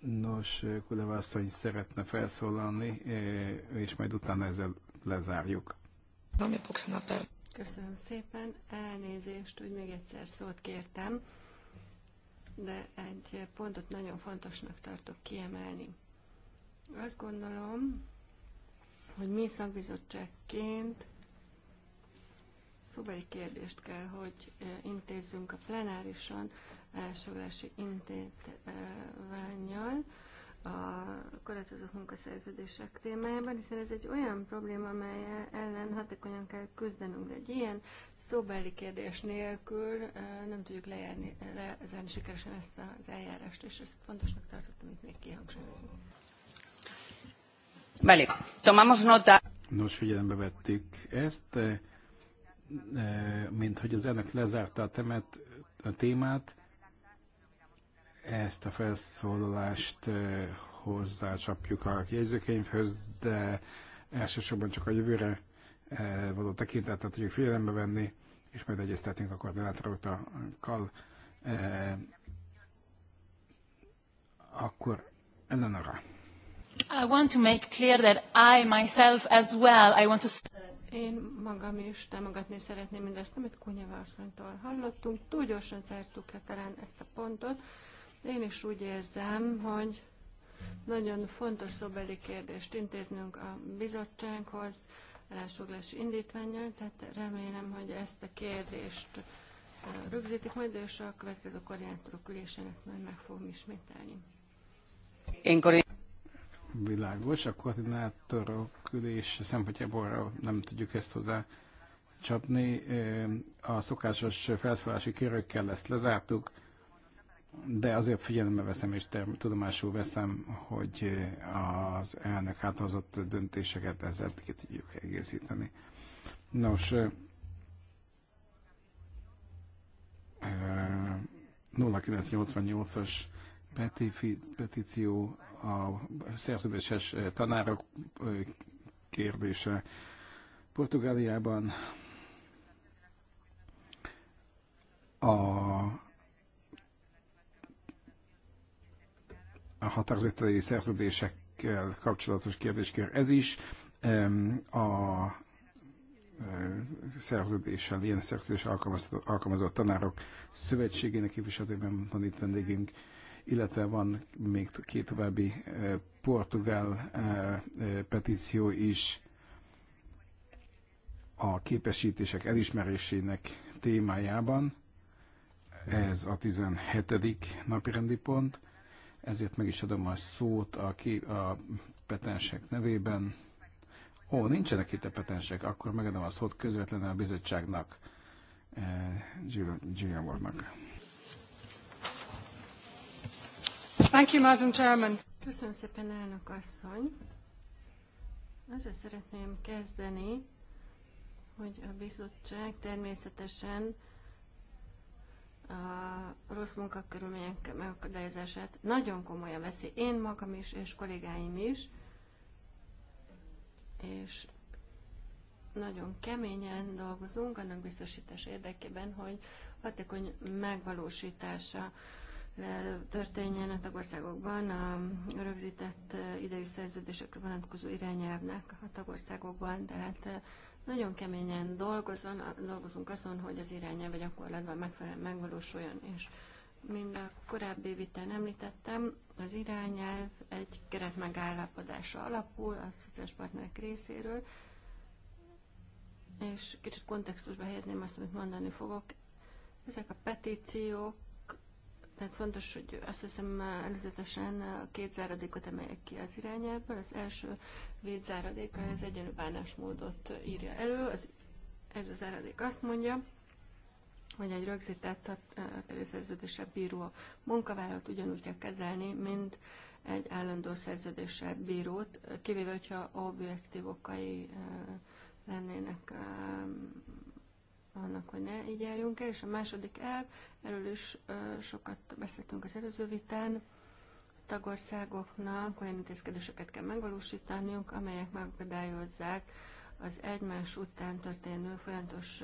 Nos, Kuleva asszony szeretne felszólalni, eh, és majd utána ezzel lezárjuk. Köszönöm szépen. Elnézést, hogy még egyszer szót kértem, de egy pontot nagyon fontosnak tartok kiemelni. Azt gondolom, hogy mi szakbizottságként szóbeli kérdést kell, hogy intézzünk a plenárison állásfoglalási intézványjal a korlátozott munkaszerződések témájában, hiszen ez egy olyan probléma, amely ellen hatékonyan kell küzdenünk, de egy ilyen szóbeli kérdés nélkül nem tudjuk lejárni, lezárni sikeresen ezt az eljárást, és ezt fontosnak tartottam itt még kihangsúlyozni. Vale, tomamos nota. Nos, figyelembe vettük ezt mint hogy az ennek lezárta a, temet, a témát, ezt a felszólalást hozzácsapjuk a jegyzőkönyvhöz, de elsősorban csak a jövőre való tekintetet tudjuk figyelembe venni, és majd egyeztetünk a koordinátorokkal. Akkor Eleonora. I want to make clear that I myself as well, I want to... Én magam is támogatni szeretném mindezt, amit Kunyava asszonytól hallottunk. Túl gyorsan zártuk le talán ezt a pontot. Én is úgy érzem, hogy nagyon fontos szóbeli kérdést intéznünk a bizottsághoz, elásoglási indítványjal, tehát remélem, hogy ezt a kérdést rögzítik majd, és a következő koordinátorok ülésen ezt majd meg fogom ismételni. Én világos, a koordinátorok ülés szempontjából nem tudjuk ezt hozzá csapni. A szokásos felszólási kérőkkel ezt lezártuk, de azért figyelembe veszem és tudomásul veszem, hogy az elnök áthozott döntéseket ezzel ki tudjuk egészíteni. Nos, 0988-as petíció a szerződéses tanárok kérdése Portugáliában a a határozatai szerződésekkel kapcsolatos kérdéskör ez is. A e, szerződéssel, ilyen szerződéssel alkalmazott, alkalmazott tanárok szövetségének van itt vendégünk illetve van még két további eh, portugál eh, eh, petíció is a képesítések elismerésének témájában. Ez a 17. napirendi pont, ezért meg is adom a szót a, kép, a petensek nevében. Ó, nincsenek itt a petensek, akkor megadom a szót közvetlenül a bizottságnak, Gillian Warnak. Thank you, Madam Chairman. Köszönöm szépen, elnök asszony. Azzal szeretném kezdeni, hogy a bizottság természetesen a rossz munkakörülmények megakadályozását nagyon komolyan veszi. Én magam is, és kollégáim is. És nagyon keményen dolgozunk annak biztosítás érdekében, hogy hatékony megvalósítása történjen a tagországokban a rögzített eh, idejű szerződésekre vonatkozó irányelvnek a tagországokban, tehát eh, nagyon keményen dolgozon, dolgozunk azon, hogy az irányelv a gyakorlatban megfelelően megvalósuljon, és mint a korábbi vitán említettem, az irányelv egy megállapodása alapul a szociális partnerek részéről, és kicsit kontextusba helyezném azt, amit mondani fogok. Ezek a petíciók tehát fontos, hogy azt hiszem előzetesen a két záradékot emeljek ki az irányából. Az első védzáradéka az egyenlő bánásmódot írja elő. Az, ez a záradék azt mondja, hogy egy rögzített szerződéssel bíró munkavállalat ugyanúgy kell kezelni, mint egy állandó szerződéssel bírót, kivéve, hogyha objektív okai lennének annak, hogy ne így járjunk el. És a második elv, erről is sokat beszéltünk az előző vitán, tagországoknak olyan intézkedéseket kell megvalósítaniuk, amelyek megakadályozzák az egymás után történő folyamatos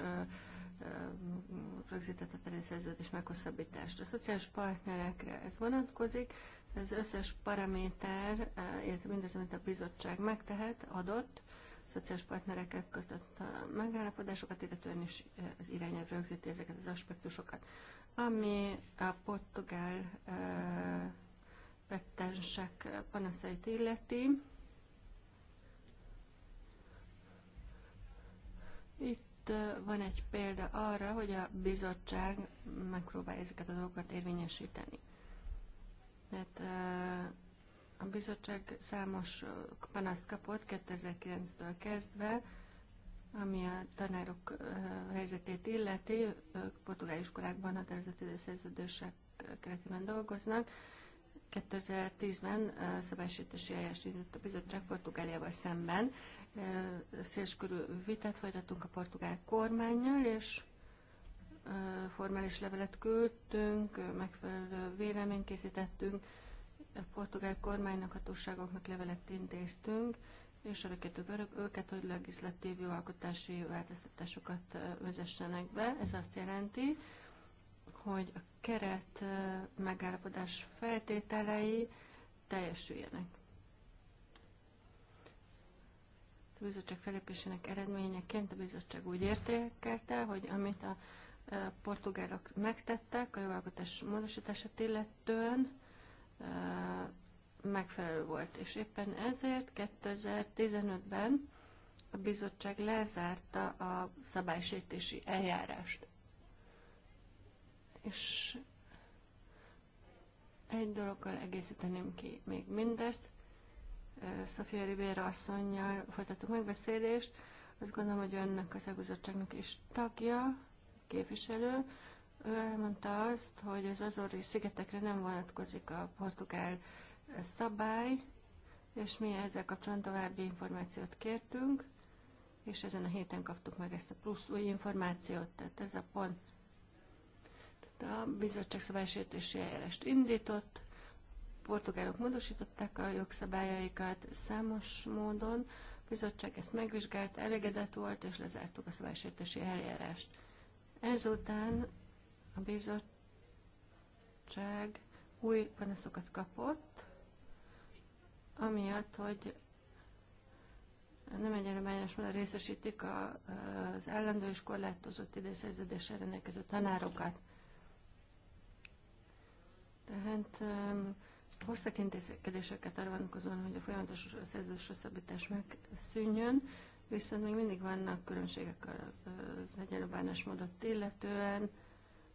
rögzített határi szerződés meghosszabbítást. A szociális partnerekre ez vonatkozik, az összes paraméter, illetve mindaz, amit a bizottság megtehet, adott, szociális partnerekkel között a megállapodásokat, illetően is az irányelv rögzíti ezeket az aspektusokat. Ami a portugál pettensek panaszait illeti, itt van egy példa arra, hogy a bizottság megpróbálja ezeket a dolgokat érvényesíteni. Tehát a bizottság számos panaszt kapott 2009-től kezdve, ami a tanárok helyzetét illeti, ők portugál iskolákban határozott szerződések keretében dolgoznak. 2010-ben szabálysértési eljárást indított a bizottság Portugáliával szemben. Szélskörű vitát folytattunk a portugál kormányjal, és formális levelet küldtünk, megfelelő véleményt készítettünk, a portugál kormánynak, hatóságoknak levelet intéztünk, és arra kértük őket, hogy legislatív jogalkotási változtatásokat vezessenek be. Ez azt jelenti, hogy a keret megállapodás feltételei teljesüljenek. A bizottság felépésének eredményeként a bizottság úgy értékelte, hogy amit a portugálok megtettek a jogalkotás módosítását illetően, megfelelő volt, és éppen ezért 2015-ben a bizottság lezárta a szabálysértési eljárást. És egy dologgal egészíteném ki még mindezt. Szafia Rivéra asszonynal folytattuk megbeszélést. Azt gondolom, hogy önnek az szakbizottságnak is tagja, képviselő. Ő elmondta azt, hogy az Azori szigetekre nem vonatkozik a portugál szabály, és mi ezzel kapcsolatban további információt kértünk, és ezen a héten kaptuk meg ezt a plusz új információt, tehát ez a pont. Tehát a bizottság szabálysértési eljárást indított, portugálok módosították a jogszabályaikat számos módon, a bizottság ezt megvizsgált, elégedett volt, és lezártuk a szabálysértési eljárást. Ezután a bizottság új panaszokat kapott, amiatt, hogy nem egyenlő bánásmódon részesítik az állandó és korlátozott időszerződéssel rendelkező tanárokat. Tehát hoztak intézkedéseket arra vonatkozóan, hogy a folyamatos szerződés hosszabbítás megszűnjön, viszont még mindig vannak különbségek az egyenlő bánásmódot illetően,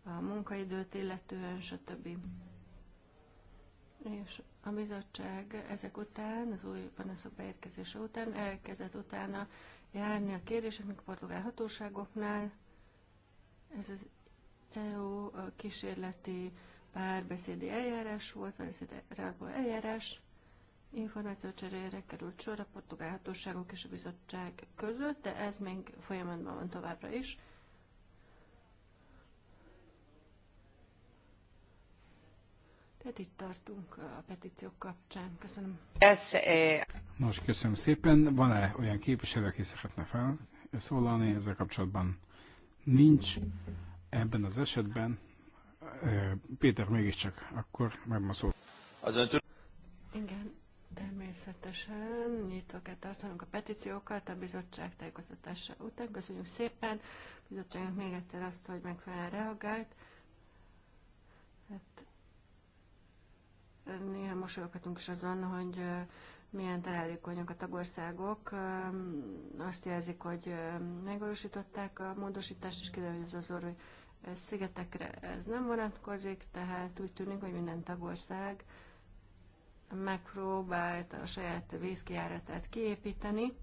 a munkaidőt illetően, stb. És a bizottság ezek után, az új panaszok beérkezése után elkezdett utána járni a kérdéseknek a portugál hatóságoknál. Ez az EU kísérleti párbeszédi eljárás volt, ez egy eljárás, információcserére került sor a portugál hatóságok és a bizottság között, de ez még folyamatban van továbbra is. Tehát itt tartunk a petíciók kapcsán. Köszönöm. Ez, eh, Nos, köszönöm szépen. Van-e olyan képviselő, aki szeretne szólalni ezzel kapcsolatban? Nincs. Ebben az esetben eh, Péter mégiscsak akkor meg ma szót. Igen, természetesen nyitok-e tartanunk a petíciókat a bizottság tájékoztatása után. Köszönjük szépen a bizottságnak még egyszer azt, hogy megfelelően reagált. Néha mosolyoghatunk is azon, hogy milyen találékonyak a tagországok. Azt jelzik, hogy megvalósították a módosítást, és kiderül, hogy az azor, hogy ez szigetekre ez nem vonatkozik, tehát úgy tűnik, hogy minden tagország megpróbált a saját vészkiáratát kiépíteni.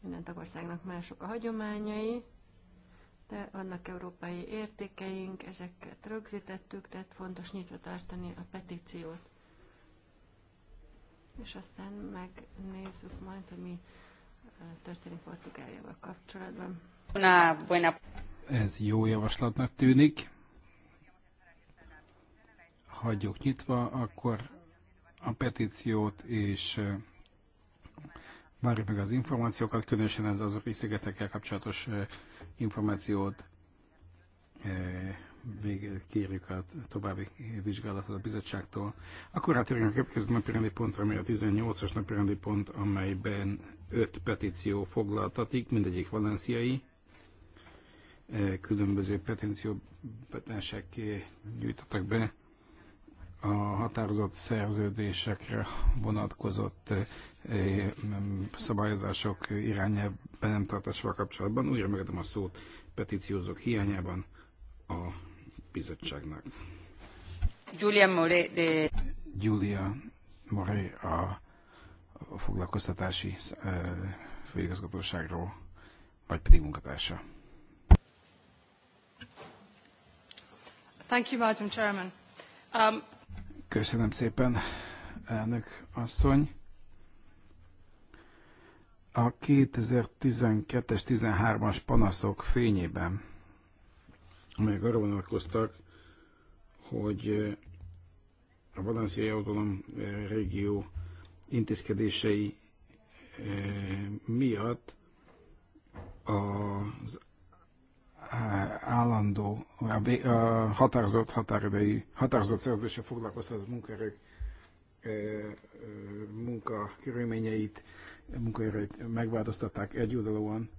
Minden tagországnak mások a hagyományai, de vannak európai értékeink, ezeket rögzítettük, tehát fontos nyitva tartani a petíciót és aztán megnézzük majd, hogy mi történik Portugáliával kapcsolatban. Na, buena. Ez jó javaslatnak tűnik. Hagyjuk nyitva, akkor a petíciót és várjuk meg az információkat, különösen ez az azori szigetekkel kapcsolatos információt vég, kérjük a további vizsgálatot a bizottságtól. Akkor hát a következő napirendi pontra, ami a 18-as napirendi pont, amelyben 5 petíció foglaltatik, mindegyik valenciai. E, különböző petíció petensek e, nyújtottak be a határozott szerződésekre vonatkozott e, szabályozások irányában nem tartásával kapcsolatban. Újra megadom a szót petíciózók hiányában a bizottságnak. Julia More de... Julia More a, foglalkoztatási főigazgatóságról, vagy pedig munkatársa. Thank you, Madam Chairman. Um... Köszönöm szépen, elnök asszony. A 2012-es, 13-as panaszok fényében amelyek arra vonatkoztak, hogy eh, a valenciai Autonom eh, régió intézkedései eh, miatt az állandó, a határozott határidei, határozott szerződése foglalkoztatott munkaerők körülményeit, munkaerőt megváltoztatták egyúdalóan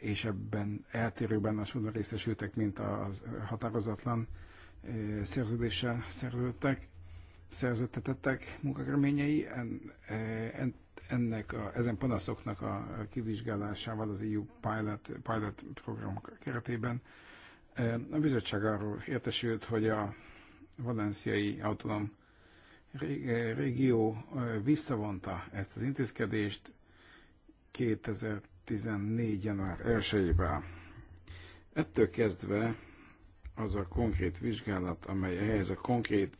és ebben eltérőben a módon részesültek, mint a határozatlan eh, szerződéssel szerződtek, szerződtetettek munkakörményei. En, eh, en, ennek a, ezen panaszoknak a kivizsgálásával az EU Pilot, Pilot program keretében eh, a bizottság arról értesült, hogy a valenciai autonóm régió visszavonta ezt az intézkedést 2000 2014. január 1-ével. Ettől kezdve az a konkrét vizsgálat, amely ehhez a konkrét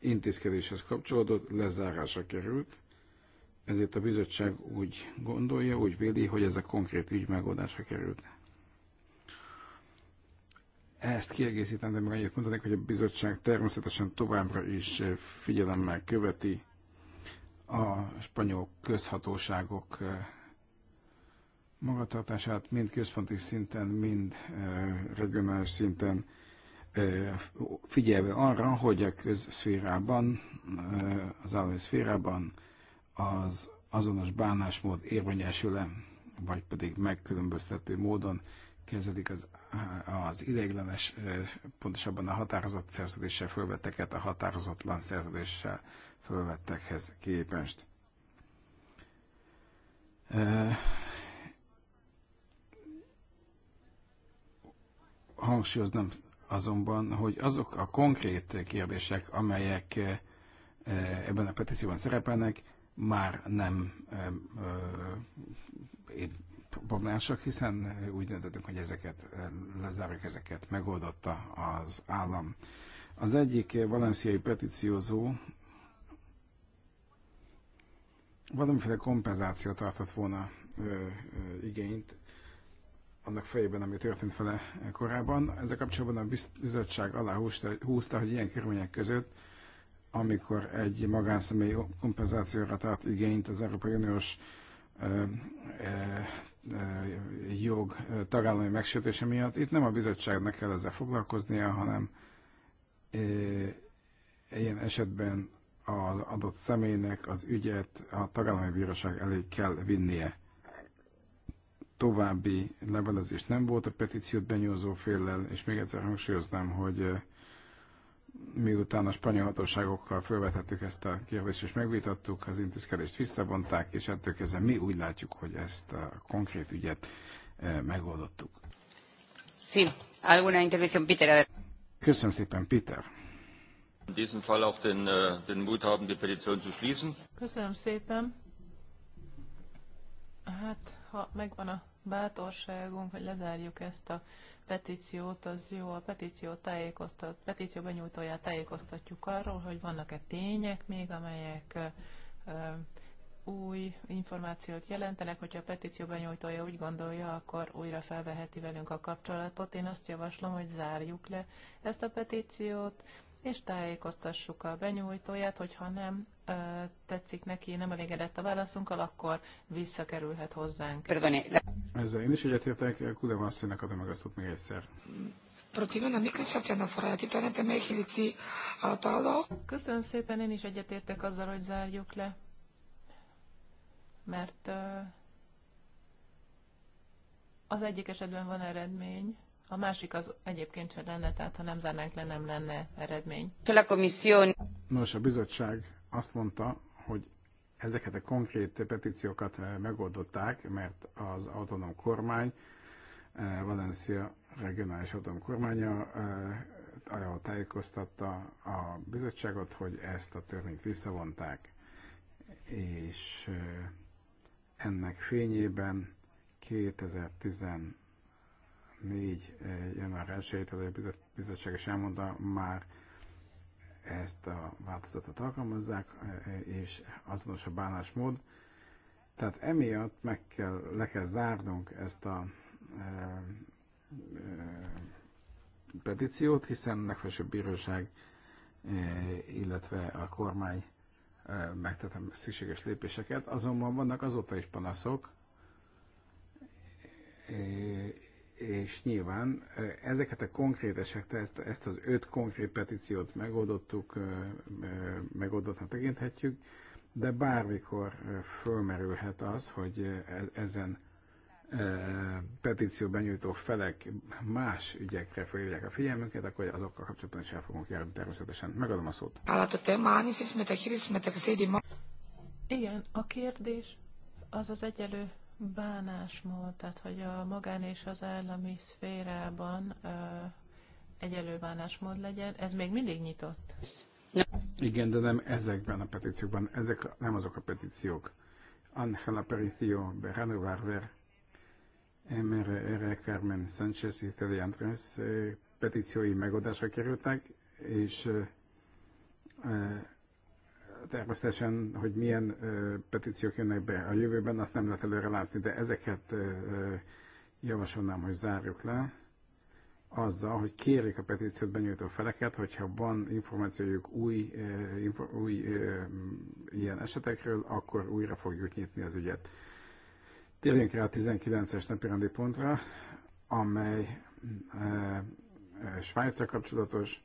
intézkedéshez kapcsolódott, lezárásra került, ezért a bizottság úgy gondolja, úgy véli, hogy ez a konkrét ügy megoldásra került. Ezt kiegészítem, de meg annyit mondanék, hogy a bizottság természetesen továbbra is figyelemmel követi a spanyol közhatóságok magatartását mind központi szinten, mind eh, regionális szinten eh, figyelve arra, hogy a közszférában, eh, az állami szférában az azonos bánásmód érvényesül-e, vagy pedig megkülönböztető módon kezdődik az, az ideiglenes, pontosabban a határozott szerződéssel fölvetteket a határozatlan szerződéssel fölvettekhez képest. hangsúlyoznom azonban, hogy azok a konkrét kérdések, amelyek eh, ebben a petícióban szerepelnek, már nem eh, problémások, hiszen úgy döntöttünk, hogy ezeket eh, lezárjuk, ezeket megoldotta az állam. Az egyik valenciai petíciózó valamiféle kompenzációt tartott volna ö, ö, igényt annak fejében, ami történt vele korábban. Ezzel kapcsolatban a bizottság alá húzta, hogy ilyen körülmények között, amikor egy magánszemély kompenzációra tart igényt az Európai Uniós jog tagállami megsértése miatt. Itt nem a bizottságnak kell ezzel foglalkoznia, hanem ilyen esetben az adott személynek az ügyet a tagállami bíróság elé kell vinnie további levelezés nem volt a petíciót benyúzó féllel, és még egyszer hangsúlyoznám, hogy eh, miután a spanyol hatóságokkal felvethettük ezt a kérdést, és megvitattuk, az intézkedést visszavonták, és ettől kezdve mi úgy látjuk, hogy ezt a konkrét ügyet eh, megoldottuk. Sí, alguna intervención, Peter. Köszönöm szépen, Peter. In diesem Fall auch den, äh, den Mut haben, die Petition zu schließen. Köszönöm szépen. Hát, ha megvan a bátorságunk, hogy lezárjuk ezt a petíciót, az jó, a petíció, tájékoztat, petíció benyújtóját tájékoztatjuk arról, hogy vannak-e tények még, amelyek új információt jelentenek, hogyha a petíció benyújtója úgy gondolja, akkor újra felveheti velünk a kapcsolatot. Én azt javaslom, hogy zárjuk le ezt a petíciót, és tájékoztassuk a benyújtóját, hogyha nem, tetszik neki, nem elégedett a válaszunkkal, akkor visszakerülhet hozzánk. Perdone. Ezzel én is egyetértek, Kudem asszonynak adom meg a szót még egyszer. Köszönöm szépen, én is egyetértek azzal, hogy zárjuk le. Mert az egyik esetben van eredmény, a másik az egyébként sem lenne, tehát ha nem zárnánk le, nem lenne eredmény. Nos, a bizottság azt mondta, hogy ezeket a konkrét petíciókat eh, megoldották, mert az autonóm kormány, eh, Valencia regionális autonóm kormánya eh, tájékoztatta a bizottságot, hogy ezt a törvényt visszavonták, és ennek fényében 2014. január 1-től a bizottság is elmondta, már ezt a változatot alkalmazzák, e, e, és azonos a bánásmód. Tehát emiatt meg kell, le kell zárnunk ezt a e, e, petíciót, hiszen a legfelsőbb bíróság, e, illetve a kormány e, megtette szükséges lépéseket. Azonban vannak azóta is panaszok, e, és nyilván ezeket a konkrét esetek, ezt, ezt az öt konkrét petíciót megoldottuk, megoldottnak tekinthetjük, de bármikor fölmerülhet az, hogy e, ezen petíció benyújtó felek más ügyekre felhívják a figyelmünket, akkor azokkal kapcsolatban is el fogunk járni természetesen. Megadom a szót. Igen, a kérdés az az egyelő bánásmód, tehát hogy a magán és az állami szférában ö, egyelő bánásmód legyen, ez még mindig nyitott. Igen, de nem ezekben a petíciókban, ezek nem azok a petíciók. Angela Peritio, Berano Varver, MRR Carmen Sanchez, Itali Andrés eh, petíciói megoldásra kerültek, és eh, eh, természetesen, hogy milyen petíciók jönnek be a jövőben, azt nem lehet előre látni, de ezeket javasolnám, hogy zárjuk le azzal, hogy kérjük a petíciót benyújtó feleket, hogyha van információjuk új, új ilyen esetekről, akkor újra fogjuk nyitni az ügyet. Térjünk rá a 19-es napirendi pontra, amely e, e, Svájca kapcsolatos,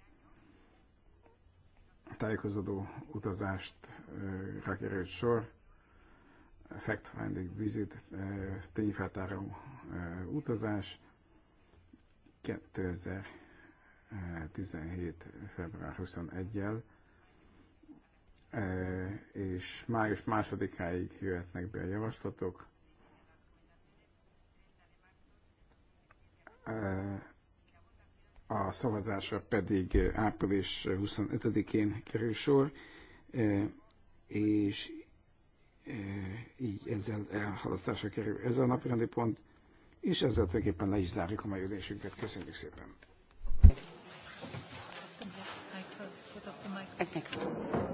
tájékozódó utazást rákerült sor, fact-finding visit, tényfeltáró utazás 2017. február 21-jel, és május másodikáig jöhetnek be a javaslatok a szavazásra pedig eh, április 25-én kerül sor, eh, és eh, így ezzel elhalasztásra kerül ez a napirendi pont, és ezzel tulajdonképpen le is zárjuk a mai ülésünket. Köszönjük szépen! Thank you.